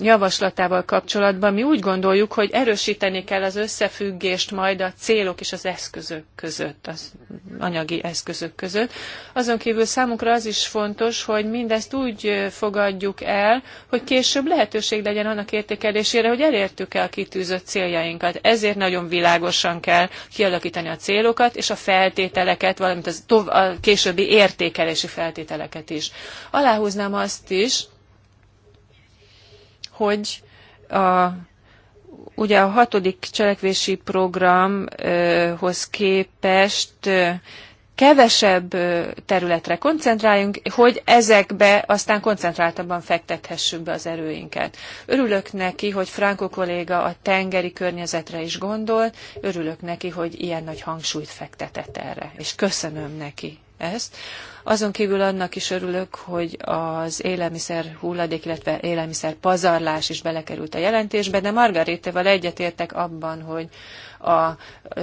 javaslatával kapcsolatban mi úgy gondoljuk, hogy erősíteni kell az összefüggést majd a célok és az eszközök között, az anyagi eszközök között. Azon kívül számunkra az is fontos, hogy mindezt úgy fogadjuk el, hogy később lehetőség legyen annak értékelésére, hogy elértük-e a kitűzött céljainkat. Ezért nagyon világosan kell kialakítani a célokat és a feltételeket, valamint a későbbi értékelési feltételeket is. Aláhúznám azt is, hogy a ugye a hatodik cselekvési programhoz képest kevesebb területre koncentráljunk, hogy ezekbe aztán koncentráltabban fektethessük be az erőinket. Örülök neki, hogy Franco kolléga a tengeri környezetre is gondol, örülök neki, hogy ilyen nagy hangsúlyt fektetett erre, és köszönöm neki ezt. Azon kívül annak is örülök, hogy az élelmiszer hulladék, illetve élelmiszer pazarlás is belekerült a jelentésbe, de Margarétával egyetértek abban, hogy a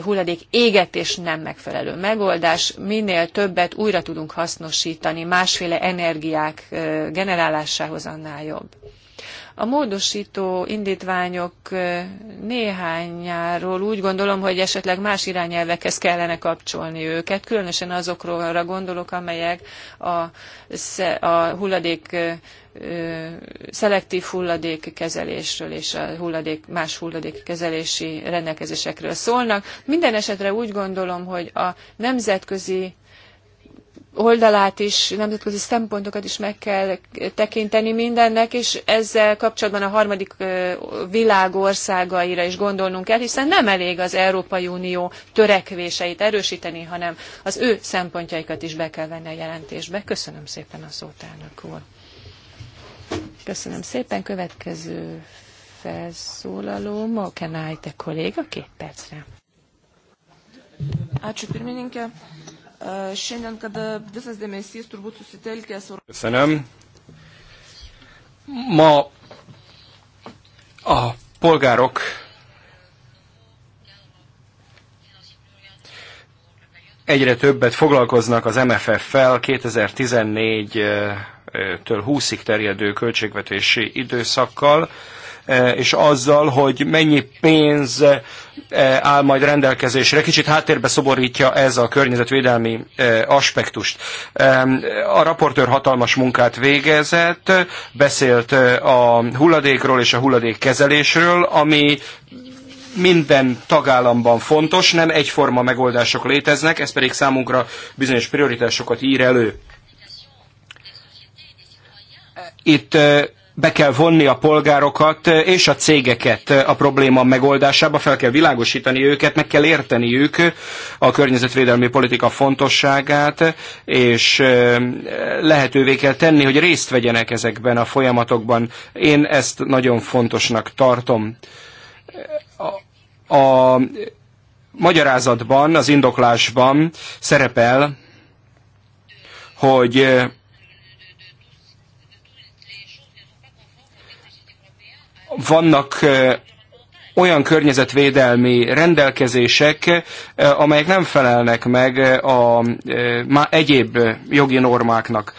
hulladék égetés nem megfelelő megoldás. Minél többet újra tudunk hasznosítani másféle energiák generálásához, annál jobb. A módosító indítványok néhányáról úgy gondolom, hogy esetleg más irányelvekhez kellene kapcsolni őket, különösen azokról gondolok, amelyek a, a hulladék szelektív hulladékkezelésről és a hulladék, más hulladékkezelési rendelkezésekről szólnak. Minden esetre úgy gondolom, hogy a nemzetközi oldalát is, nemzetközi szempontokat is meg kell tekinteni mindennek, és ezzel kapcsolatban a harmadik világ országaira is gondolnunk kell, hiszen nem elég az Európai Unió törekvéseit erősíteni, hanem az ő szempontjaikat is be kell venni a jelentésbe. Köszönöm szépen a szót, elnök úr. Köszönöm szépen. Következő felszólaló, Mokenáj, kolléga, két percre. Ácsú Šiandien, kada visas dėmesys turbūt susitelkęs. Senem. Ma a polgárok egyre többet foglalkoznak az MFF-fel 2014-től 20-ig terjedő költségvetési időszakkal. E, és azzal, hogy mennyi pénz e, áll majd rendelkezésre. Kicsit háttérbe szoborítja ez a környezetvédelmi e, aspektust. A raportőr hatalmas munkát végezett, beszélt a hulladékról és a hulladékkezelésről, ami minden tagállamban fontos, nem egyforma megoldások léteznek, ez pedig számunkra bizonyos prioritásokat ír elő. Itt be kell vonni a polgárokat eh, és a cégeket eh, a probléma megoldásába, fel kell világosítani őket, meg kell érteniük a környezetvédelmi politika fontosságát, és eh, lehetővé kell tenni, hogy részt vegyenek ezekben a folyamatokban. Én ezt nagyon fontosnak tartom. A, a magyarázatban, az indoklásban szerepel, hogy vannak olyan környezetvédelmi rendelkezések, amelyek nem felelnek meg a, egyéb jogi normáknak.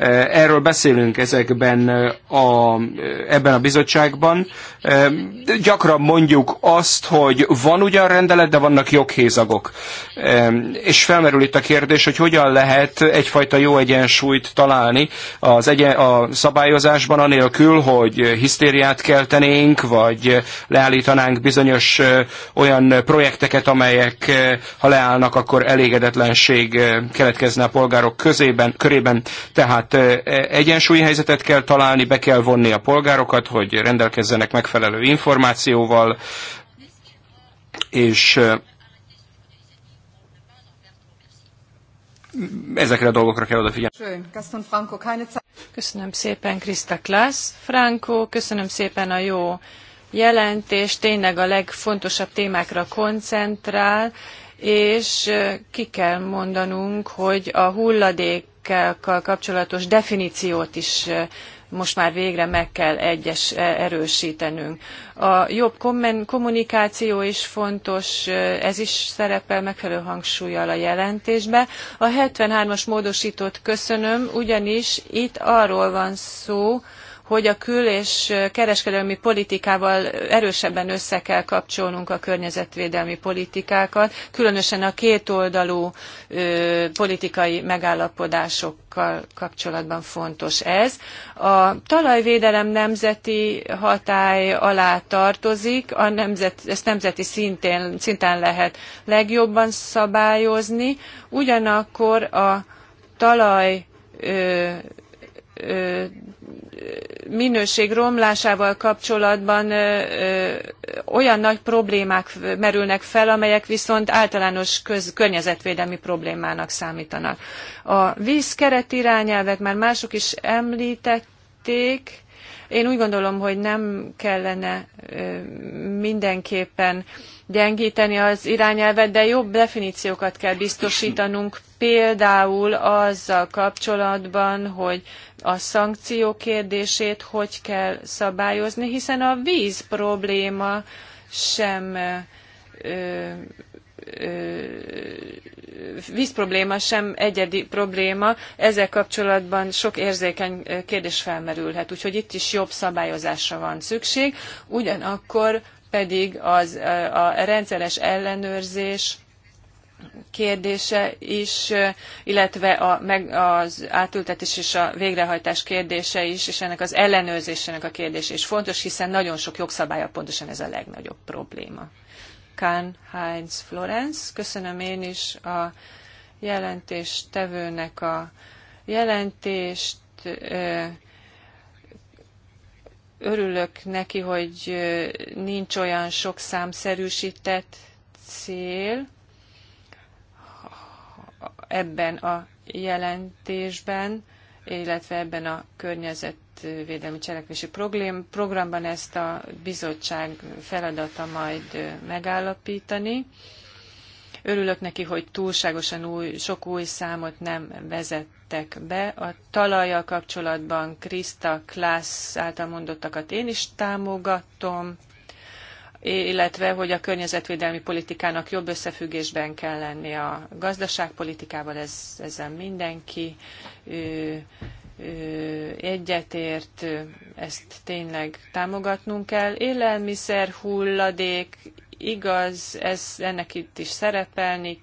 Eh, erről beszélünk ezekben eh, a, eh, ebben a bizottságban. Gyakran mondjuk azt, hogy van ugyan rendelet, de vannak joghézagok. És felmerül itt a kérdés, hogy hogyan lehet egyfajta jó egyensúlyt találni az egyen, a szabályozásban, anélkül, hogy hisztériát keltenénk, vagy leállítanánk bizonyos olyan projekteket, amelyek ha leállnak, akkor elégedetlenség keletkezne a polgárok közében, körében. Tehát tehát e, egyensúlyi helyzetet kell találni, be kell vonni a polgárokat, hogy rendelkezzenek megfelelő információval, és ezekre a dolgokra kell odafigyelni. Köszönöm szépen, Krista Klasz. Franco, köszönöm szépen a jó jelentést, tényleg a legfontosabb témákra koncentrál, és ki kell mondanunk, hogy a hulladék termékekkel kapcsolatos definíciót is most már végre meg kell egyes e, erősítenünk. A jobb kommunikáció is fontos, ez is szerepel megfelelő hangsúlyjal a jelentésbe. A 73-as módosítót köszönöm, ugyanis itt arról van szó, hogy a kül- és kereskedelmi politikával erősebben össze kell kapcsolnunk a környezetvédelmi politikákat, különösen a kétoldalú politikai megállapodásokkal kapcsolatban fontos ez. A talajvédelem nemzeti hatály alá tartozik, a nemzet, ezt nemzeti szintén, szinten lehet legjobban szabályozni, ugyanakkor a talaj minőség romlásával kapcsolatban olyan nagy problémák merülnek fel, amelyek viszont általános köz, környezetvédelmi problémának számítanak. A vízkeret irányelvet már mások is említették, én úgy gondolom, hogy nem kellene mindenképpen gyengíteni az irányelvet, de jobb definíciókat kell biztosítanunk, például azzal kapcsolatban, hogy a szankció kérdését hogy kell szabályozni, hiszen a víz probléma sem vízprobléma sem egyedi probléma, ezzel kapcsolatban sok érzékeny kérdés felmerülhet, úgyhogy itt is jobb szabályozásra van szükség, ugyanakkor pedig az, a rendszeres ellenőrzés kérdése is, illetve a, meg az átültetés és a végrehajtás kérdése is, és ennek az ellenőrzésének a kérdése is fontos, hiszen nagyon sok jogszabálya pontosan ez a legnagyobb probléma. Kahn Heinz Florence. Köszönöm én is a jelentéstevőnek a jelentést. Örülök neki, hogy nincs olyan sok számszerűsített cél ebben a jelentésben, illetve ebben a környezet környezetvédelmi cselekvési program, programban ezt a bizottság feladata majd megállapítani. Örülök neki, hogy túlságosan új, sok új számot nem vezettek be. A talajjal kapcsolatban Krista Klász által mondottakat én is támogatom, illetve hogy a környezetvédelmi politikának jobb összefüggésben kell lenni a gazdaságpolitikával, ez, ezzel mindenki egyetért, ezt tényleg támogatnunk kell. Élelmiszer hulladék, igaz, ez, ennek itt is szerepelni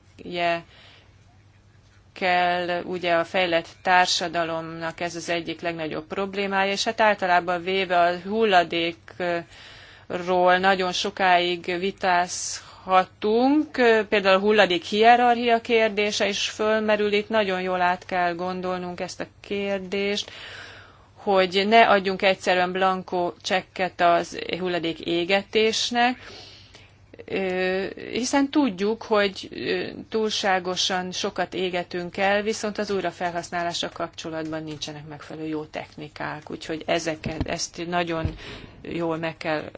kell, ugye a fejlett társadalomnak ez az egyik legnagyobb problémája, és hát általában véve a hulladékról nagyon sokáig vitáz, hallhattunk, például a hulladék hierarchia kérdése is fölmerül itt, nagyon jól át kell gondolnunk ezt a kérdést, hogy ne adjunk egyszerűen blankó csekket az hulladék égetésnek, hiszen tudjuk, hogy túlságosan sokat égetünk el, viszont az újrafelhasználása kapcsolatban nincsenek megfelelő jó technikák, úgyhogy ezeket, ezt nagyon jól meg kell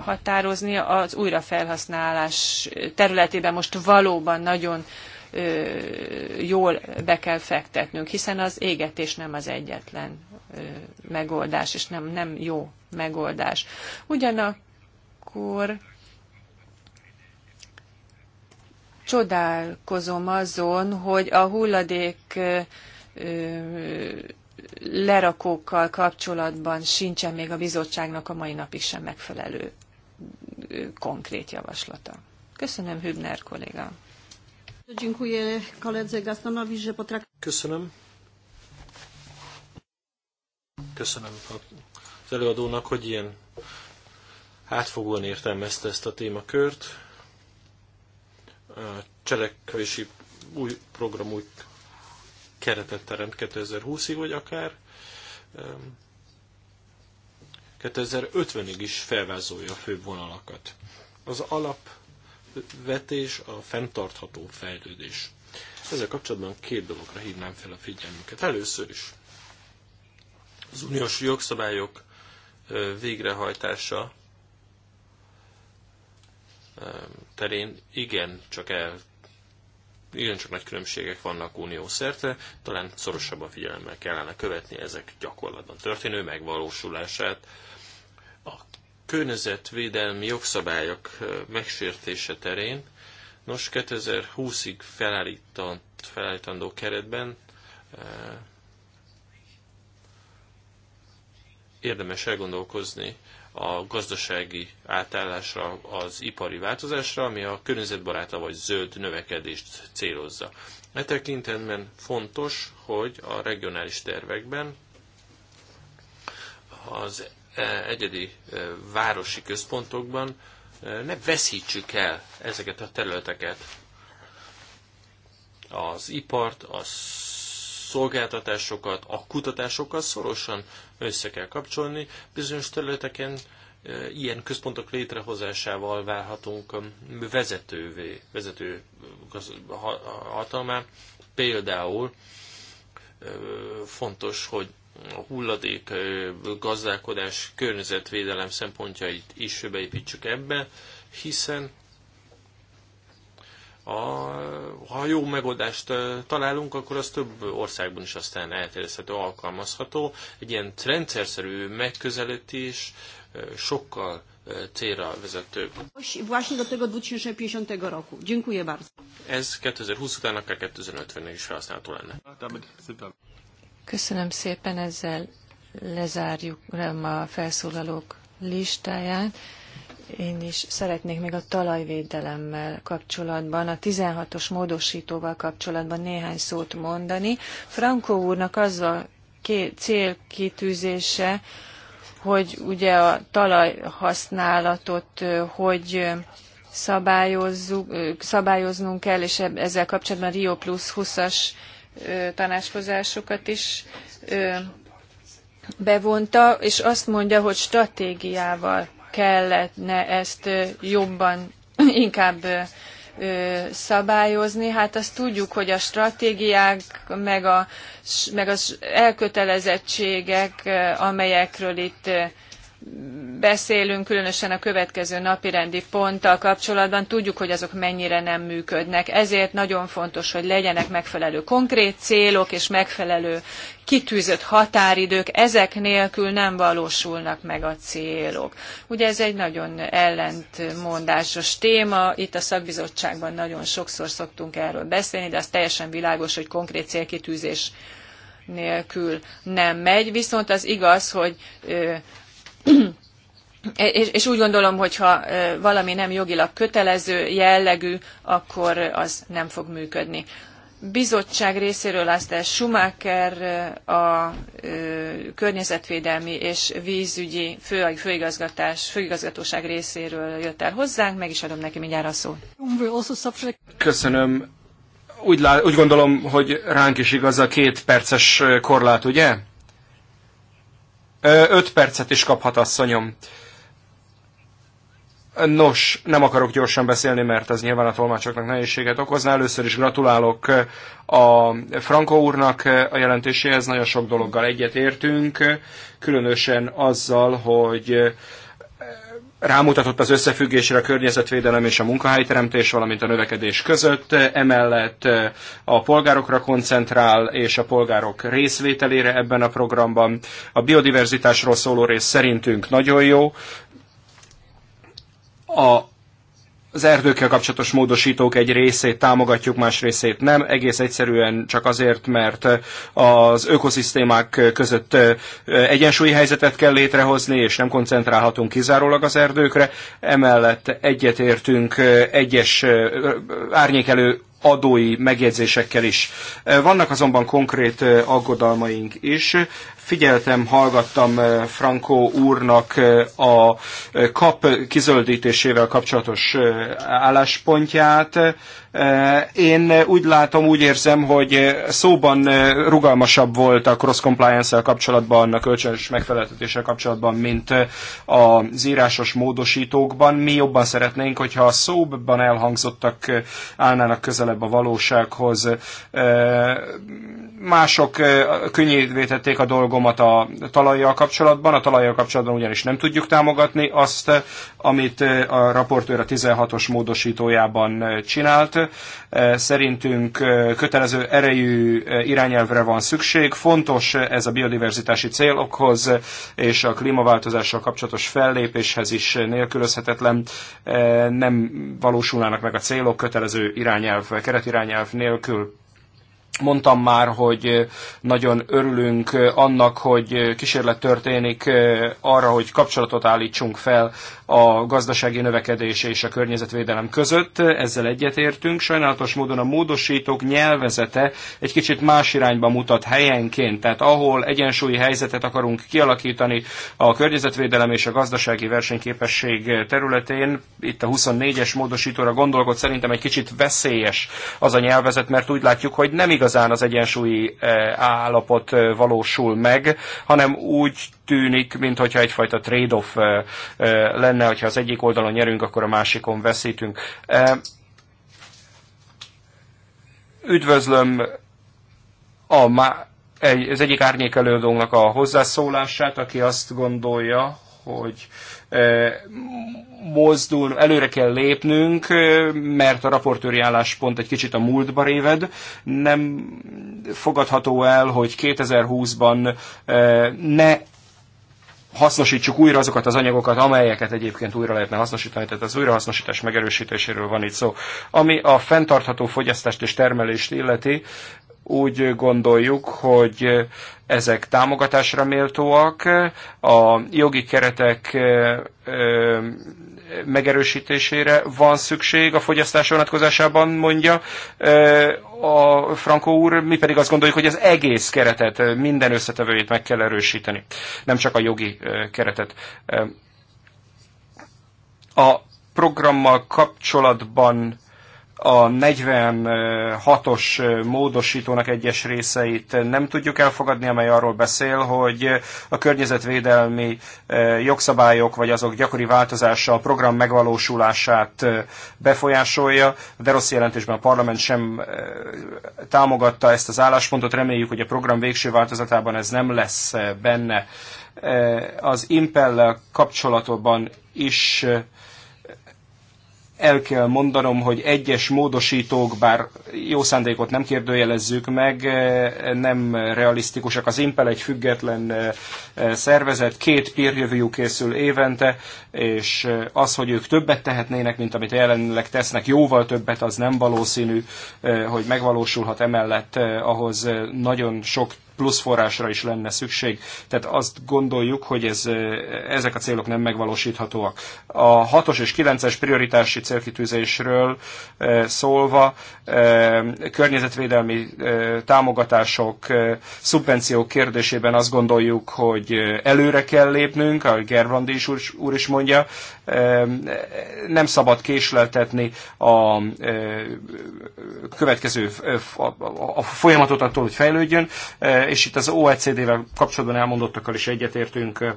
határozni. Az újrafelhasználás területében most valóban nagyon jól be kell fektetnünk, hiszen az égetés nem az egyetlen megoldás, és nem, nem jó megoldás. Ugyanakkor csodálkozom azon, hogy a hulladék lerakókkal kapcsolatban sincsen még a bizottságnak a mai napig sem megfelelő konkrét javaslata. Köszönöm, Hübner kolléga. Köszönöm. Köszönöm az előadónak, hogy ilyen átfogóan értelmezte ezt a témakört cselekvési új program, új keretet teremt 2020-ig, vagy akár 2050-ig is felvázolja a fő vonalakat. Az alapvetés a fenntartható fejlődés. Ezzel kapcsolatban két dologra hívnám fel a figyelmüket. Először is az uniós jogszabályok végrehajtása terén igen csak el csak nagy különbségek vannak unió szerte, talán szorosabban figyelemmel kellene követni ezek gyakorlatban történő megvalósulását. A környezetvédelmi jogszabályok megsértése terén, nos 2020-ig felállítandó keretben érdemes elgondolkozni a gazdasági átállásra, az ipari változásra, ami a környezetbarát vagy zöld növekedést célozza. E tekintetben fontos, hogy a regionális tervekben az e, egyedi e, városi központokban e, ne veszítsük el ezeket a területeket. Az ipart, az szolgáltatásokat a kutatásokkal szorosan össze kell kapcsolni. Bizonyos területeken e, ilyen központok létrehozásával válhatunk um, vezetővé, vezető hatalmá. Például e, fontos, hogy a hulladék e, gazdálkodás környezetvédelem szempontjait is beépítsük ebbe, hiszen a, ha jó megoldást találunk, akkor az több országban is aztán elterjeszthető, alkalmazható. Egy ilyen rendszerszerű megközelítés sokkal célra vezetőbb. 2050 Ez 2020 után akár 2050-ig is felhasználható lenne. Köszönöm szépen, ezzel lezárjuk a felszólalók listáját. Én is szeretnék még a talajvédelemmel kapcsolatban, a 16-os módosítóval kapcsolatban néhány szót mondani. Frankó úrnak az a célkitűzése, hogy ugye a talajhasználatot hogy szabályozzuk, szabályoznunk kell, és ezzel kapcsolatban Rio Plus 20-as tanácskozásokat is bevonta, és azt mondja, hogy stratégiával kellene ezt jobban, inkább szabályozni. Hát azt tudjuk, hogy a stratégiák, meg, a, meg az elkötelezettségek, amelyekről itt beszélünk, különösen a következő napirendi ponttal kapcsolatban, tudjuk, hogy azok mennyire nem működnek. Ezért nagyon fontos, hogy legyenek megfelelő konkrét célok és megfelelő kitűzött határidők, ezek nélkül nem valósulnak meg a célok. Ugye ez egy nagyon ellentmondásos téma, itt a szakbizottságban nagyon sokszor szoktunk erről beszélni, de az teljesen világos, hogy konkrét célkitűzés nélkül nem megy. Viszont az igaz, hogy és, és úgy gondolom, hogy ha valami nem jogilag kötelező jellegű, akkor az nem fog működni. Bizottság részéről azt Asztel Schumacher, a környezetvédelmi és vízügyi fő, főigazgatás, főigazgatóság részéről jött el hozzánk, meg is adom neki mindjárt a szót. Köszönöm. Úgy, lá, úgy gondolom, hogy ránk is igaz a két perces korlát, ugye? Öt percet is kaphat, asszonyom. Nos, nem akarok gyorsan beszélni, mert ez nyilván a tolmácsoknak nehézséget okozna. Először is gratulálok a Franco úrnak a jelentéséhez, nagyon sok dologgal egyetértünk, különösen azzal, hogy rámutatott az összefüggésre a környezetvédelem és a munkahelyteremtés, valamint a növekedés között, emellett eh, a polgárokra koncentrál és a polgárok részvételére ebben a programban. A biodiverzitásról szóló rész szerintünk nagyon jó. A az erdőkkel kapcsolatos módosítók egy részét támogatjuk, más részét nem. Egész egyszerűen csak azért, mert az ökoszisztémák között egyensúlyi helyzetet kell létrehozni, és nem koncentrálhatunk kizárólag az erdőkre. Emellett egyetértünk egyes árnyékelő adói megjegyzésekkel is. Vannak azonban konkrét aggodalmaink is. Figyeltem, hallgattam eh, Franco úrnak eh, a eh, kap kizöldítésével kapcsolatos álláspontját. Én úgy látom, úgy érzem, hogy szóban rugalmasabb volt a cross compliance-el kapcsolatban, a kölcsönös megfeleltetéssel kapcsolatban, mint az írásos módosítókban. Mi jobban szeretnénk, hogyha a szóban elhangzottak állnának közelebb a valósághoz. Mások könnyítvétették a dolgot, hangomat a talajjal kapcsolatban. A talajjal kapcsolatban ugyanis nem tudjuk támogatni azt, amit eh, a raportőr a 16-os módosítójában eh, csinált. Eh, szerintünk kötelező erejű irányelvre van szükség. Fontos ez a biodiverzitási célokhoz és a klímaváltozással kapcsolatos fellépéshez is nélkülözhetetlen. Nem valósulnának meg a célok kötelező irányelv, keretirányelv nélkül. Mondtam már, hogy nagyon örülünk annak, hogy kísérlet történik arra, hogy kapcsolatot állítsunk fel a gazdasági növekedés és a környezetvédelem között. Ezzel egyetértünk. Sajnálatos módon a módosítók nyelvezete egy kicsit más irányba mutat helyenként. Tehát ahol egyensúlyi helyzetet akarunk kialakítani a környezetvédelem és a gazdasági versenyképesség területén, itt a 24-es módosítóra gondolkod szerintem egy kicsit veszélyes az a nyelvezet, mert úgy látjuk, hogy nem igazán az egyensúlyi eh, állapot eh, valósul meg, hanem úgy tűnik, mintha egyfajta trade-off eh, lenne, hogyha az egyik oldalon nyerünk, akkor a másikon veszítünk. Üdvözlöm a má- az egyik árnyék előadónak a hozzászólását, aki azt gondolja, hogy eh, mozdul, előre kell lépnünk, eh, mert a raportőri álláspont egy kicsit a múltba réved. Nem fogadható el, hogy 2020-ban eh, ne hasznosítsuk újra azokat az anyagokat, amelyeket egyébként újra lehetne hasznosítani, tehát az újrahasznosítás megerősítéséről van itt szó. Ami a fenntartható fogyasztást és termelést illeti, úgy gondoljuk, hogy ezek támogatásra méltóak, a jogi keretek megerősítésére van szükség a fogyasztás vonatkozásában, mondja a Franco úr, mi pedig azt gondoljuk, hogy az egész keretet, minden összetevőjét meg kell erősíteni, nem csak a jogi keretet. A programmal kapcsolatban a 46-os módosítónak egyes részeit nem tudjuk elfogadni, amely arról beszél, hogy a környezetvédelmi jogszabályok vagy azok gyakori változása a program megvalósulását befolyásolja. De rossz jelentésben a parlament sem támogatta ezt az álláspontot. Reméljük, hogy a program végső változatában ez nem lesz benne. Az impel kapcsolatban is el kell mondanom, hogy egyes módosítók, bár jó szándékot nem kérdőjelezzük meg, eh, nem realisztikusak. Az Impel egy független eh, eh, szervezet, két peer review készül évente, és az, hogy ők többet tehetnének, mint amit jelenleg tesznek, jóval többet, az nem valószínű, hogy megvalósulhat emellett, ahhoz nagyon sok plusz forrásra is lenne szükség. Tehát azt gondoljuk, hogy ez, ezek a célok nem megvalósíthatóak. A 6-os és 9-es prioritási célkitűzésről szólva, környezetvédelmi támogatások, szubvenciók kérdésében azt gondoljuk, hogy előre kell lépnünk, ahogy Gerbrandi is úr, úr is mondja, nem szabad késleltetni a következő a folyamatot attól, hogy fejlődjön, és itt az OECD-vel kapcsolatban elmondottakkal is egyetértünk.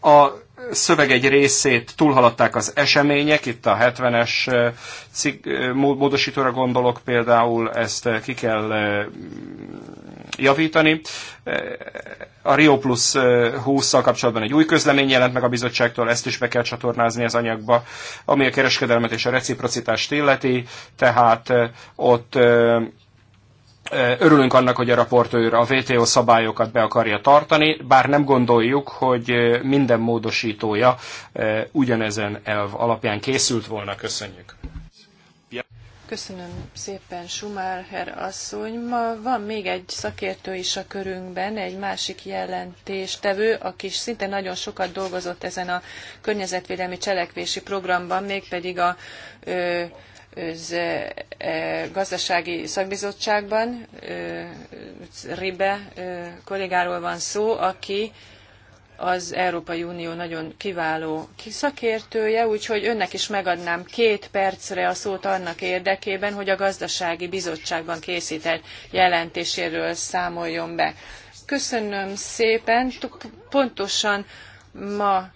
A szöveg egy részét túlhaladták az események, itt a 70-es eh, eh, módosítóra gondolok például, ezt eh, ki kell javítani. A Rio Plus 20-szal eh, kapcsolatban egy új közlemény jelent meg a bizottságtól, ezt is be kell csatornázni az anyagba, ami a kereskedelmet és a reciprocitást illeti, tehát eh, ott eh, Örülünk annak, hogy a raportőr a VTO szabályokat be akarja tartani, bár nem gondoljuk, hogy minden módosítója ugyanezen elv alapján készült volna. Köszönjük. Köszönöm szépen, Schumacher asszony. Ma van még egy szakértő is a körünkben, egy másik jelentéstevő, aki szinte nagyon sokat dolgozott ezen a környezetvédelmi cselekvési programban, mégpedig a ö, gazdasági szakbizottságban, Ribe kollégáról van szó, aki az Európai Unió nagyon kiváló szakértője, úgyhogy önnek is megadnám két percre a szót annak érdekében, hogy a gazdasági bizottságban készített jelentéséről számoljon be. Köszönöm szépen, pontosan ma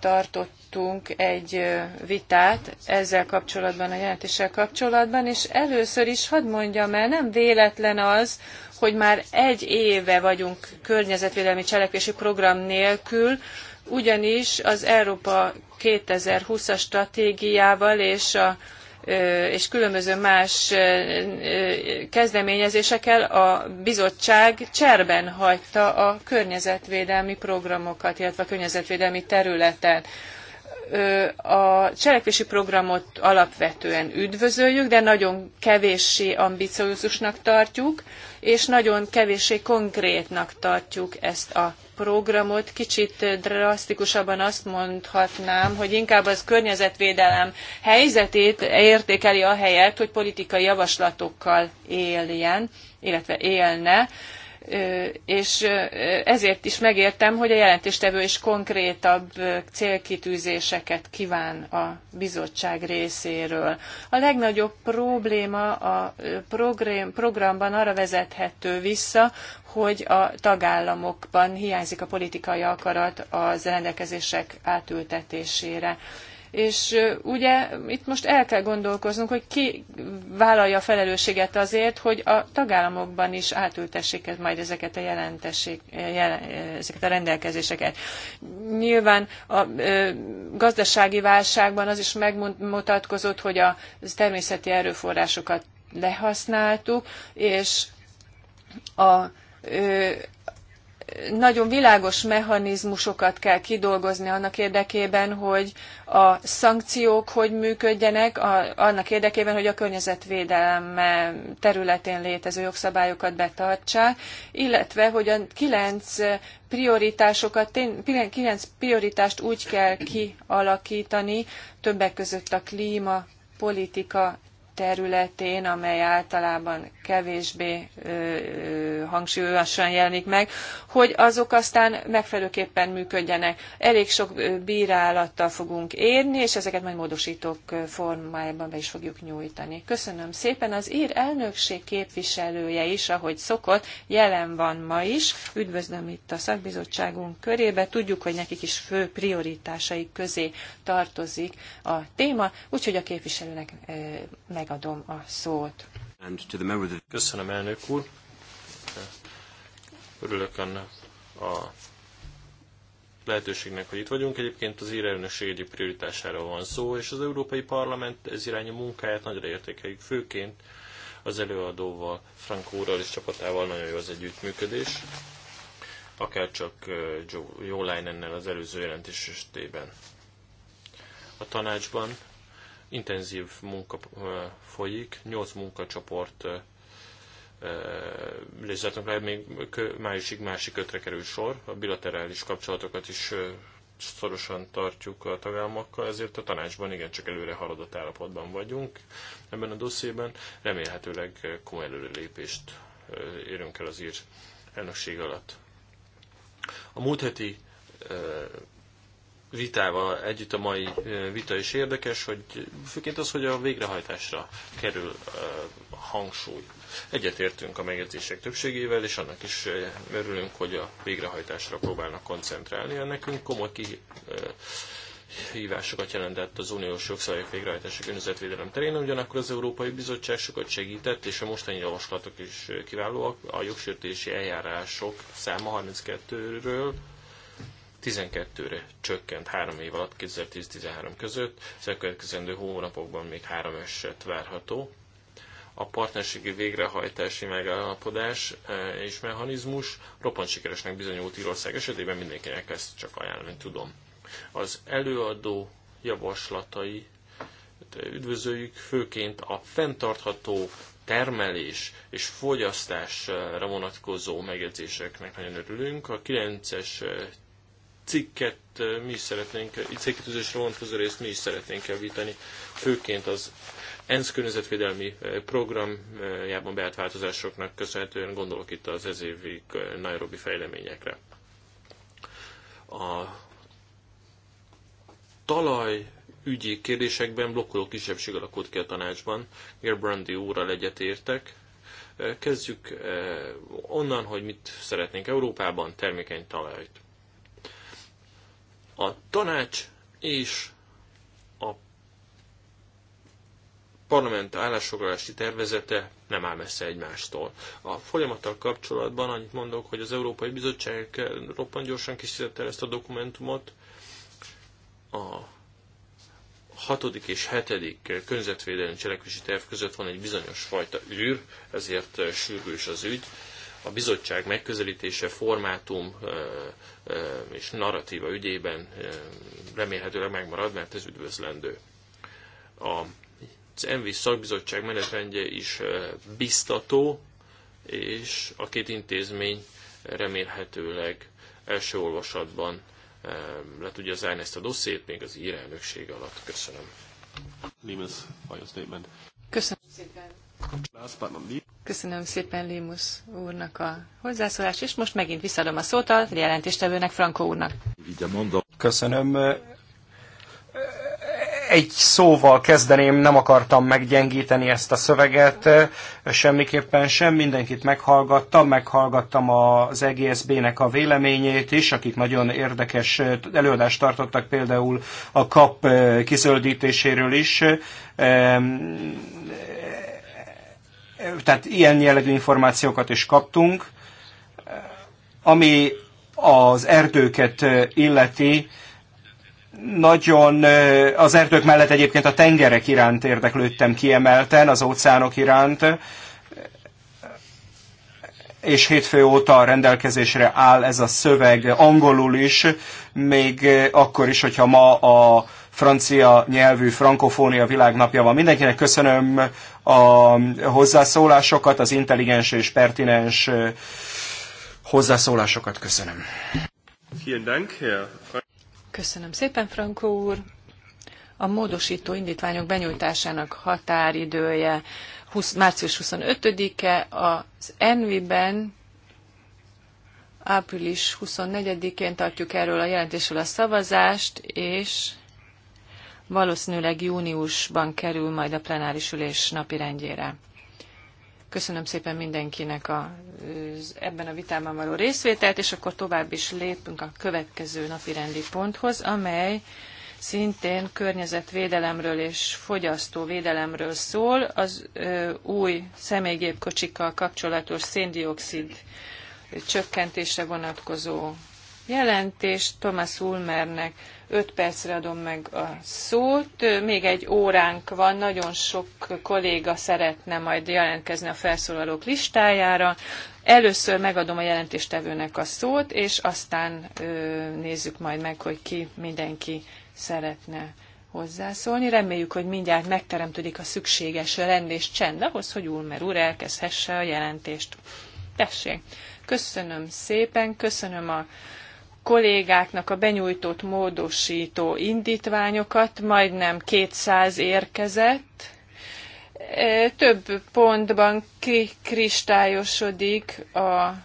tartottunk egy vitát ezzel kapcsolatban, a jelentéssel kapcsolatban, és először is hadd mondjam el, nem véletlen az, hogy már egy éve vagyunk környezetvédelmi cselekvési program nélkül, ugyanis az Európa 2020-as stratégiával és a és különböző más kezdeményezésekkel a bizottság cserben hagyta a környezetvédelmi programokat, illetve a környezetvédelmi területet a cselekvési programot alapvetően üdvözöljük, de nagyon kevéssé ambiciózusnak tartjuk, és nagyon kevéssé konkrétnak tartjuk ezt a programot. Kicsit drasztikusabban azt mondhatnám, hogy inkább az környezetvédelem helyzetét értékeli a helyet, hogy politikai javaslatokkal éljen, illetve élne és ezért is megértem, hogy a jelentéstevő is konkrétabb célkitűzéseket kíván a bizottság részéről. A legnagyobb probléma a programban arra vezethető vissza, hogy a tagállamokban hiányzik a politikai akarat az rendelkezések átültetésére. És ugye itt most el kell gondolkoznunk, hogy ki vállalja a felelősséget azért, hogy a tagállamokban is átültessék majd ezeket a, jelen, ezeket a rendelkezéseket. Nyilván a ö, gazdasági válságban az is megmutatkozott, hogy a természeti erőforrásokat lehasználtuk, és a nagyon világos mechanizmusokat kell kidolgozni annak érdekében, hogy a szankciók hogy működjenek, a, annak érdekében, hogy a környezetvédelem területén létező jogszabályokat betartsák, illetve hogy a kilenc prioritásokat, kilenc prioritást úgy kell kialakítani, többek között a klímapolitika területén, amely általában kevésbé hangsúlyosan jelenik meg, hogy azok aztán megfelelőképpen működjenek. Elég sok bírálattal fogunk érni, és ezeket majd módosítók formájában be is fogjuk nyújtani. Köszönöm szépen. Az ír elnökség képviselője is, ahogy szokott, jelen van ma is. Üdvözlöm itt a szakbizottságunk körébe. Tudjuk, hogy nekik is fő prioritásaik közé tartozik a téma, úgyhogy a képviselőnek megadom a szót. Köszönöm, elnök úr. Örülök annak a lehetőségnek, hogy itt vagyunk. Egyébként az ír elnökség egyik prioritásáról van szó, és az Európai Parlament ez irányú munkáját nagyra értékeljük, főként az előadóval, Frankóral és csapatával nagyon jó az együttműködés, akár csak Jó Leinennel az előző jelentésestében. A tanácsban intenzív munka folyik, 8 munkacsoport részletünk lehet, még májusig másik ötre kerül sor, a bilaterális kapcsolatokat is szorosan tartjuk a tagállamokkal, ezért a tanácsban igencsak előre haladott állapotban vagyunk ebben a dossziében. Remélhetőleg komoly előrelépést érünk el az ír elnökség alatt. A múlt heti vitával együtt a mai vita is érdekes, hogy főként az, hogy a végrehajtásra kerül a hangsúly. Egyetértünk a megjegyzések többségével, és annak is örülünk, hogy a végrehajtásra próbálnak koncentrálni. Nekünk komoly kihívásokat jelentett az uniós jogszabályok végrehajtása környezetvédelem terén, ugyanakkor az Európai Bizottság sokat segített, és a mostani javaslatok is kiválóak. A jogsértési eljárások száma 32-ről 12-re csökkent 3 év alatt 2010-13 között, az elkövetkezendő hónapokban még 3 eset várható. A partnerségi végrehajtási megállapodás e, és mechanizmus roppant sikeresnek bizonyult Írország esetében, mindenkinek ezt csak ajánlani tudom. Az előadó javaslatai üdvözöljük, főként a fenntartható termelés és fogyasztásra vonatkozó megjegyzéseknek nagyon örülünk. A 9-es cikket mi is szeretnénk, cégkitűzésre vonatkozó részt mi is szeretnénk javítani, főként az ENSZ környezetvédelmi programjában beállt változásoknak köszönhetően gondolok itt az ez évi Nairobi fejleményekre. A talaj ügyi kérdésekben blokkoló kisebbség alakult ki a tanácsban. Gerbrandi úrral egyetértek. Kezdjük onnan, hogy mit szeretnénk Európában, termékeny talajt a tanács és a parlament állásfoglalási tervezete nem áll messze egymástól. A folyamattal kapcsolatban annyit mondok, hogy az Európai Bizottság roppant gyorsan készítette ezt a dokumentumot. A hatodik és hetedik környezetvédelmi cselekvési terv között van egy bizonyos fajta űr, ezért sürgős az ügy. A bizottság megközelítése, formátum, és narratíva ügyében remélhetőleg megmarad, mert ez üdvözlendő. A az ENVI szakbizottság menetrendje is biztató, és a két intézmény remélhetőleg első olvasatban le tudja zárni ezt a dossziét még az írelnökség alatt. Köszönöm. Limes, Köszönöm szépen. Köszönöm szépen Limus úrnak a hozzászólást, és most megint visszadom a szót a jelentéstevőnek, Franco úrnak. Köszönöm. Egy szóval kezdeném, nem akartam meggyengíteni ezt a szöveget, semmiképpen sem, mindenkit meghallgattam, meghallgattam az EGSB-nek a véleményét is, akik nagyon érdekes előadást tartottak például a kap kizöldítéséről is tehát ilyen jellegű információkat is kaptunk, ami az erdőket illeti, nagyon az erdők mellett egyébként a tengerek iránt érdeklődtem kiemelten, az óceánok iránt, és hétfő óta rendelkezésre áll ez a szöveg angolul is, még akkor is, hogyha ma a francia nyelvű frankofónia világnapja van. Mindenkinek köszönöm a hozzászólásokat, az intelligens és pertinens hozzászólásokat köszönöm. Köszönöm szépen, Frankó úr. A módosító indítványok benyújtásának határidője 20, március 25-e, az ENVI-ben április 24-én tartjuk erről a jelentésről a szavazást, és valószínűleg júniusban kerül majd a plenáris ülés napirendjére. Köszönöm szépen mindenkinek a, ebben a vitában való részvételt, és akkor tovább is lépünk a következő napirendi ponthoz, amely szintén környezetvédelemről és fogyasztóvédelemről szól, az ö, új személygépkocsikkal kapcsolatos széndiokszid csökkentésre vonatkozó jelentés Thomas Ulmernek 5 percre adom meg a szót. Még egy óránk van, nagyon sok kolléga szeretne majd jelentkezni a felszólalók listájára. Először megadom a jelentéstevőnek a szót, és aztán nézzük majd meg, hogy ki mindenki szeretne hozzászólni. Reméljük, hogy mindjárt megteremtődik a szükséges rend és csend ahhoz, hogy Ulmer úr elkezdhesse a jelentést. Tessék! Köszönöm szépen, köszönöm a kollégáknak a benyújtott módosító indítványokat, majdnem 200 érkezett. E, több pontban kristályosodik a, e,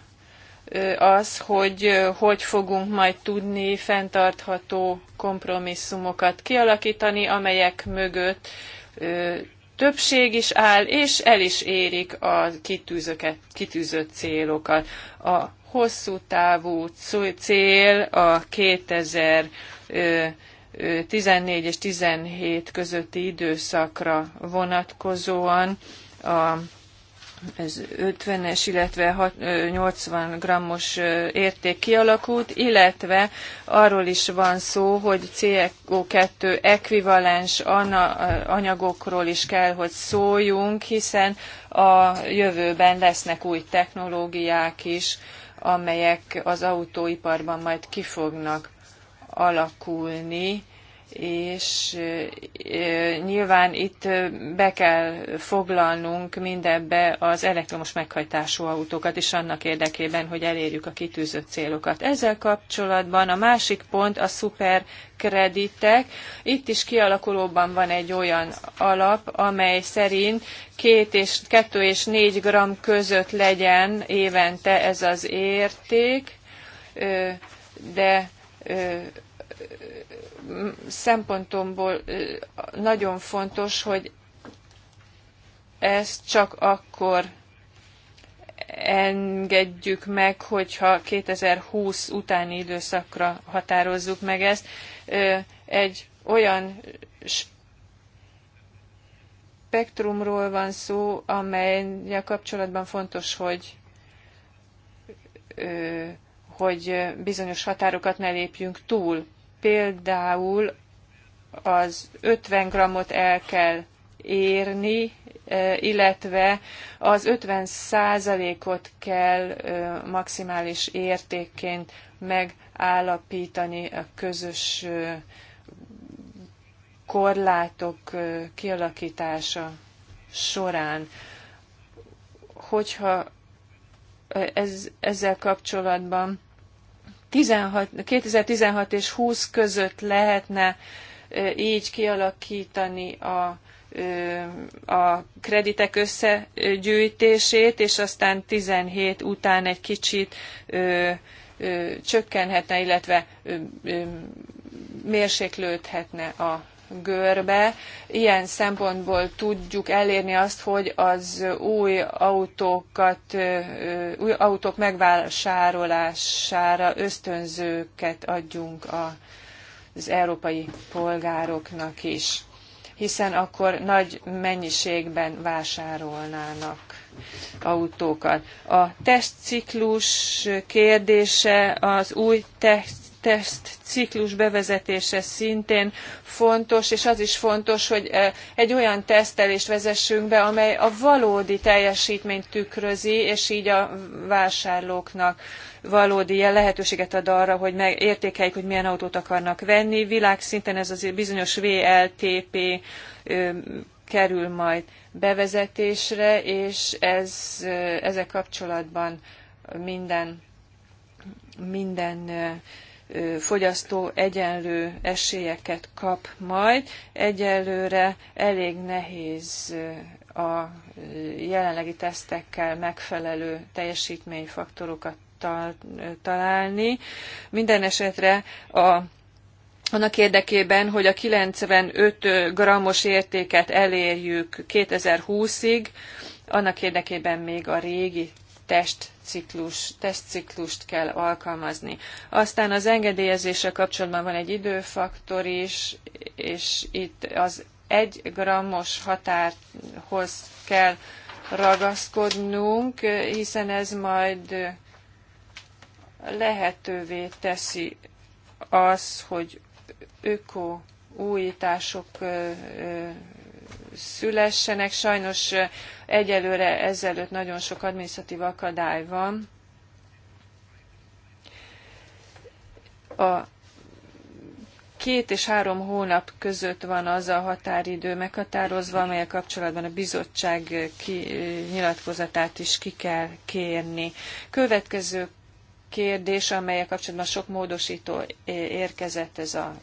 az, hogy e, hogy fogunk majd tudni fenntartható kompromisszumokat kialakítani, amelyek mögött többség is áll, és el is érik a kitűzöket, kitűzött célokat. A hosszú távú cél a 2014 és 17 közötti időszakra vonatkozóan a ez 50-es, illetve 80 grammos érték kialakult, illetve arról is van szó, hogy CO2 ekvivalens anyagokról is kell, hogy szóljunk, hiszen a jövőben lesznek új technológiák is, amelyek az autóiparban majd ki fognak alakulni, és nyilván itt be kell foglalnunk mindebbe az elektromos meghajtású autókat is annak érdekében, hogy elérjük a kitűzött célokat. Ezzel kapcsolatban a másik pont a szuperkreditek. Itt is kialakulóban van egy olyan alap, amely szerint 2 és, kettő és 4 gram között legyen évente ez az érték, de szempontomból nagyon fontos, hogy ezt csak akkor engedjük meg, hogyha 2020 utáni időszakra határozzuk meg ezt. Egy olyan spektrumról van szó, amely kapcsolatban fontos, hogy hogy bizonyos határokat ne lépjünk túl például az 50 grammot el kell érni, e, illetve az 50 százalékot kell e, maximális értékként megállapítani a közös e, korlátok kialakítása során. Hogyha ez, ezzel kapcsolatban 16, 2016 és 20 között lehetne így kialakítani a a kreditek összegyűjtését, és aztán 17 után egy kicsit csökkenhetne, illetve mérséklődhetne a görbe. Ilyen szempontból tudjuk elérni azt, hogy az új autókat, új autók megvásárolására ösztönzőket adjunk az európai polgároknak is hiszen akkor nagy mennyiségben vásárolnának autókat. A tesztciklus kérdése, az új tesztciklus bevezetése szintén fontos, és az is fontos, hogy eh, egy olyan tesztelést vezessünk be, amely a valódi teljesítményt tükrözi, és így a vásárlóknak valódi lehetőséget ad arra, hogy értékeljék, hogy milyen autót akarnak venni. Világszinten ez az bizonyos VLTP kerül majd bevezetésre, és ez, ezzel kapcsolatban minden, minden fogyasztó egyenlő esélyeket kap majd. Egyelőre elég nehéz a jelenlegi tesztekkel megfelelő teljesítményfaktorokat találni. Minden esetre a annak érdekében, hogy a 95 grammos értéket elérjük 2020-ig, annak érdekében még a régi testciklus, testciklust kell alkalmazni. Aztán az engedélyezéssel kapcsolatban van egy időfaktor is, és itt az egy grammos határhoz kell ragaszkodnunk, hiszen ez majd lehetővé teszi az, hogy öko újítások szülessenek. Sajnos Egyelőre ezelőtt nagyon sok administratív akadály van. A két és három hónap között van az a határidő meghatározva, amelyek kapcsolatban a bizottság ki, nyilatkozatát is ki kell kérni. Következő kérdés, amelyek kapcsolatban sok módosító érkezett, ez a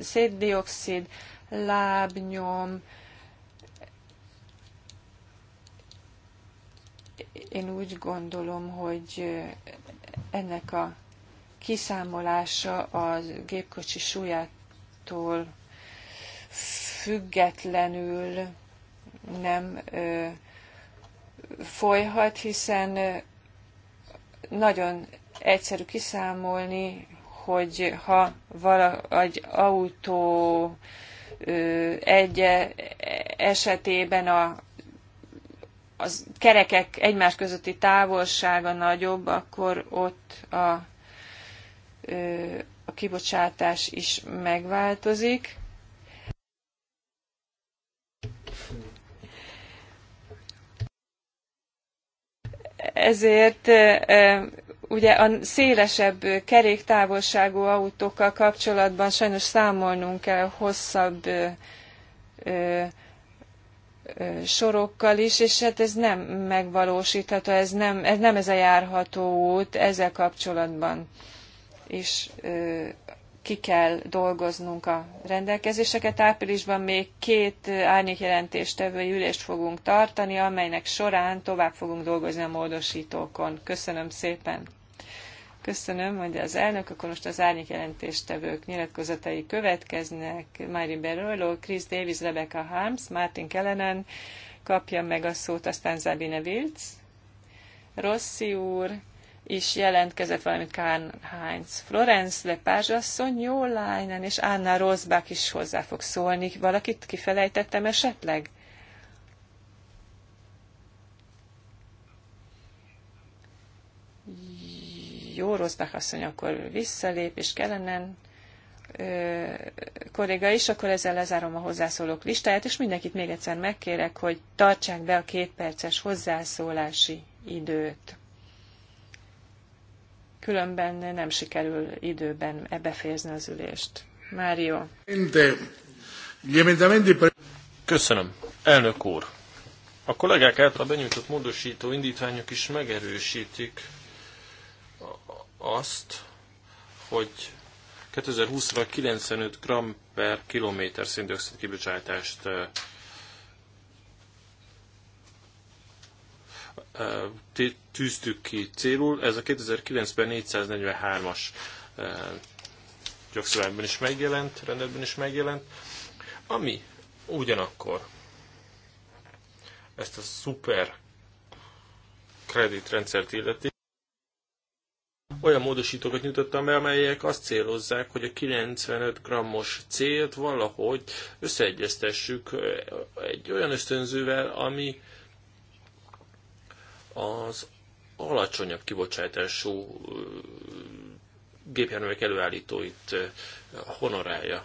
széndiokszid, lábnyom, én úgy gondolom, hogy ennek a kiszámolása a gépkocsi súlyától függetlenül nem ö, folyhat, hiszen nagyon egyszerű kiszámolni, hogy ha vala egy autó egy e, esetében a az kerekek egymás közötti távolsága nagyobb, akkor ott a, a kibocsátás is megváltozik. Ezért ugye a szélesebb keréktávolságú autókkal kapcsolatban sajnos számolnunk kell hosszabb sorokkal is, és hát ez nem megvalósítható, ez nem ez, nem ez a járható út, ezzel kapcsolatban is ki kell dolgoznunk a rendelkezéseket. Áprilisban még két árnyékjelentéstevő ülést fogunk tartani, amelynek során tovább fogunk dolgozni a módosítókon. Köszönöm szépen! Köszönöm, hogy az elnök, akkor most az árnyék jelentéstevők nyilatkozatai következnek. Mári Berolo, Chris Davis, Rebecca Harms, Martin Kellenen kapja meg a szót, aztán Zabine Wilz. Rossi úr is jelentkezett, valamit Kán Heinz. Florence asszony, Jó Lájnen és Anna Rosbach is hozzá fog szólni. Valakit kifelejtettem esetleg? jó, rossz asszony akkor visszalép, és kellene kolléga is, akkor ezzel lezárom a hozzászólók listáját, és mindenkit még egyszer megkérek, hogy tartsák be a két perces hozzászólási időt. Különben nem sikerül időben befejezni az ülést. Mário. Köszönöm. Elnök úr. A kollégák által benyújtott módosító indítványok is megerősítik azt, hogy 2020-ra 95 g per kilométer széndiokszid kibocsátást tűztük ki célul. Ez a 2009-ben 443-as jogszabályban is megjelent, rendetben is megjelent, ami ugyanakkor ezt a szuper kreditrendszert illeti, olyan módosítókat nyújtottam be, amelyek azt célozzák, hogy a 95 grammos célt valahogy összeegyeztessük egy olyan ösztönzővel, ami az alacsonyabb kibocsátású gépjárművek előállítóit honorálja.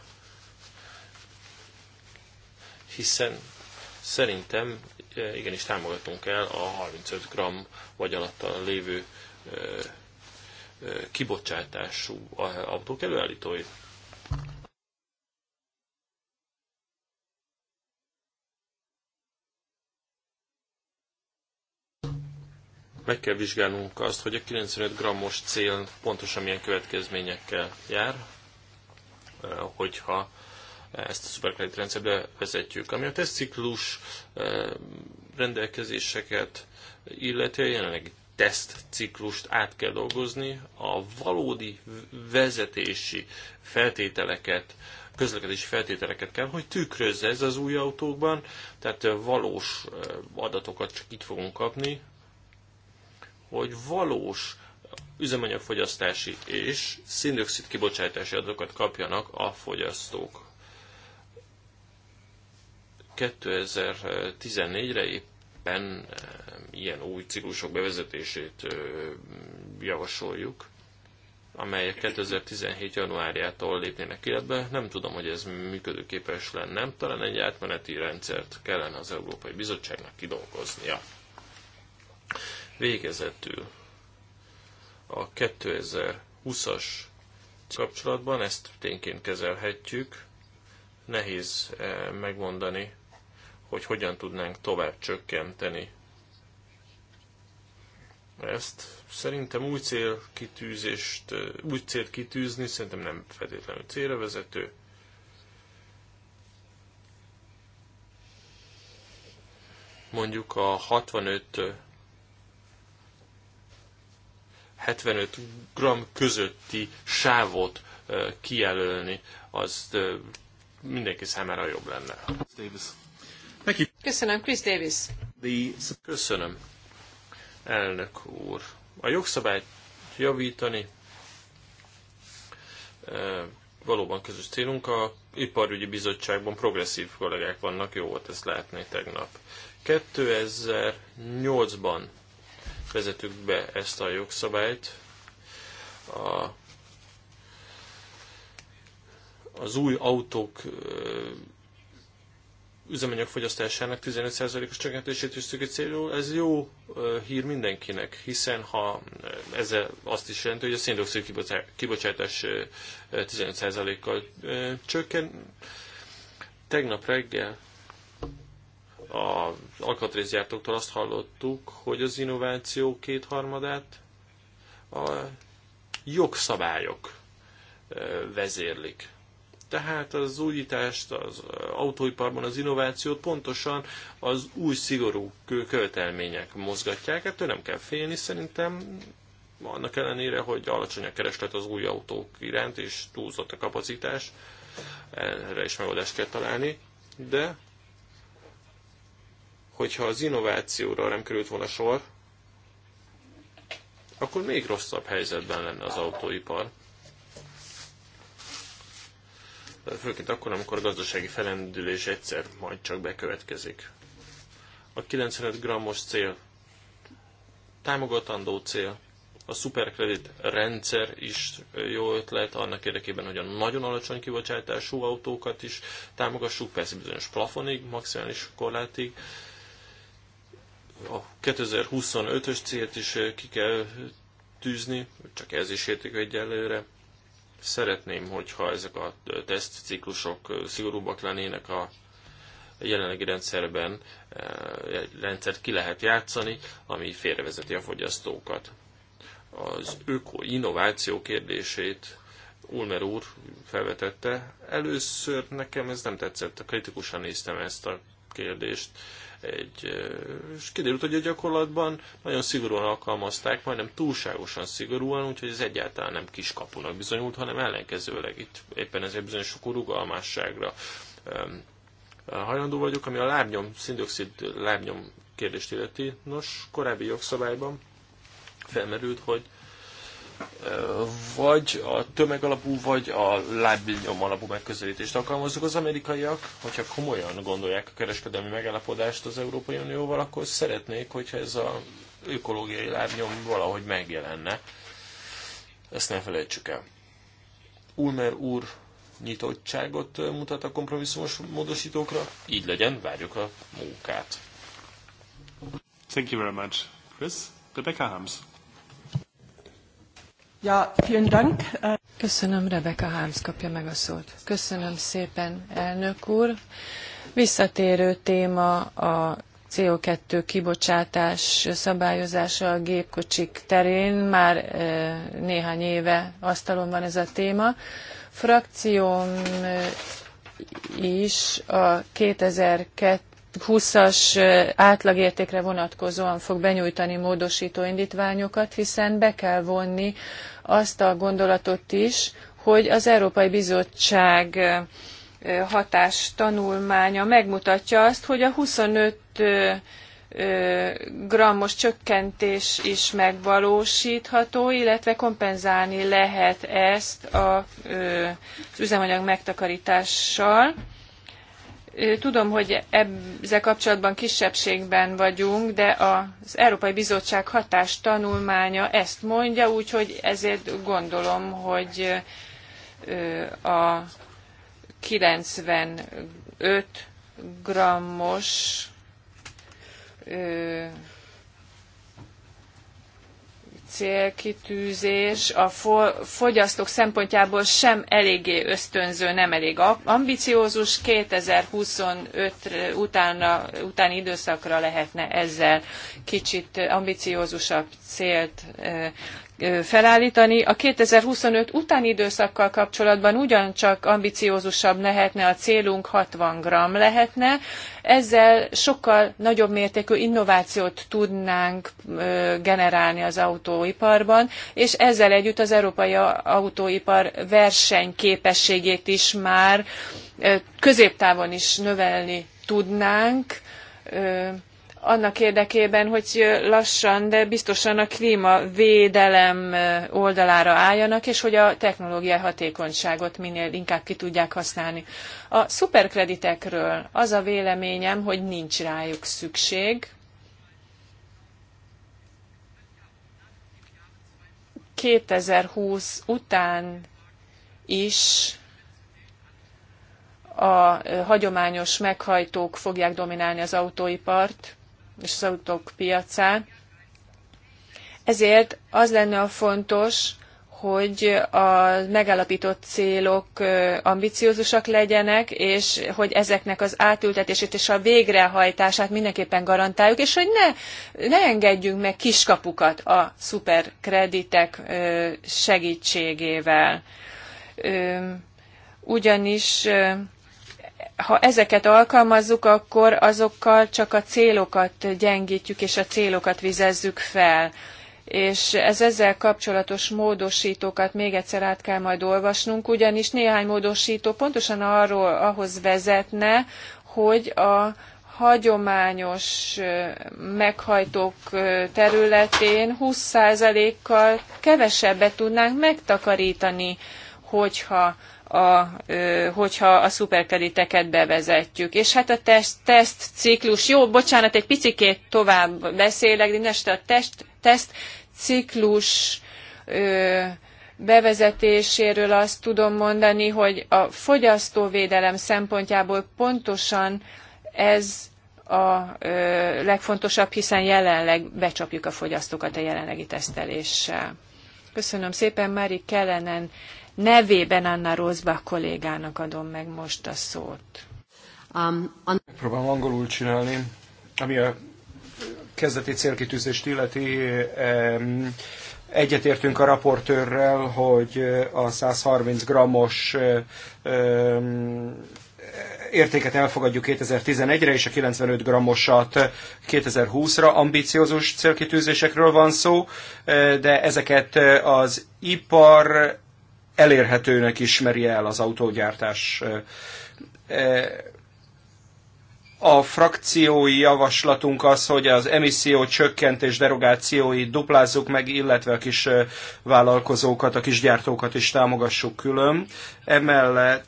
Hiszen szerintem igenis támogatunk el a 35 g vagy a lévő kibocsátású autók előállítói. meg kell vizsgálnunk azt, hogy a 95 grammos cél pontosan milyen következményekkel jár, hogyha ezt a szuperkredit rendszerbe vezetjük. Ami a tesztciklus rendelkezéseket illeti, a jelenlegi tesztciklust át kell dolgozni, a valódi vezetési feltételeket, közlekedési feltételeket kell, hogy tükrözze ez az új autókban, tehát valós adatokat csak így fogunk kapni, hogy valós üzemanyagfogyasztási és szindioxid kibocsátási adatokat kapjanak a fogyasztók. 2014-re épp mindenképpen eh, ilyen új ciklusok bevezetését eh, javasoljuk, amelyek 2017. januárjától lépnének életbe. Nem tudom, hogy ez működőképes lenne, talán egy átmeneti rendszert kellene az Európai Bizottságnak kidolgoznia. Végezetül a 2020-as kapcsolatban ezt tényként kezelhetjük. Nehéz eh, megmondani, hogy hogyan tudnánk tovább csökkenteni ezt. Szerintem új célkitűzést, új célt kitűzni, szerintem nem feltétlenül célra vezető. Mondjuk a 65 75 g közötti sávot kijelölni, az mindenki számára jobb lenne. Davis. Thank you. Köszönöm, Chris Davis. The... Köszönöm, elnök úr. A jogszabályt javítani e, valóban közös célunk. A iparügyi bizottságban progresszív kollégák vannak, jó volt ezt látni tegnap. 2008-ban vezetük be ezt a jogszabályt. A, az új autók e, üzemanyag fogyasztásának 15%-os csökkentését is tűzik célul. Ez jó hír mindenkinek, hiszen ha ez azt is jelenti, hogy a széndiokszid kibocsátás 15%-kal csökken. Tegnap reggel a alkatrészgyártóktól azt hallottuk, hogy az innováció kétharmadát a jogszabályok vezérlik. Tehát az újítást, az autóiparban az innovációt pontosan az új szigorú követelmények mozgatják. Ettől nem kell félni szerintem, annak ellenére, hogy alacsony a kereslet az új autók iránt, és túlzott a kapacitás, erre is megoldást kell találni, de hogyha az innovációra nem került volna sor, akkor még rosszabb helyzetben lenne az autóipar főként akkor, amikor a gazdasági felendülés egyszer majd csak bekövetkezik. A 95 grammos cél támogatandó cél, a szuperkredit rendszer is jó ötlet, annak érdekében, hogy a nagyon alacsony kibocsátású autókat is támogassuk, persze bizonyos plafonig, maximális korlátig. A 2025-ös célt is ki kell tűzni, csak ez is értik egyelőre. Szeretném, hogyha ezek a tesztciklusok szigorúbbak lennének a jelenlegi rendszerben eh, egy rendszert ki lehet játszani, ami félrevezeti a fogyasztókat. Az öko-innováció kérdését Ulmer úr felvetette. Először nekem ez nem tetszett, kritikusan néztem ezt a kérdést egy, és kiderült, hogy a gyakorlatban nagyon szigorúan alkalmazták, majdnem túlságosan szigorúan, úgyhogy ez egyáltalán nem kiskapunak bizonyult, hanem ellenkezőleg itt éppen ezért bizonyos sok rugalmasságra hajlandó vagyok, ami a lábnyom, szindioxid lábnyom kérdést illeti. Nos, korábbi jogszabályban felmerült, hogy vagy a tömegalapú, vagy a lábnyom alapú megközelítést alkalmazzuk. Az amerikaiak, hogyha komolyan gondolják a kereskedelmi megállapodást az Európai Unióval, akkor szeretnék, hogyha ez az ökológiai lábnyom valahogy megjelenne. Ezt ne felejtsük el. Ulmer úr nyitottságot mutat a kompromisszumos módosítókra. Így legyen, várjuk a munkát. Thank you very much. Chris, Rebecca Hams. Ja, vielen Dank. Köszönöm, Rebecca Harms kapja meg a szót. Köszönöm szépen, elnök úr. Visszatérő téma a CO2 kibocsátás szabályozása a gépkocsik terén. Már eh, néhány éve asztalon van ez a téma. Frakcióm eh, is a 2002 20-as átlagértékre vonatkozóan fog benyújtani módosító indítványokat, hiszen be kell vonni azt a gondolatot is, hogy az Európai Bizottság hatástanulmánya megmutatja azt, hogy a 25 grammos csökkentés is megvalósítható, illetve kompenzálni lehet ezt az üzemanyag megtakarítással Tudom, hogy ezzel kapcsolatban kisebbségben vagyunk, de az Európai Bizottság hatástanulmánya ezt mondja, úgyhogy ezért gondolom, hogy a 95 grammos célkitűzés a fogyasztók szempontjából sem eléggé ösztönző, nem elég ambiciózus. 2025 utána utáni időszakra lehetne ezzel kicsit ambiciózusabb célt eh, felállítani. A 2025 utáni időszakkal kapcsolatban ugyancsak ambiciózusabb lehetne a célunk, 60 g lehetne. Ezzel sokkal nagyobb mértékű innovációt tudnánk generálni az autóiparban, és ezzel együtt az európai autóipar versenyképességét is már középtávon is növelni tudnánk annak érdekében, hogy lassan, de biztosan a klímavédelem oldalára álljanak, és hogy a technológiai hatékonyságot minél inkább ki tudják használni. A szuperkreditekről az a véleményem, hogy nincs rájuk szükség. ...2020 után is a hagyományos meghajtók fogják dominálni az autóipart és az autók piacán. Ezért az lenne a fontos, hogy a megállapított célok ambiciózusak legyenek, és hogy ezeknek az átültetését és a végrehajtását mindenképpen garantáljuk, és hogy ne, ne engedjünk meg kiskapukat a szuperkreditek segítségével. Ugyanis ha ezeket alkalmazzuk, akkor azokkal csak a célokat gyengítjük, és a célokat vizezzük fel. És ez ezzel kapcsolatos módosítókat még egyszer át kell majd olvasnunk, ugyanis néhány módosító pontosan arról ahhoz vezetne, hogy a hagyományos meghajtók területén 20%-kal kevesebbet tudnánk megtakarítani, hogyha a, hogyha a szuperkrediteket bevezetjük. És hát a teszt, teszt ciklus, jó, bocsánat, egy picikét tovább beszélek, de most a test, teszt ciklus bevezetéséről azt tudom mondani, hogy a fogyasztóvédelem szempontjából pontosan ez a ö, legfontosabb, hiszen jelenleg becsapjuk a fogyasztókat a jelenlegi teszteléssel. Köszönöm szépen, Mári Kellenen nevében Anna Rosbach kollégának adom meg most a szót. Um, an... Próbálom angolul csinálni, ami a kezdeti célkitűzést illeti. Um, egyetértünk a raportőrrel, hogy a 130 grammos um, értéket elfogadjuk 2011-re, és a 95 grammosat 2020-ra. Ambiciózus célkitűzésekről van szó, de ezeket az ipar elérhetőnek ismeri el az autógyártás. A frakciói javaslatunk az, hogy az emisszió csökkentés derogációi duplázzuk meg, illetve a kis vállalkozókat, a kis gyártókat is támogassuk külön. Emellett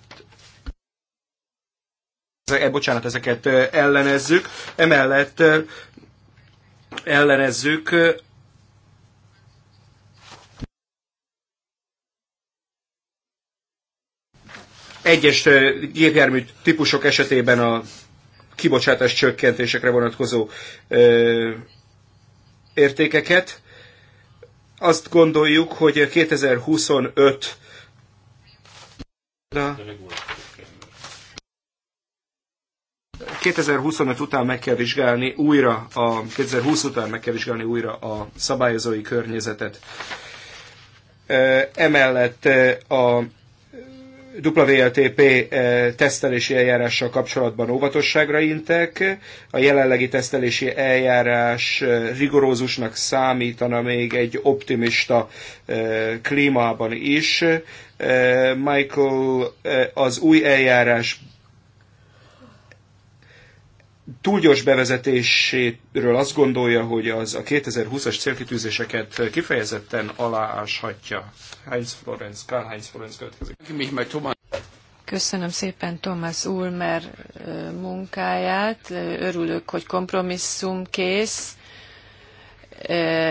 E, bocsánat, ezeket ellenezzük. Emellett ellenezzük egyes gépjármű típusok esetében a kibocsátás csökkentésekre vonatkozó értékeket. Azt gondoljuk, hogy 2025 2025 után meg kell vizsgálni újra, a 2020 után meg kell vizsgálni újra a szabályozói környezetet. Emellett a WLTP eh, tesztelési eljárással kapcsolatban óvatosságra intek. A jelenlegi tesztelési eljárás eh, rigorózusnak számítana még egy optimista eh, klímában is. Michael az új eljárás túl gyors bevezetéséről azt gondolja, hogy az a 2020-as célkitűzéseket kifejezetten alááshatja. Heinz Florenz, Karl Heinz Florenz következik. Köszönöm szépen Thomas Ulmer munkáját. Örülök, hogy kompromisszum kész,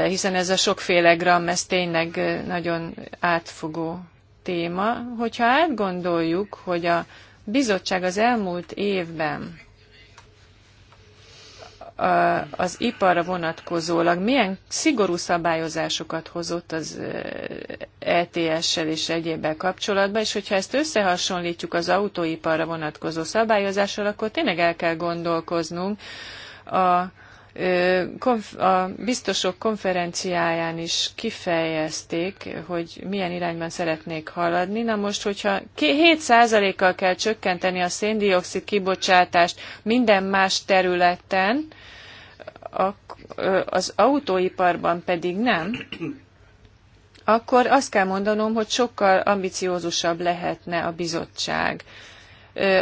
hiszen ez a sokféle gram, ez tényleg nagyon átfogó téma. Hogyha átgondoljuk, hogy a bizottság az elmúlt évben az iparra vonatkozólag milyen szigorú szabályozásokat hozott az ETS-sel és egyébben kapcsolatban, és hogyha ezt összehasonlítjuk az autóiparra vonatkozó szabályozással, akkor tényleg el kell gondolkoznunk a a biztosok konferenciáján is kifejezték, hogy milyen irányban szeretnék haladni. Na most, hogyha 7%-kal kell csökkenteni a széndiokszid kibocsátást minden más területen, a, az autóiparban pedig nem, akkor azt kell mondanom, hogy sokkal ambiciózusabb lehetne a bizottság.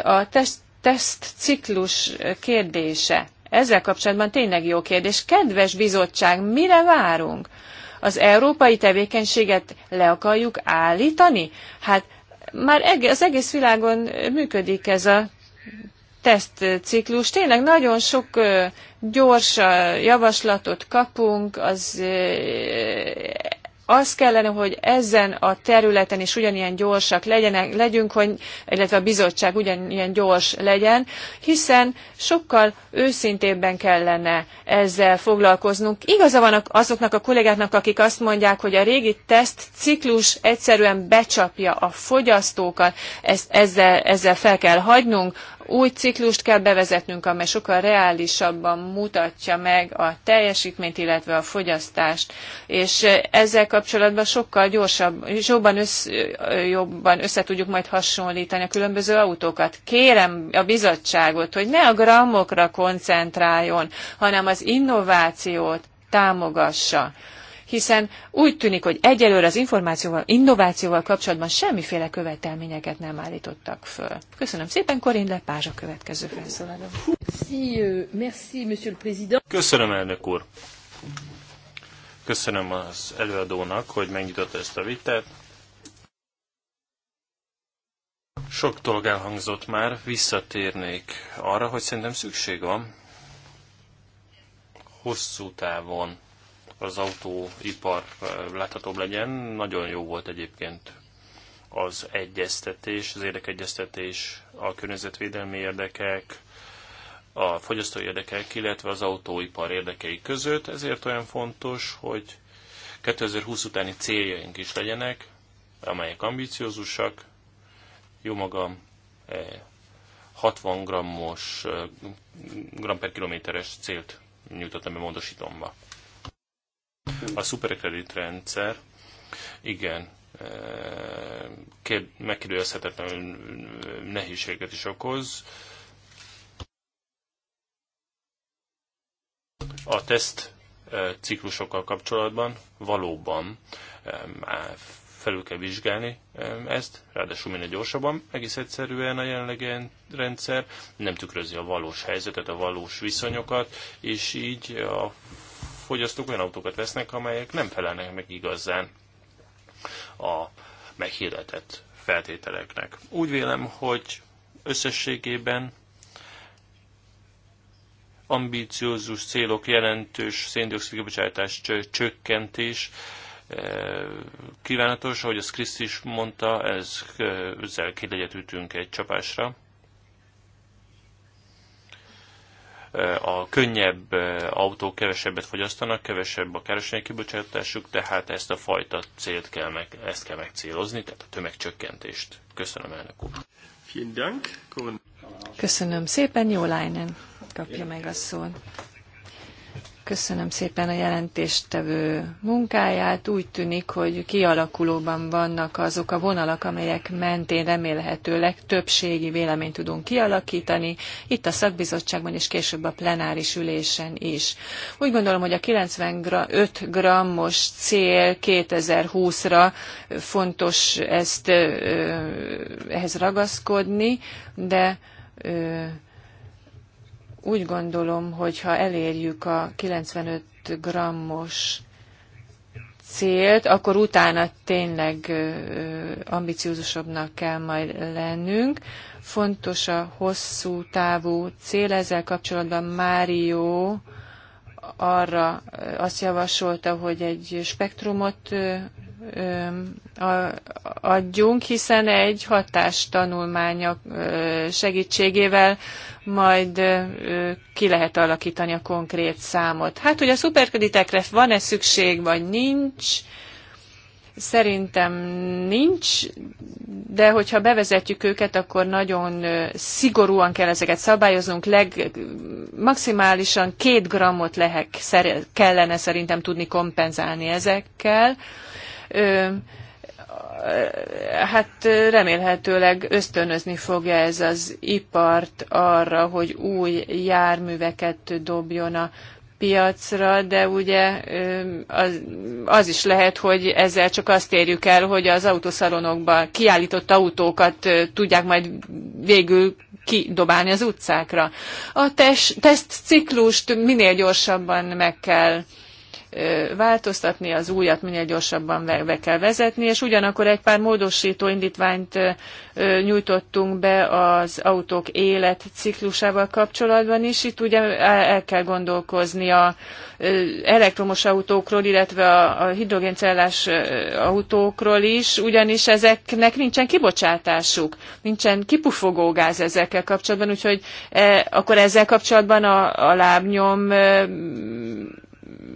A teszt, tesztciklus kérdése. Ezzel kapcsolatban tényleg jó kérdés. Kedves bizottság, mire várunk? Az európai tevékenységet le akarjuk állítani? Hát már az egész világon működik ez a tesztciklus. Tényleg nagyon sok gyors javaslatot kapunk, az az kellene, hogy ezen a területen is ugyanilyen gyorsak legyenek, legyünk, hogy, illetve a bizottság ugyanilyen gyors legyen, hiszen sokkal őszintébben kellene ezzel foglalkoznunk. Igaza van azoknak a kollégáknak, akik azt mondják, hogy a régi teszt ciklus egyszerűen becsapja a fogyasztókat, ezzel, ezzel fel kell hagynunk, új ciklust kell bevezetnünk, amely sokkal reálisabban mutatja meg a teljesítményt, illetve a fogyasztást, és ezzel kapcsolatban sokkal gyorsabb, jobban, össz, jobban össze tudjuk majd hasonlítani a különböző autókat. Kérem a bizottságot, hogy ne a grammokra koncentráljon, hanem az innovációt támogassa hiszen úgy tűnik, hogy egyelőre az információval, innovációval kapcsolatban semmiféle követelményeket nem állítottak föl. Köszönöm szépen, Korin Le Pázs a következő felszólaló. Euh, Köszönöm, elnök úr. Köszönöm az előadónak, hogy megnyitotta ezt a vitát. Sok dolg elhangzott már, visszatérnék arra, hogy szerintem szükség van hosszú távon az autóipar láthatóbb legyen. Nagyon jó volt egyébként az egyeztetés, az érdekegyeztetés, a környezetvédelmi érdekek, a fogyasztó érdekek, illetve az autóipar érdekei között. Ezért olyan fontos, hogy 2020 utáni céljaink is legyenek, amelyek ambiciózusak. Jó magam, 60 e, grammos, gram per kilométeres célt nyújtottam be módosítomba. A szuperkredit rendszer, igen, e, megkérdőjelezhetetlen nehézséget is okoz. A teszt e, ciklusokkal kapcsolatban valóban e, felül kell vizsgálni ezt, ráadásul minél gyorsabban. Egész egyszerűen a jelenlegi rendszer nem tükrözi a valós helyzetet, a valós viszonyokat, és így a fogyasztók olyan autókat vesznek, amelyek nem felelnek meg igazán a meghirdetett feltételeknek. Úgy vélem, hogy összességében ambíciózus célok, jelentős széndiokszid kibocsátás csökkentés eh, kívánatos, ahogy az Kriszt is mondta, ez, eh, ezzel két ütünk egy csapásra. a könnyebb autók kevesebbet fogyasztanak, kevesebb a károsanyag kibocsátásuk, tehát ezt a fajta célt kell meg, ezt kell megcélozni, tehát a tömegcsökkentést. Köszönöm, elnök úr. Köszönöm szépen, jó Lájnen kapja meg a szót. Köszönöm szépen a jelentéstevő munkáját. Úgy tűnik, hogy kialakulóban vannak azok a vonalak, amelyek mentén remélhetőleg többségi véleményt tudunk kialakítani, itt a szakbizottságban és később a plenáris ülésen is. Úgy gondolom, hogy a 95 grammos cél 2020-ra fontos ezt ehhez ragaszkodni, de úgy gondolom, hogy ha elérjük a 95 grammos célt, akkor utána tényleg ambiciózusabbnak kell majd lennünk. Fontos a hosszú távú cél, ezzel kapcsolatban Mário arra azt javasolta, hogy egy spektrumot adjunk, hiszen egy hatástanulmánya segítségével majd ki lehet alakítani a konkrét számot. Hát, hogy a szuperkreditekre van-e szükség, vagy nincs, Szerintem nincs, de hogyha bevezetjük őket, akkor nagyon szigorúan kell ezeket szabályoznunk. Leg, maximálisan két grammot lehek, kellene szerintem tudni kompenzálni ezekkel. Ö, hát remélhetőleg ösztönözni fogja ez az ipart arra, hogy új járműveket dobjon a piacra, de ugye az, az is lehet, hogy ezzel csak azt érjük el, hogy az autószalonokban kiállított autókat tudják majd végül kidobálni az utcákra. A tesztciklust minél gyorsabban meg kell változtatni, az újat minél gyorsabban be kell vezetni, és ugyanakkor egy pár módosító indítványt nyújtottunk be az autók életciklusával kapcsolatban is. Itt ugye el kell gondolkozni a elektromos autókról, illetve a hidrogéncellás autókról is, ugyanis ezeknek nincsen kibocsátásuk, nincsen kipufogógáz ezekkel kapcsolatban, úgyhogy e, akkor ezzel kapcsolatban a, a lábnyom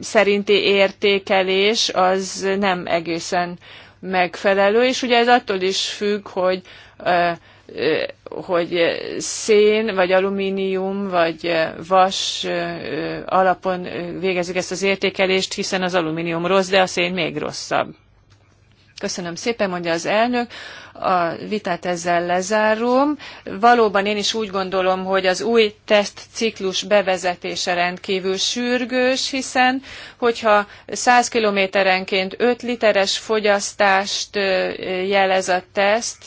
szerinti értékelés az nem egészen megfelelő, és ugye ez attól is függ, hogy hogy szén, vagy alumínium, vagy vas alapon végezik ezt az értékelést, hiszen az alumínium rossz, de a szén még rosszabb. Köszönöm szépen, mondja az elnök a vitát ezzel lezárom. Valóban én is úgy gondolom, hogy az új tesztciklus bevezetése rendkívül sürgős, hiszen hogyha 100 kilométerenként 5 literes fogyasztást jelez a teszt,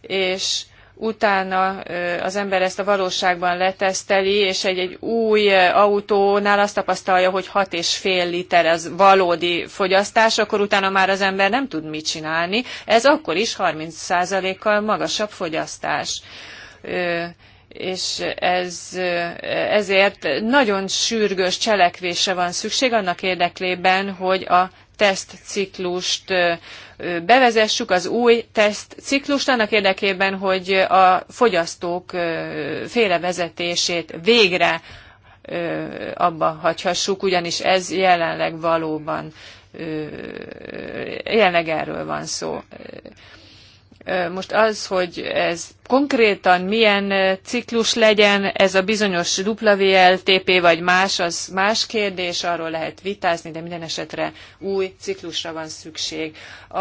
és utána az ember ezt a valóságban leteszteli, és egy, egy új autónál azt tapasztalja, hogy 6,5 liter az valódi fogyasztás, akkor utána már az ember nem tud mit csinálni. Ez akkor is 30%-kal magasabb fogyasztás és ez, ezért nagyon sürgős cselekvése van szükség annak érdeklében, hogy a tesztciklust bevezessük, az új tesztciklust annak érdekében, hogy a fogyasztók félrevezetését végre abba hagyhassuk, ugyanis ez jelenleg valóban, jelenleg erről van szó. Most az, hogy ez konkrétan milyen ciklus legyen, ez a bizonyos WLTP vagy más, az más kérdés, arról lehet vitázni, de minden esetre új ciklusra van szükség. A,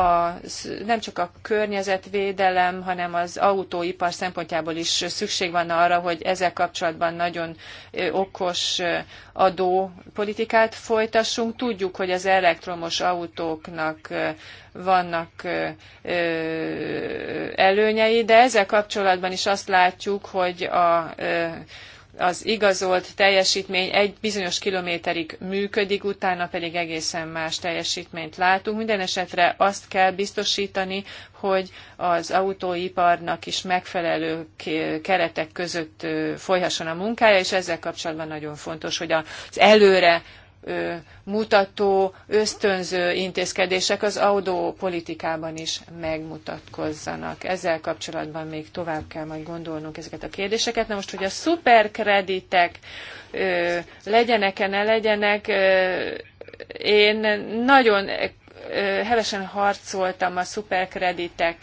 nem csak a környezetvédelem, hanem az autóipar szempontjából is szükség van arra, hogy ezzel kapcsolatban nagyon okos adópolitikát folytassunk. Tudjuk, hogy az elektromos autóknak vannak előnyei, de ezzel kapcsolatban kapcsolatban is azt látjuk, hogy a, az igazolt teljesítmény egy bizonyos kilométerig működik, utána pedig egészen más teljesítményt látunk. Minden esetre azt kell biztosítani, hogy az autóiparnak is megfelelő keretek között folyhasson a munkája, és ezzel kapcsolatban nagyon fontos, hogy az előre mutató, ösztönző intézkedések az adópolitikában is megmutatkozzanak. Ezzel kapcsolatban még tovább kell majd gondolnunk ezeket a kérdéseket. Na most, hogy a szuperkreditek legyenek-e, ne legyenek, én nagyon hevesen harcoltam a szuperkreditek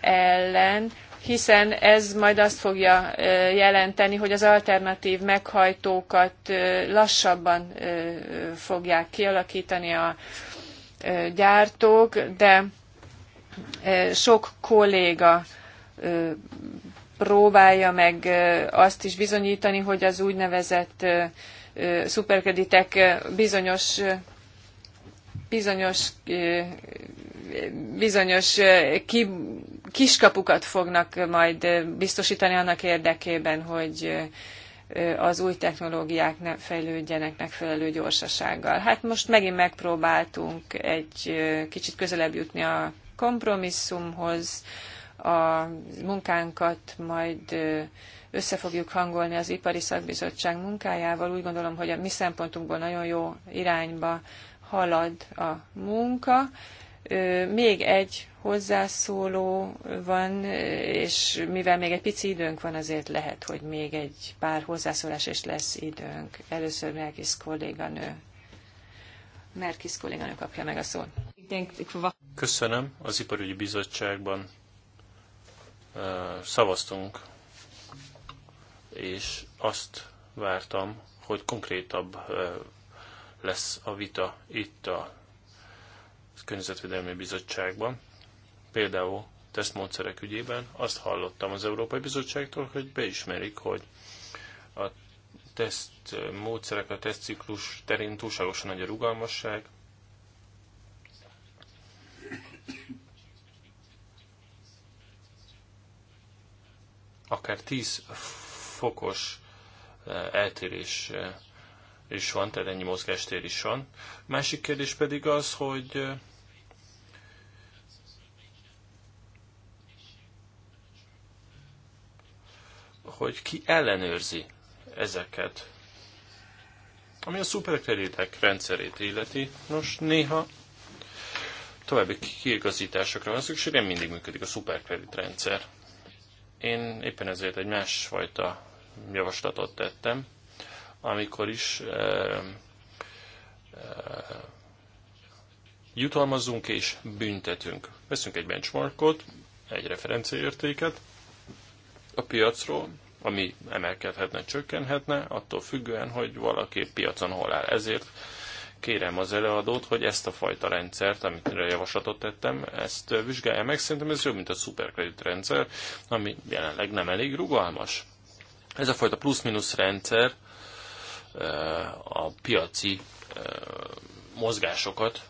ellen, hiszen ez majd azt fogja jelenteni, hogy az alternatív meghajtókat lassabban fogják kialakítani a gyártók, de sok kolléga próbálja meg azt is bizonyítani, hogy az úgynevezett szuperkreditek bizonyos bizonyos bizonyos ki, kiskapukat fognak majd biztosítani annak érdekében, hogy az új technológiák ne fejlődjenek megfelelő gyorsasággal. Hát most megint megpróbáltunk egy kicsit közelebb jutni a kompromisszumhoz, a munkánkat majd össze fogjuk hangolni az Ipari Szakbizottság munkájával. Úgy gondolom, hogy a mi szempontunkból nagyon jó irányba halad a munka. Még egy hozzászóló van, és mivel még egy pici időnk van, azért lehet, hogy még egy pár hozzászólás is lesz időnk. Először Merkis kolléganő. Merkis kolléganő kapja meg a szót. Köszönöm. Az Iparügyi Bizottságban szavaztunk, és azt vártam, hogy konkrétabb lesz a vita itt a Környezetvédelmi Bizottságban, például tesztmódszerek ügyében azt hallottam az Európai Bizottságtól, hogy beismerik, hogy a tesztmódszerek, a tesztciklus terén túlságosan nagy a rugalmasság, akár 10 fokos eh, eltérés eh, is van, tehát ennyi mozgástér is van. Másik kérdés pedig az, hogy hogy ki ellenőrzi ezeket. Ami a szuperkreditek rendszerét illeti, nos néha további kiigazításokra van szükség, nem mindig működik a szuperkredit rendszer. Én éppen ezért egy másfajta javaslatot tettem, amikor is eh, eh, jutalmazunk és büntetünk. Veszünk egy benchmarkot, egy referenciaértéket a piacról, ami emelkedhetne, csökkenhetne, attól függően, hogy valaki piacon hol áll. Ezért kérem az előadót, hogy ezt a fajta rendszert, amit javaslatot tettem, ezt vizsgálja meg. Szerintem ez jobb, mint a szuperkredit rendszer, ami jelenleg nem elég rugalmas. Ez a fajta plusz-minusz rendszer a piaci mozgásokat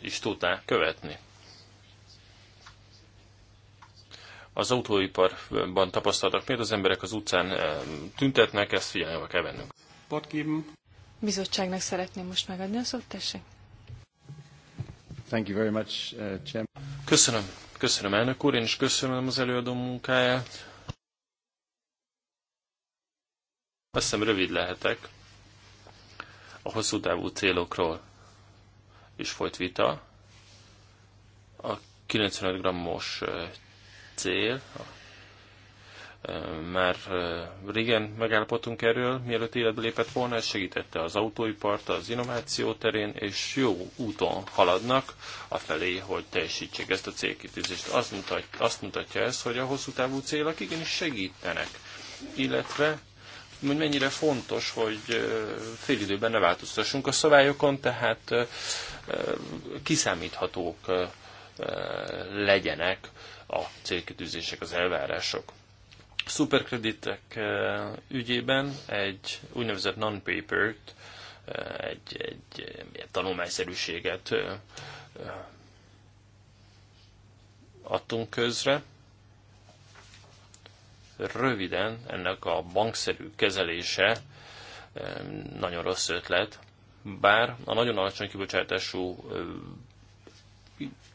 is tudná követni. Az autóiparban tapasztaltak miért az emberek az utcán tüntetnek, ezt figyelembe kell vennünk. Bizottságnak szeretném most megadni a szót, tessék. Thank you very much, uh, Köszönöm. Köszönöm elnök úr, én is köszönöm az előadó munkáját Azt hiszem rövid lehetek. A hosszú távú célokról is folyt vita. A 95 grammos cél, már régen megállapodtunk erről, mielőtt életbe lépett volna, ez segítette az autóipart, az innováció terén, és jó úton haladnak afelé, hogy teljesítsék ezt a célkitűzést. Azt, mutat, azt mutatja ez, hogy a hosszú távú célok igenis segítenek, illetve hogy mennyire fontos, hogy félidőben ne változtassunk a szabályokon, tehát kiszámíthatók legyenek a célkitűzések, az elvárások. A szuperkreditek ügyében egy úgynevezett non-papert, egy, egy, egy tanulmányszerűséget adtunk közre, röviden ennek a bankszerű kezelése eh, nagyon rossz ötlet, bár a nagyon alacsony kibocsátású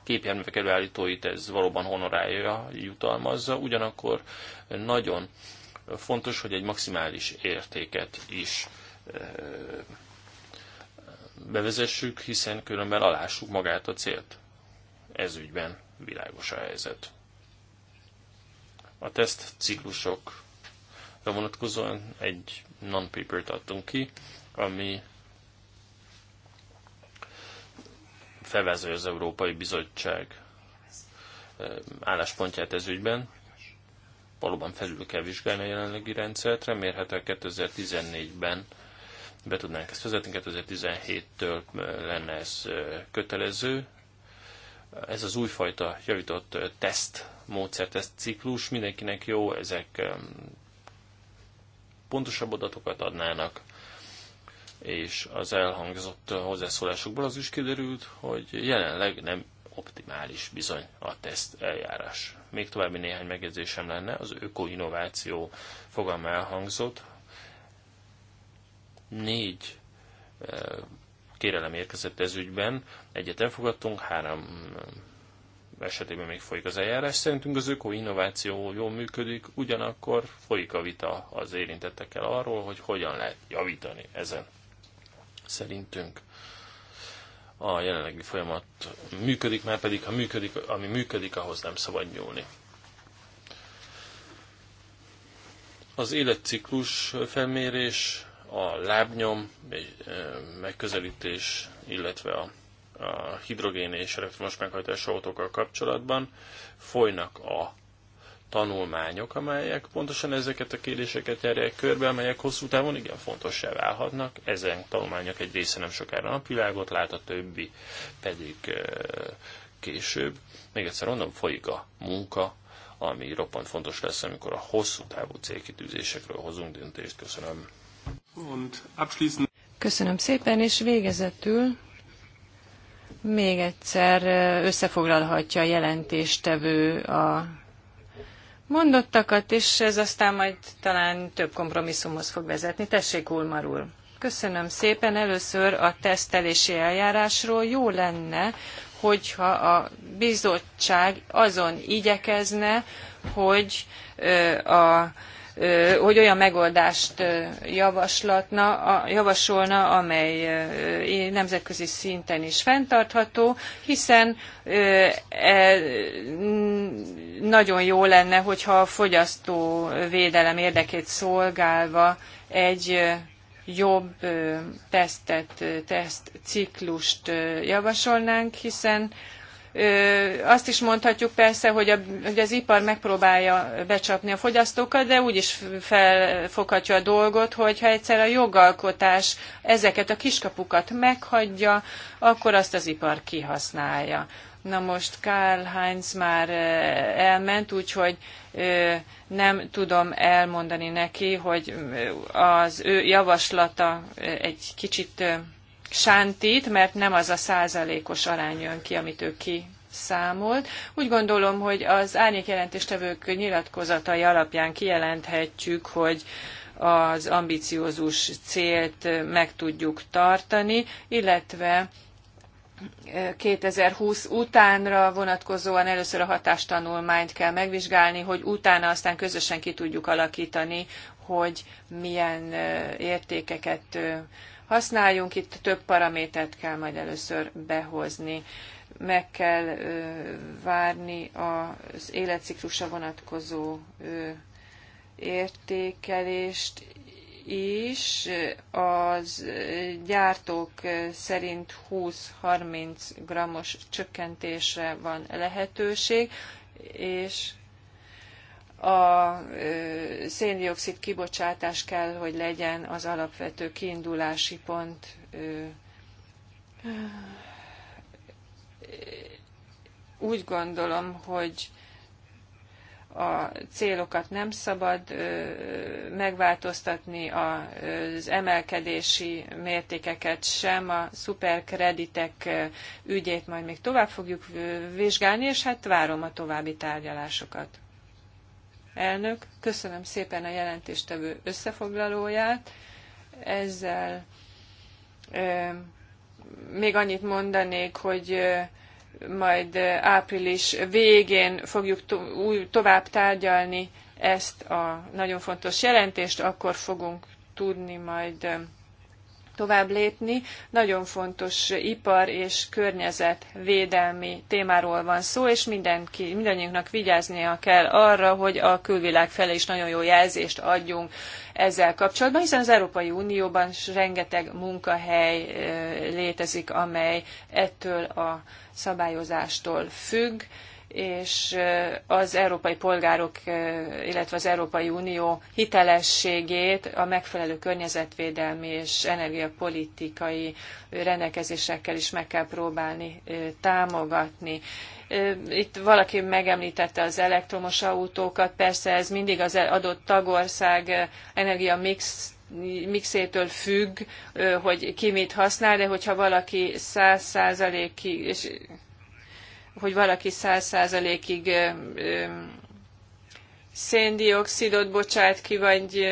képjárművek eh, előállítóit ez valóban honorálja, jutalmazza, ugyanakkor nagyon fontos, hogy egy maximális értéket is eh, bevezessük, hiszen különben alássuk magát a célt. Ez ügyben világos a helyzet. A teszt ciklusokra vonatkozóan egy non-papert adtunk ki, ami felvázolja az Európai Bizottság álláspontját ez ügyben. Valóban felül kell vizsgálni a jelenlegi rendszert, remélhetőleg 2014-ben be tudnánk ezt vezetni, 2017-től lenne ez kötelező. Ez az újfajta javított teszt módszert, ez ciklus, mindenkinek jó, ezek pontosabb adatokat adnának, és az elhangzott hozzászólásokból az is kiderült, hogy jelenleg nem optimális bizony a teszt eljárás. Még további néhány megjegyzésem lenne, az ökoinnováció fogalma elhangzott. Négy kérelem érkezett ez ügyben, egyet elfogadtunk, három esetében még folyik az eljárás. Szerintünk az ökoinnováció jól működik, ugyanakkor folyik a vita az érintettekkel arról, hogy hogyan lehet javítani ezen. Szerintünk a jelenlegi folyamat működik, már pedig ha működik, ami működik, ahhoz nem szabad nyúlni. Az életciklus felmérés, a lábnyom eh, megközelítés, illetve a a hidrogén és elektromos meghajtású autókkal kapcsolatban folynak a tanulmányok, amelyek pontosan ezeket a kérdéseket járják körbe, amelyek hosszú távon igen fontossá válhatnak. Ezen tanulmányok egy része nem sokára napvilágot lát, a többi pedig később. Még egyszer mondom, folyik a munka, ami roppant fontos lesz, amikor a hosszú távú célkitűzésekről hozunk döntést. Köszönöm. Köszönöm szépen, és végezetül még egyszer összefoglalhatja a jelentéstevő a mondottakat, és ez aztán majd talán több kompromisszumhoz fog vezetni. Tessék, Ulmar úr! Köszönöm szépen. Először a tesztelési eljárásról jó lenne, hogyha a bizottság azon igyekezne, hogy a hogy olyan megoldást javaslatna, javasolna, amely nemzetközi szinten is fenntartható, hiszen e, nagyon jó lenne, hogyha a fogyasztó védelem érdekét szolgálva egy jobb tesztet, tesztciklust javasolnánk, hiszen azt is mondhatjuk persze, hogy, a, hogy az ipar megpróbálja becsapni a fogyasztókat, de úgy is felfoghatja a dolgot, hogyha egyszer a jogalkotás ezeket a kiskapukat meghagyja, akkor azt az ipar kihasználja. Na most Karl Heinz már elment, úgyhogy nem tudom elmondani neki, hogy az ő javaslata egy kicsit sántit, mert nem az a százalékos arány jön ki, amit ő ki számolt. Úgy gondolom, hogy az árnyékjelentéstevők nyilatkozatai alapján kijelenthetjük, hogy az ambiciózus célt meg tudjuk tartani, illetve 2020 utánra vonatkozóan először a hatástanulmányt kell megvizsgálni, hogy utána aztán közösen ki tudjuk alakítani, hogy milyen értékeket használjunk. Itt több paramétert kell majd először behozni. Meg kell várni az életciklusra vonatkozó értékelést is. Az gyártók szerint 20-30 grammos csökkentésre van lehetőség, és a széndiokszid kibocsátás kell, hogy legyen az alapvető kiindulási pont. Úgy gondolom, hogy a célokat nem szabad megváltoztatni, az emelkedési mértékeket sem, a szuperkreditek ügyét majd még tovább fogjuk vizsgálni, és hát várom a további tárgyalásokat. Elnök, köszönöm szépen a jelentéstevő összefoglalóját. Ezzel e, még annyit mondanék, hogy e, majd április végén fogjuk to új, tovább tárgyalni ezt a nagyon fontos jelentést, akkor fogunk tudni majd tovább lépni. Nagyon fontos ipar és környezetvédelmi témáról van szó, és mindenki, mindannyiunknak vigyáznia kell arra, hogy a külvilág felé is nagyon jó jelzést adjunk ezzel kapcsolatban, hiszen az Európai Unióban rengeteg munkahely létezik, amely ettől a szabályozástól függ és az európai polgárok, illetve az Európai Unió hitelességét a megfelelő környezetvédelmi és energiapolitikai rendelkezésekkel is meg kell próbálni támogatni. Itt valaki megemlítette az elektromos autókat, persze ez mindig az adott tagország energiamix mixétől függ, hogy ki mit használ, de hogyha valaki száz százalékig, és hogy valaki száz százalékig széndiokszidot bocsát ki, vagy,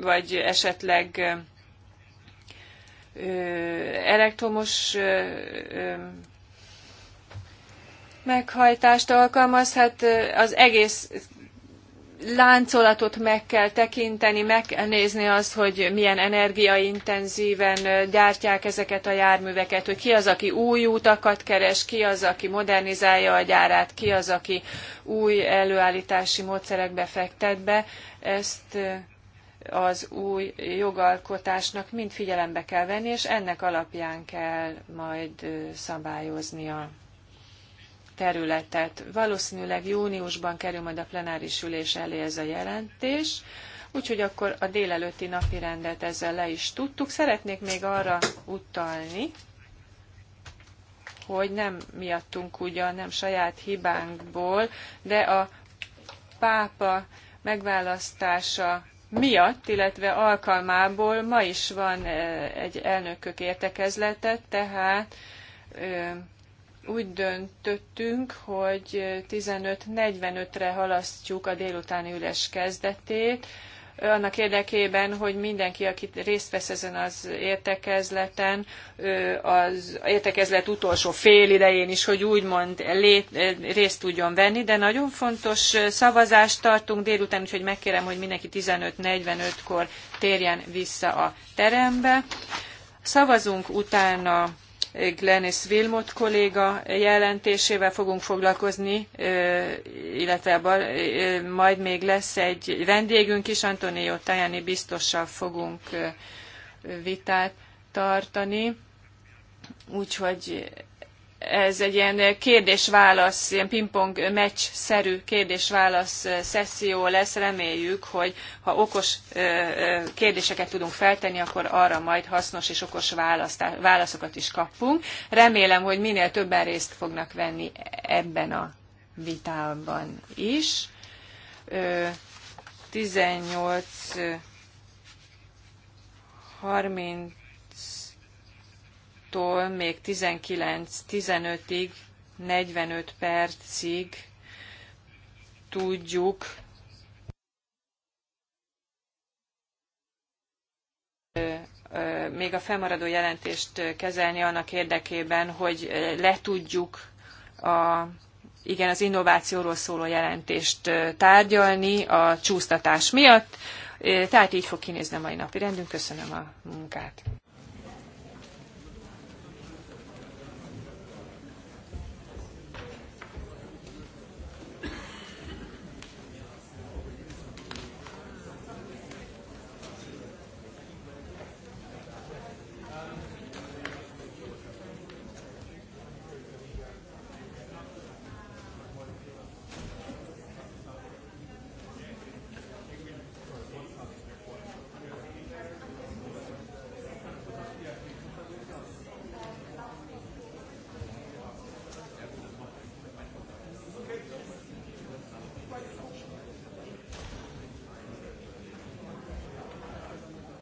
vagy esetleg elektromos meghajtást alkalmaz, hát az egész láncolatot meg kell tekinteni, meg kell nézni azt, hogy milyen energiaintenzíven gyártják ezeket a járműveket, hogy ki az, aki új utakat keres, ki az, aki modernizálja a gyárát, ki az, aki új előállítási módszerekbe fektet be. Ezt az új jogalkotásnak mind figyelembe kell venni, és ennek alapján kell majd szabályoznia területet. Valószínűleg júniusban kerül majd a plenáris ülés elé ez a jelentés, úgyhogy akkor a délelőtti napi rendet ezzel le is tudtuk. Szeretnék még arra utalni, hogy nem miattunk ugyan, nem saját hibánkból, de a pápa megválasztása miatt, illetve alkalmából ma is van eh, egy elnökök értekezlete, tehát úgy döntöttünk, hogy 15-45-re halasztjuk a délutáni ülés kezdetét, annak érdekében, hogy mindenki, aki részt vesz ezen az értekezleten, az értekezlet utolsó fél idején is, hogy úgymond lét, részt tudjon venni, de nagyon fontos szavazást tartunk délután, úgyhogy megkérem, hogy mindenki 15.45-kor térjen vissza a terembe. Szavazunk utána Glenis Wilmot kolléga jelentésével fogunk foglalkozni, illetve majd még lesz egy vendégünk is, Antonio Tajani biztossal fogunk vitát tartani. Úgyhogy ez egy ilyen kérdés-válasz, ilyen pingpong meccs-szerű kérdés-válasz eh, szesszió lesz. Reméljük, hogy ha okos eh, eh, kérdéseket tudunk feltenni, akkor arra majd hasznos és okos válaszokat is kapunk. Remélem, hogy minél többen részt fognak venni ebben a vitában is. 18 30 tól még 19-15-ig, 45 percig tudjuk még a felmaradó jelentést kezelni annak érdekében, hogy le tudjuk a, igen, az innovációról szóló jelentést tárgyalni a csúsztatás miatt. Tehát így fog kinézni a mai napi rendünk. Köszönöm a munkát.